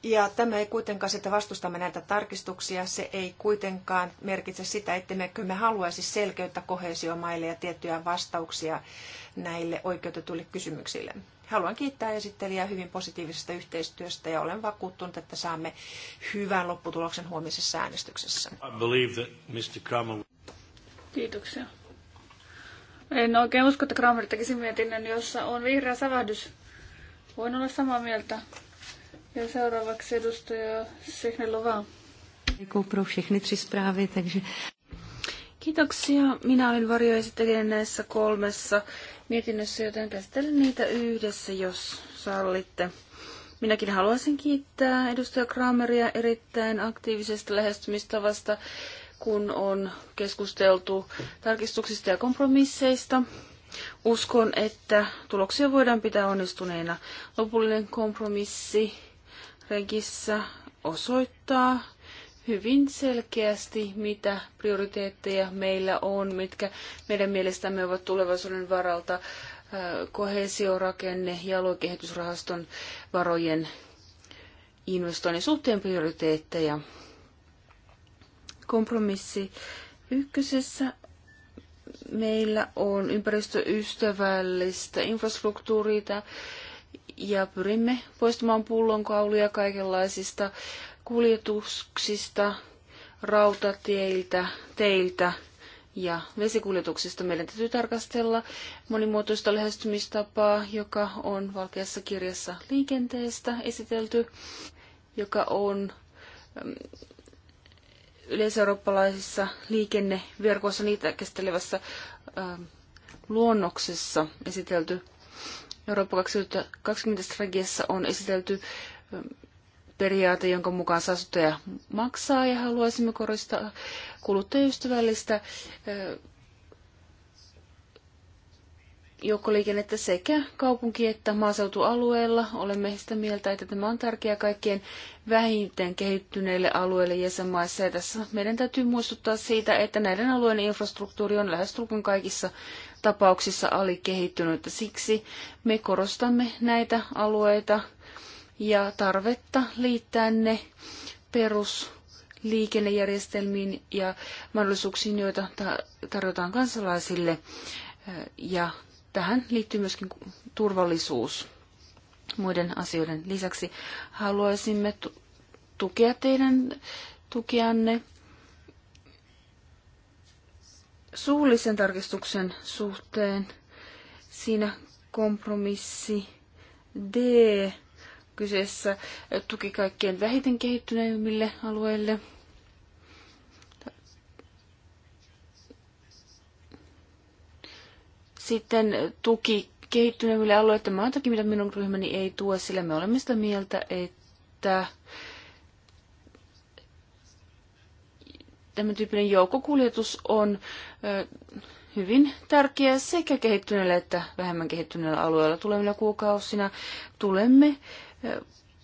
Ja tämä ei kuitenkaan, sitä vastustamme näitä tarkistuksia, se ei kuitenkaan merkitse sitä, että me, me haluaisi selkeyttä kohesiomaille ja tiettyjä vastauksia näille oikeutetuille kysymyksille. Haluan kiittää esittelijää hyvin positiivisesta yhteistyöstä ja olen vakuuttunut, että saamme hyvän lopputuloksen huomisessa äänestyksessä. Kiitoksia. En oikein usko, että Kramer tekisi mietinnön, jossa on vihreä sävähdys. Voin olla samaa mieltä. Ja seuraavaksi edustaja Signe Lovaa. pro všechny tři zprávy, takže... Kiitoksia. Minä olin varjoesittelijän näissä kolmessa mietinnössä, joten käsittelen niitä yhdessä, jos sallitte. Minäkin haluaisin kiittää edustaja Krameria erittäin aktiivisesta lähestymistavasta, kun on keskusteltu tarkistuksista ja kompromisseista. Uskon, että tuloksia voidaan pitää onnistuneina. Lopullinen kompromissi regissä osoittaa hyvin selkeästi, mitä prioriteetteja meillä on, mitkä meidän mielestämme ovat tulevaisuuden varalta kohesiorakenne ja aluekehitysrahaston varojen investoinnin suhteen prioriteetteja. Kompromissi ykkösessä meillä on ympäristöystävällistä infrastruktuuria ja pyrimme poistamaan pullonkauluja kaikenlaisista kuljetuksista, rautateiltä, teiltä ja vesikuljetuksista meidän täytyy tarkastella monimuotoista lähestymistapaa, joka on valkeassa kirjassa liikenteestä esitelty, joka on yleiseurooppalaisissa liikenneverkoissa niitä käsittelevässä luonnoksessa esitelty. Eurooppa 2020 strategiassa on esitelty periaate, jonka mukaan saastuttaja maksaa ja haluaisimme korostaa kuluttajaystävällistä joukkoliikennettä sekä kaupunki- että maaseutualueilla. Olemme sitä mieltä, että tämä on tärkeää kaikkien vähiten kehittyneille alueille jäsenmaissa. Ja tässä meidän täytyy muistuttaa siitä, että näiden alueiden infrastruktuuri on lähestulkoon kaikissa tapauksissa alikehittynyt. Siksi me korostamme näitä alueita – ja tarvetta liittää ne perusliikennejärjestelmiin ja mahdollisuuksiin, joita tarjotaan kansalaisille. Ja tähän liittyy myöskin turvallisuus muiden asioiden lisäksi. Haluaisimme tukea teidän tukianne suullisen tarkistuksen suhteen. Siinä kompromissi D kyseessä tuki kaikkein vähiten kehittyneimmille alueille. Sitten tuki kehittyneimmille alueille. Tämä on toki, mitä minun ryhmäni ei tue, sillä me olemme sitä mieltä, että tämä tyyppinen joukkokuljetus on hyvin tärkeä sekä kehittyneillä että vähemmän kehittyneillä alueilla tulevina kuukausina. Tulemme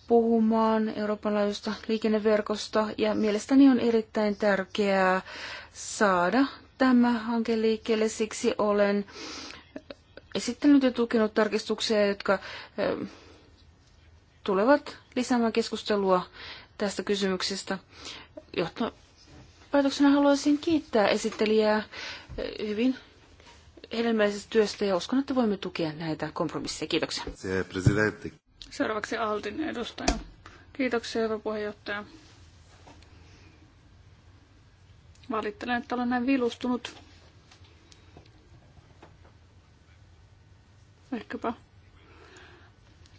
puhumaan Euroopan laajuista liikenneverkosta ja mielestäni on erittäin tärkeää saada tämä hanke liikkeelle. Siksi olen esittänyt ja tukenut tarkistuksia, jotka tulevat lisäämään keskustelua tästä kysymyksestä. Johtopäätöksenä haluaisin kiittää esittelijää hyvin hedelmällisestä työstä ja uskon, että voimme tukea näitä kompromisseja. Kiitoksia. Seuraavaksi Altin edustaja. Kiitoksia, hyvä puheenjohtaja. Valittelen, että olen näin vilustunut. Ehkäpä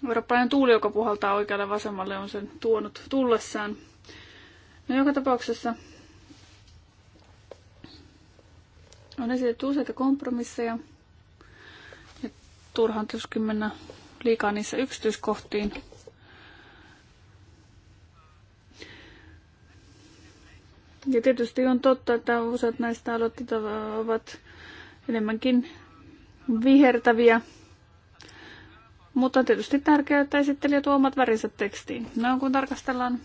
eurooppalainen tuuli, joka puhaltaa oikealle vasemmalle, on sen tuonut tullessaan. No joka tapauksessa on esitetty useita kompromisseja. Ja turhan tuskin mennä liikaa niissä yksityiskohtiin. Ja tietysti on totta, että useat näistä aloitteet ovat enemmänkin vihertäviä. Mutta on tietysti tärkeää, että esittelijä tuo omat värinsä tekstiin. No kun tarkastellaan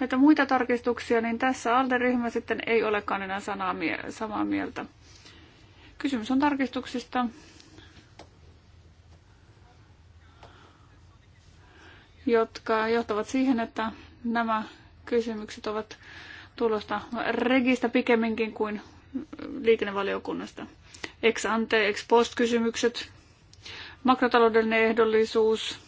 näitä muita tarkistuksia, niin tässä ALDE-ryhmä sitten ei olekaan enää sanaa mie- samaa mieltä. Kysymys on tarkistuksista, jotka johtavat siihen, että nämä kysymykset ovat tulosta registä pikemminkin kuin liikennevaliokunnasta. Ex ante, ex post kysymykset, makrotaloudellinen ehdollisuus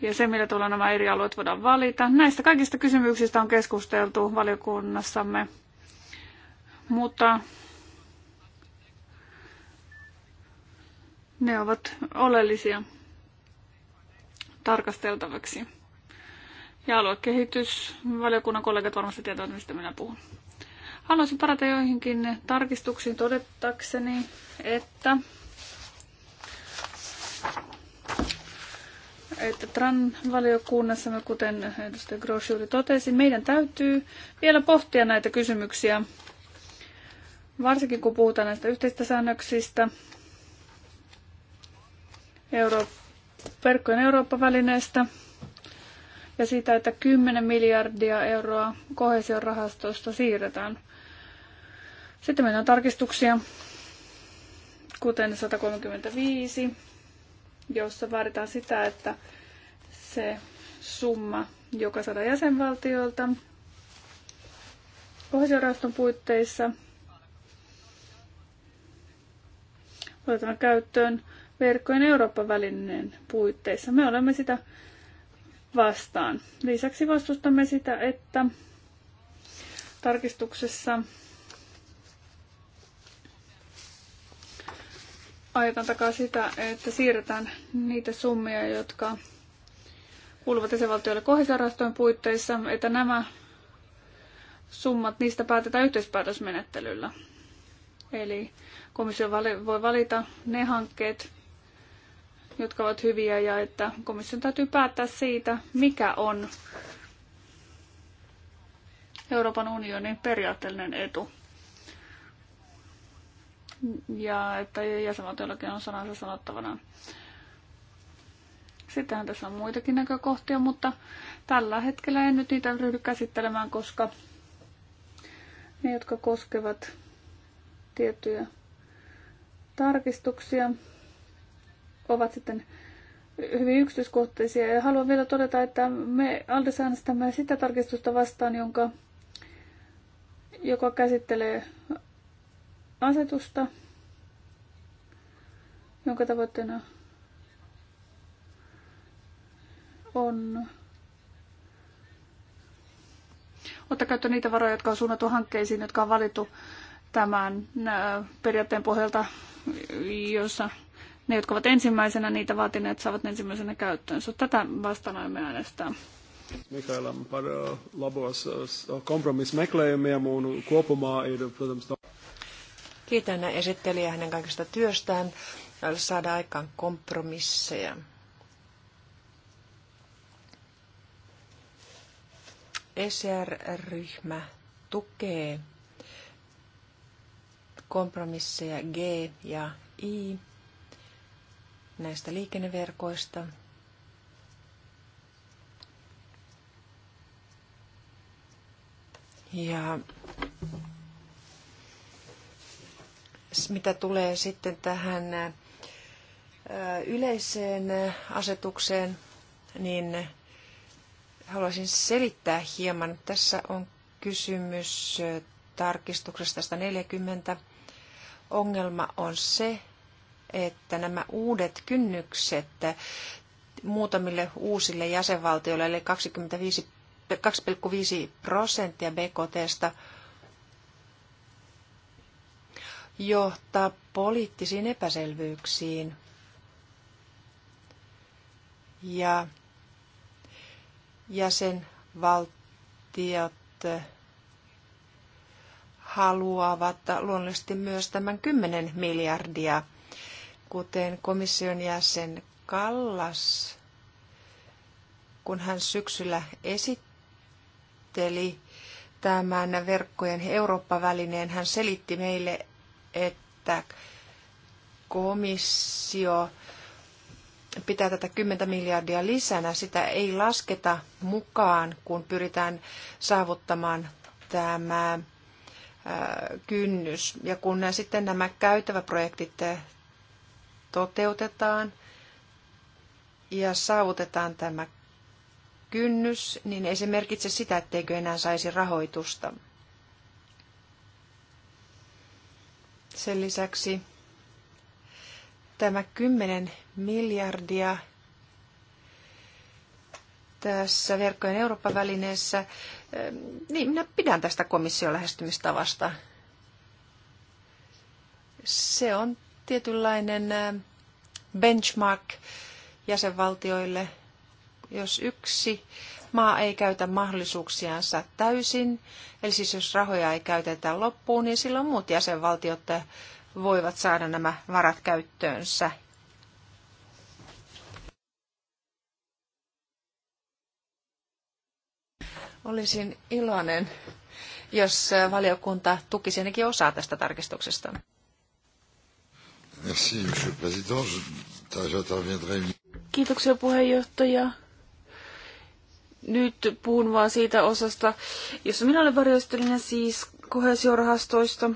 ja se, millä tavalla nämä eri alueet voidaan valita. Näistä kaikista kysymyksistä on keskusteltu valiokunnassamme, mutta ne ovat oleellisia tarkasteltavaksi. Ja valiokunnan kollegat varmasti tietävät, mistä minä puhun. Haluaisin parata joihinkin tarkistuksiin todettakseni, että, että TRAN-valiokunnassa, no kuten edustaja Grosch juuri totesi, meidän täytyy vielä pohtia näitä kysymyksiä, varsinkin kun puhutaan näistä yhteistä säännöksistä, Euroopan verkkojen Eurooppa-välineestä ja siitä, että 10 miljardia euroa kohesiorahastosta siirretään. Sitten meillä on tarkistuksia, kuten 135, jossa vaaditaan sitä, että se summa, joka saada jäsenvaltioilta kohdisrahaston puitteissa otetaan käyttöön verkkojen Euroopan välinen puitteissa. Me olemme sitä vastaan. Lisäksi vastustamme sitä, että tarkistuksessa ajetaan takaa sitä, että siirretään niitä summia, jotka kuuluvat jäsenvaltioille kohdisarastojen puitteissa, että nämä summat, niistä päätetään yhteispäätösmenettelyllä. Eli komissio voi valita ne hankkeet, jotka ovat hyviä ja että komission täytyy päättää siitä, mikä on Euroopan unionin periaatteellinen etu. Ja että jäsenvaltiollakin on sanansa sanottavana. Sittenhän tässä on muitakin näkökohtia, mutta tällä hetkellä en nyt niitä ryhdy käsittelemään, koska ne, jotka koskevat tiettyjä tarkistuksia, ovat sitten hyvin yksityiskohtaisia. Ja haluan vielä todeta, että me Aldes äänestämme sitä tarkistusta vastaan, jonka, joka käsittelee asetusta, jonka tavoitteena on ottaa käyttöön niitä varoja, jotka on suunnattu hankkeisiin, jotka on valittu tämän äh, periaatteen pohjalta, jossa ne, jotka ovat ensimmäisenä niitä vaatineet, saavat ensimmäisenä käyttöönsä. Tätä vastaan aiomme äänestää. Mikael on labos äh, kompromismeklējumiem un kopumā kuopumaa protams, Kiitän esittelijä hänen kaikesta työstään saada aikaan kompromisseja. ECR-ryhmä tukee kompromisseja G ja I näistä liikenneverkoista. Ja mitä tulee sitten tähän yleiseen asetukseen, niin haluaisin selittää hieman. Tässä on kysymys tarkistuksesta 140. Ongelma on se, että nämä uudet kynnykset muutamille uusille jäsenvaltioille, eli 25, 2,5 prosenttia BKTstä, johtaa poliittisiin epäselvyyksiin. Ja jäsenvaltiot haluavat luonnollisesti myös tämän 10 miljardia – kuten komission jäsen Kallas, kun hän syksyllä esitteli tämän verkkojen Eurooppa-välineen, hän selitti meille, että komissio pitää tätä 10 miljardia lisänä. Sitä ei lasketa mukaan, kun pyritään saavuttamaan tämä kynnys. Ja kun sitten nämä käytäväprojektit toteutetaan ja saavutetaan tämä kynnys, niin ei se merkitse sitä, etteikö enää saisi rahoitusta. Sen lisäksi tämä 10 miljardia tässä verkkojen Eurooppa-välineessä, eh, niin minä pidän tästä komission lähestymistavasta. Se on tietynlainen benchmark jäsenvaltioille, jos yksi maa ei käytä mahdollisuuksiansa täysin, eli siis jos rahoja ei käytetä loppuun, niin silloin muut jäsenvaltiot voivat saada nämä varat käyttöönsä. Olisin iloinen, jos valiokunta tukisi ainakin osaa tästä tarkistuksesta. Merci, monsieur le président. Kiitoksia puheenjohtaja. Nyt puhun vaan siitä osasta, jossa minä olen varjoistelinen siis kohesiorahastoista.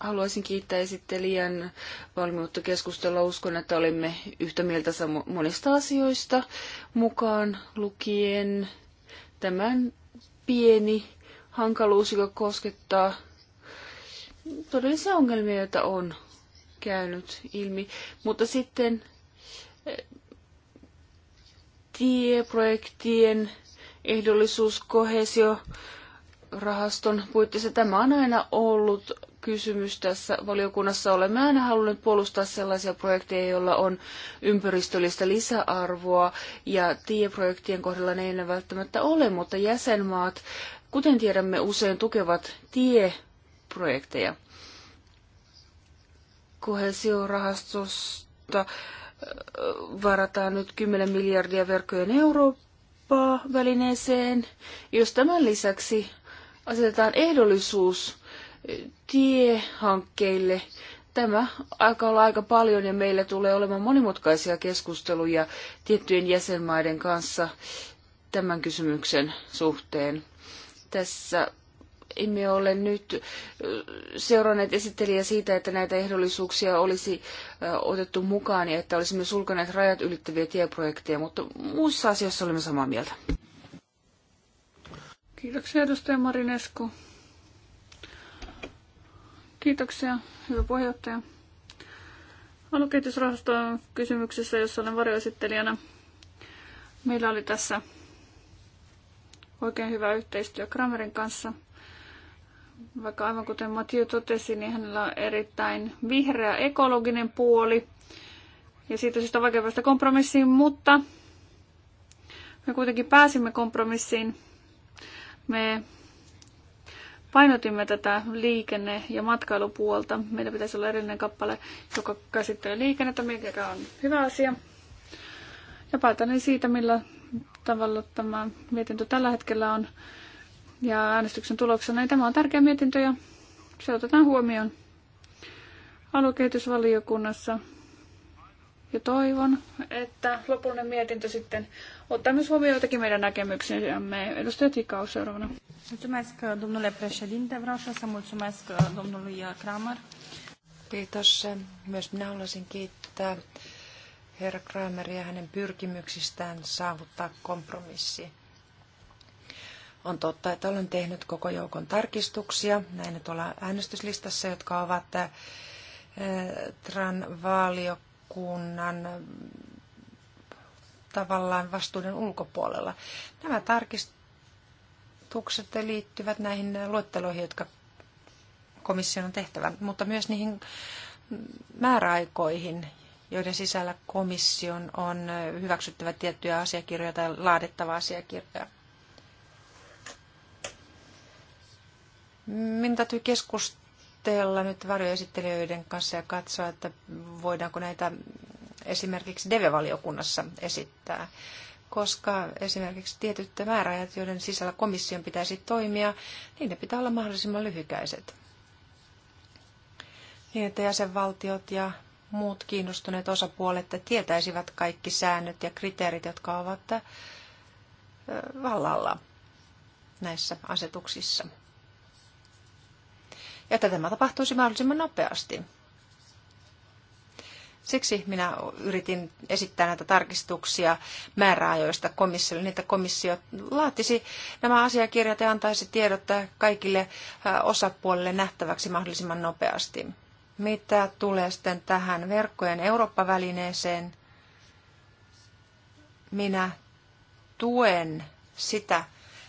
haluaisin kiittää esittelijän valmiutta keskustella. Uskon, että olimme yhtä mieltä monista asioista mukaan lukien tämän pieni hankaluus, joka koskettaa todellisia ongelmia, joita on käynyt ilmi. Mutta sitten eh, tieprojektien ehdollisuus, kohesio, rahaston puitteissa. Tämä on aina ollut kysymys tässä valiokunnassa. Olemme aina halunneet puolustaa sellaisia projekteja, joilla on ympäristöllistä lisäarvoa ja tieprojektien kohdalla ne ei välttämättä ole, mutta jäsenmaat kuten tiedämme, usein tukevat tieprojekteja. Kohesiorahastosta varataan nyt 10 miljardia verkkojen Eurooppaa välineeseen. Jos tämän lisäksi asetetaan ehdollisuus tiehankkeille, tämä alkaa olla aika paljon ja meillä tulee olemaan monimutkaisia keskusteluja tiettyjen jäsenmaiden kanssa tämän kysymyksen suhteen tässä emme ole nyt seuranneet esittelijä siitä, että näitä ehdollisuuksia olisi otettu mukaan ja että olisimme sulkeneet rajat ylittäviä tieprojekteja, mutta muissa asioissa olemme samaa mieltä. Kiitoksia edustaja Marinesku. Kiitoksia, hyvä puheenjohtaja. Alukehitysrahaston kysymyksessä, jossa olen varjoesittelijänä, meillä oli tässä oikein hyvä yhteistyö Kramerin kanssa. Vaikka aivan kuten Mathieu totesi, niin hänellä on erittäin vihreä ekologinen puoli. Ja siitä syystä on vaikea päästä kompromissiin, mutta me kuitenkin pääsimme kompromissiin. Me painotimme tätä liikenne- ja matkailupuolta. Meillä pitäisi olla erillinen kappale, joka käsittelee liikennettä, mikä on hyvä asia. Ja päätän niin siitä, millä tavallaan tämä mietintö tällä hetkellä on. Ja äänestyksen tuloksena niin tämä on tärkeä mietintö ja se otetaan huomioon aluekehitysvaliokunnassa. Ja toivon, että lopullinen mietintö sitten ottaa myös huomioon jotakin meidän näkemyksiämme. Edustaja Tikaus seuraavana. Mulțumesc, domnule președinte. Vreau să mulțumesc domnului Kramer. Kiitos. Myös minä haluaisin kiittää herra ja hänen pyrkimyksistään saavuttaa kompromissi. On totta, että olen tehnyt koko joukon tarkistuksia, näin tuolla äänestyslistassa, jotka ovat äh, Tran valiokunnan äh, tavallaan vastuuden ulkopuolella. Nämä tarkistukset liittyvät näihin luetteloihin, jotka komission on tehtävä, mutta myös niihin määräaikoihin, joiden sisällä komission on hyväksyttävä tiettyjä asiakirjoja tai laadittava asiakirjoja. Minun täytyy keskustella nyt varjoesittelijöiden kanssa ja katsoa, että voidaanko näitä esimerkiksi DEVE-valiokunnassa esittää, koska esimerkiksi tietyt määräajat, joiden sisällä komission pitäisi toimia, niin ne pitää olla mahdollisimman lyhykäiset. Niin, että jäsenvaltiot ja muut kiinnostuneet osapuolet tietäisivät kaikki säännöt ja kriteerit, jotka ovat vallalla näissä asetuksissa. Ja että tämä tapahtuisi mahdollisimman nopeasti. Siksi minä yritin esittää näitä tarkistuksia määräajoista komissiolle, niin että komissio laatisi nämä asiakirjat ja antaisi tiedot kaikille osapuolille nähtäväksi mahdollisimman nopeasti. Mitä tulee sitten tähän verkkojen Eurooppa-välineeseen, minä tuen sitä,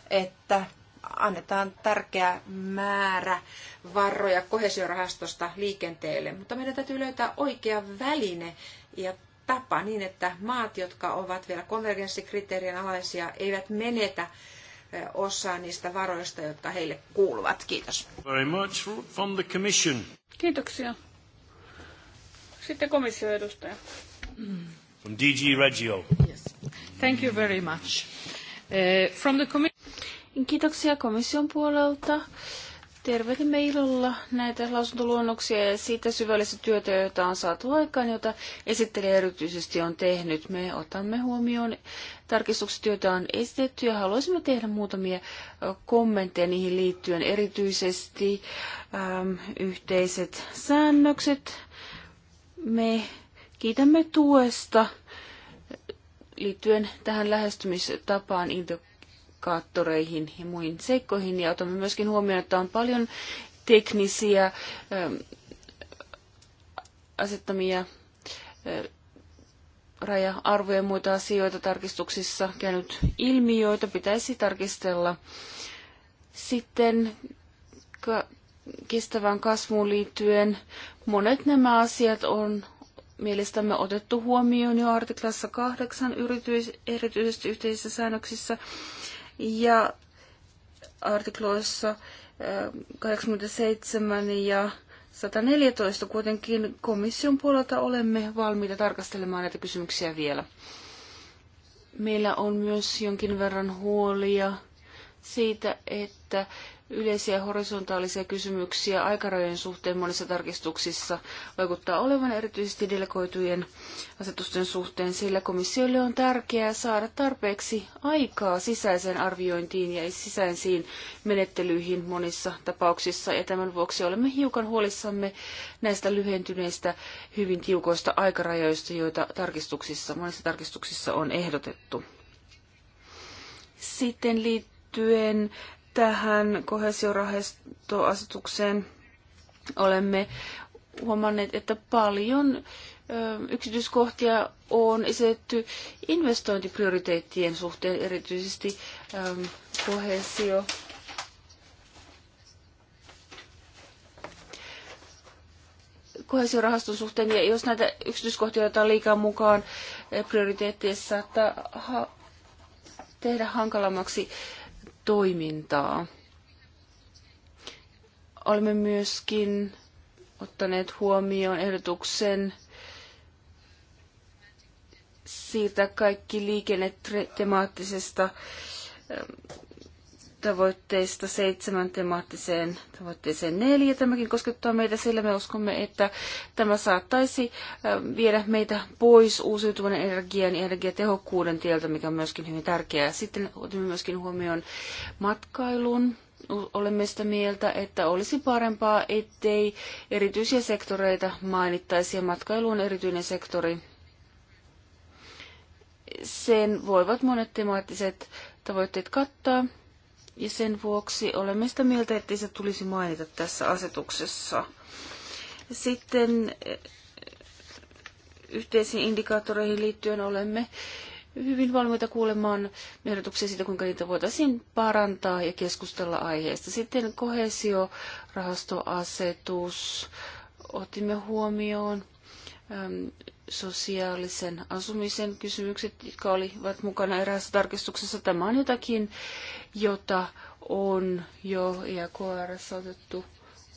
että annetaan tärkeä määrä varoja kohesiorahastosta liikenteelle, mutta meidän täytyy löytää oikea väline ja tapa niin, että maat, jotka ovat vielä konvergenssikriteerien alaisia, eivät menetä osaa niistä varoista, jotka heille kuuluvat. Kiitos. Very much from the commission. Kiitoksia. Sitten komission edustaja. From DG Regio. Yes. Thank you very much. Uh, from the Kiitoksia komission puolelta. Tervehdimme ilolla näitä lausuntoluonnoksia ja siitä syvällistä työtä, jota on saatu aikaan, jota esittelijä erityisesti on tehnyt. Me otamme huomioon tarkistukset, joita on esitetty ja haluaisimme tehdä muutamia kommentteja niihin liittyen, erityisesti ähm, yhteiset säännökset. Me kiitämme tuesta liittyen tähän lähestymistapaan Interpol indikaattoreihin ja muihin seikkoihin. Ja otamme myöskin huomioon, että on paljon teknisiä ähm, asettamia äh, raja-arvoja ja muita asioita tarkistuksissa käynyt ilmi, joita pitäisi tarkistella. Sitten kestävään kasvuun liittyen monet nämä asiat on mielestämme otettu huomioon jo artiklassa kahdeksan erityisesti yhteisissä säännöksissä ja artikloissa 87 eh, ja 114 kuitenkin komission puolelta olemme valmiita tarkastelemaan näitä kysymyksiä vielä. Meillä on myös jonkin verran huolia siitä, että yleisiä horisontaalisia kysymyksiä aikarajojen suhteen monissa tarkistuksissa vaikuttaa olevan erityisesti delegoitujen asetusten suhteen, sillä komissiolle on tärkeää saada tarpeeksi aikaa sisäiseen arviointiin ja sisäisiin menettelyihin monissa tapauksissa, ja tämän vuoksi olemme hiukan huolissamme näistä lyhentyneistä hyvin tiukoista aikarajoista, joita tarkistuksissa, monissa tarkistuksissa on ehdotettu. Sitten liittyen tähän kohesiorahastoasetukseen olemme huomanneet, että paljon yksityiskohtia on esitetty investointiprioriteettien suhteen, erityisesti kohesio. kohesiorahaston suhteen, ja jos näitä yksityiskohtia otetaan liikaa mukaan prioriteetteissa, saattaa ha- tehdä hankalammaksi toimintaa. Olemme myöskin ottaneet huomioon ehdotuksen siirtää kaikki liikenne temaattisesta tavoitteista seitsemän temaattiseen tavoitteeseen neljä. Tämäkin koskettaa meitä, sillä me uskomme, että tämä saattaisi viedä meitä pois uusiutuvan energian ja energiatehokkuuden tieltä, mikä on myöskin hyvin tärkeää. Sitten otimme myöskin huomioon matkailun. Olemme sitä mieltä, että olisi parempaa, ettei erityisiä sektoreita mainittaisi ja matkailu on erityinen sektori. Sen voivat monet temaattiset tavoitteet kattaa. Ja sen vuoksi olemme sitä mieltä, että se tulisi mainita tässä asetuksessa. Sitten eh, yhteisiin indikaattoreihin liittyen olemme hyvin valmiita kuulemaan ehdotuksia siitä, kuinka niitä voitaisiin parantaa ja keskustella aiheesta. Sitten kohesiorahastoasetus otimme huomioon sosiaalisen asumisen kysymykset, jotka olivat mukana eräässä tarkistuksessa. Tämä on jotakin, jota on jo IAKRS e otettu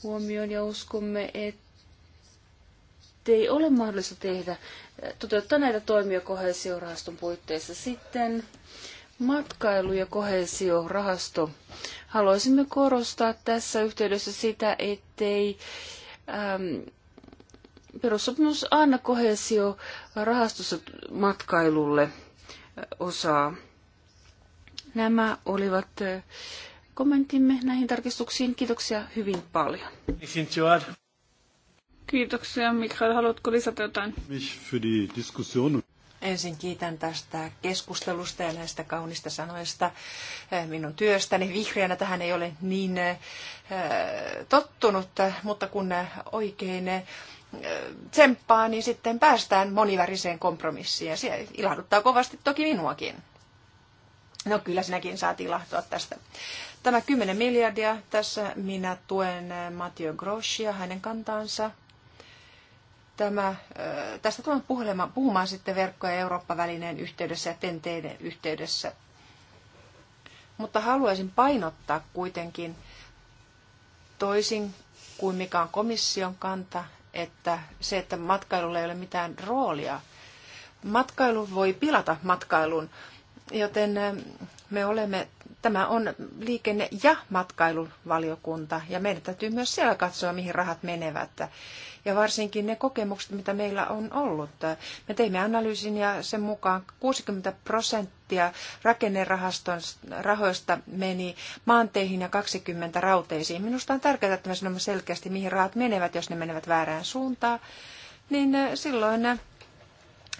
huomioon ja uskomme, että ei ole mahdollista tehdä, toteuttaa näitä toimia kohesiorahaston puitteissa. Sitten matkailu- ja kohesiorahasto. Haluaisimme korostaa tässä yhteydessä sitä, ettei äm, perussopimus anna kohesiorahastossa matkailulle osaa. Nämä olivat kommenttimme näihin tarkistuksiin. Kiitoksia hyvin paljon. Kiitoksia. Mikael, haluatko lisätä jotain? Ensin kiitän tästä keskustelusta ja näistä kaunista sanoista minun työstäni. Vihreänä tähän ei ole niin tottunut, mutta kun oikein tsemppaa, niin sitten päästään moniväriseen kompromissiin. Ja se ilahduttaa kovasti toki minuakin. No kyllä sinäkin saat ilahtua tästä. Tämä 10 miljardia, tässä minä tuen eh, Mathieu Groschia, hänen kantaansa. Tämä, eh, tästä tulen puhumaan, puhumaan sitten verkkoja Eurooppa-välineen yhteydessä ja tenteiden yhteydessä. Mutta haluaisin painottaa kuitenkin toisin kuin mikä on komission kanta, että se, että matkailulla ei ole mitään roolia. Matkailu voi pilata matkailun Joten me olemme, tämä on liikenne- ja matkailuvaliokunta ja meidän täytyy myös siellä katsoa, mihin rahat menevät. Ja varsinkin ne kokemukset, mitä meillä on ollut. Me teimme analyysin ja sen mukaan 60 prosenttia rakennerahaston rahoista meni maanteihin ja 20 rauteisiin. Minusta on tärkeää, että me sanomme selkeästi, mihin rahat menevät, jos ne menevät väärään suuntaan. Niin silloin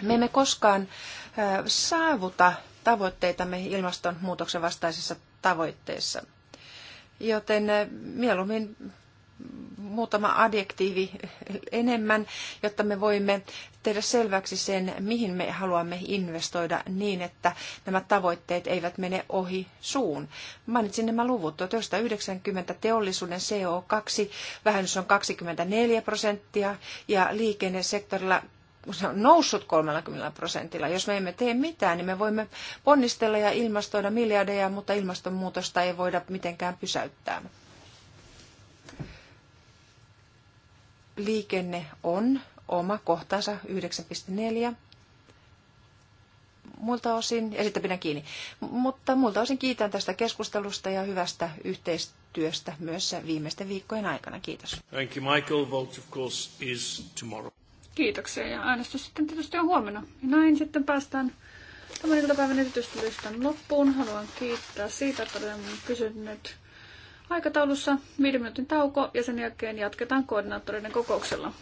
me emme koskaan saavuta tavoitteitamme ilmastonmuutoksen vastaisissa tavoitteissa. Joten eh, mieluummin muutama adjektiivi enemmän, jotta me voimme tehdä selväksi sen, mihin me haluamme investoida niin, että nämä tavoitteet eivät mene ohi suun. Mainitsin nämä luvut. 1990 teollisuuden CO2-vähennys on 24 prosenttia ja liikennesektorilla se on noussut 30 prosentilla. Jos me emme tee mitään, niin me voimme ponnistella ja ilmastoida miljardeja, mutta ilmastonmuutosta ei voida mitenkään pysäyttää. Liikenne on oma kohtansa 9.4 muilta osin, ja sitten pidän kiinni, mutta muilta osin kiitän tästä keskustelusta ja hyvästä yhteistyöstä myös viimeisten viikkojen aikana. Kiitos. Thank you, Michael. Vote, of course, is tomorrow. Kiitoksia ja äänestys sitten tietysti on huomenna. Näin sitten päästään tämän iltapäivän esityslistan loppuun. Haluan kiittää siitä, että olen pysynyt aikataulussa. Viiden minuutin tauko ja sen jälkeen jatketaan koordinaattoreiden kokouksella.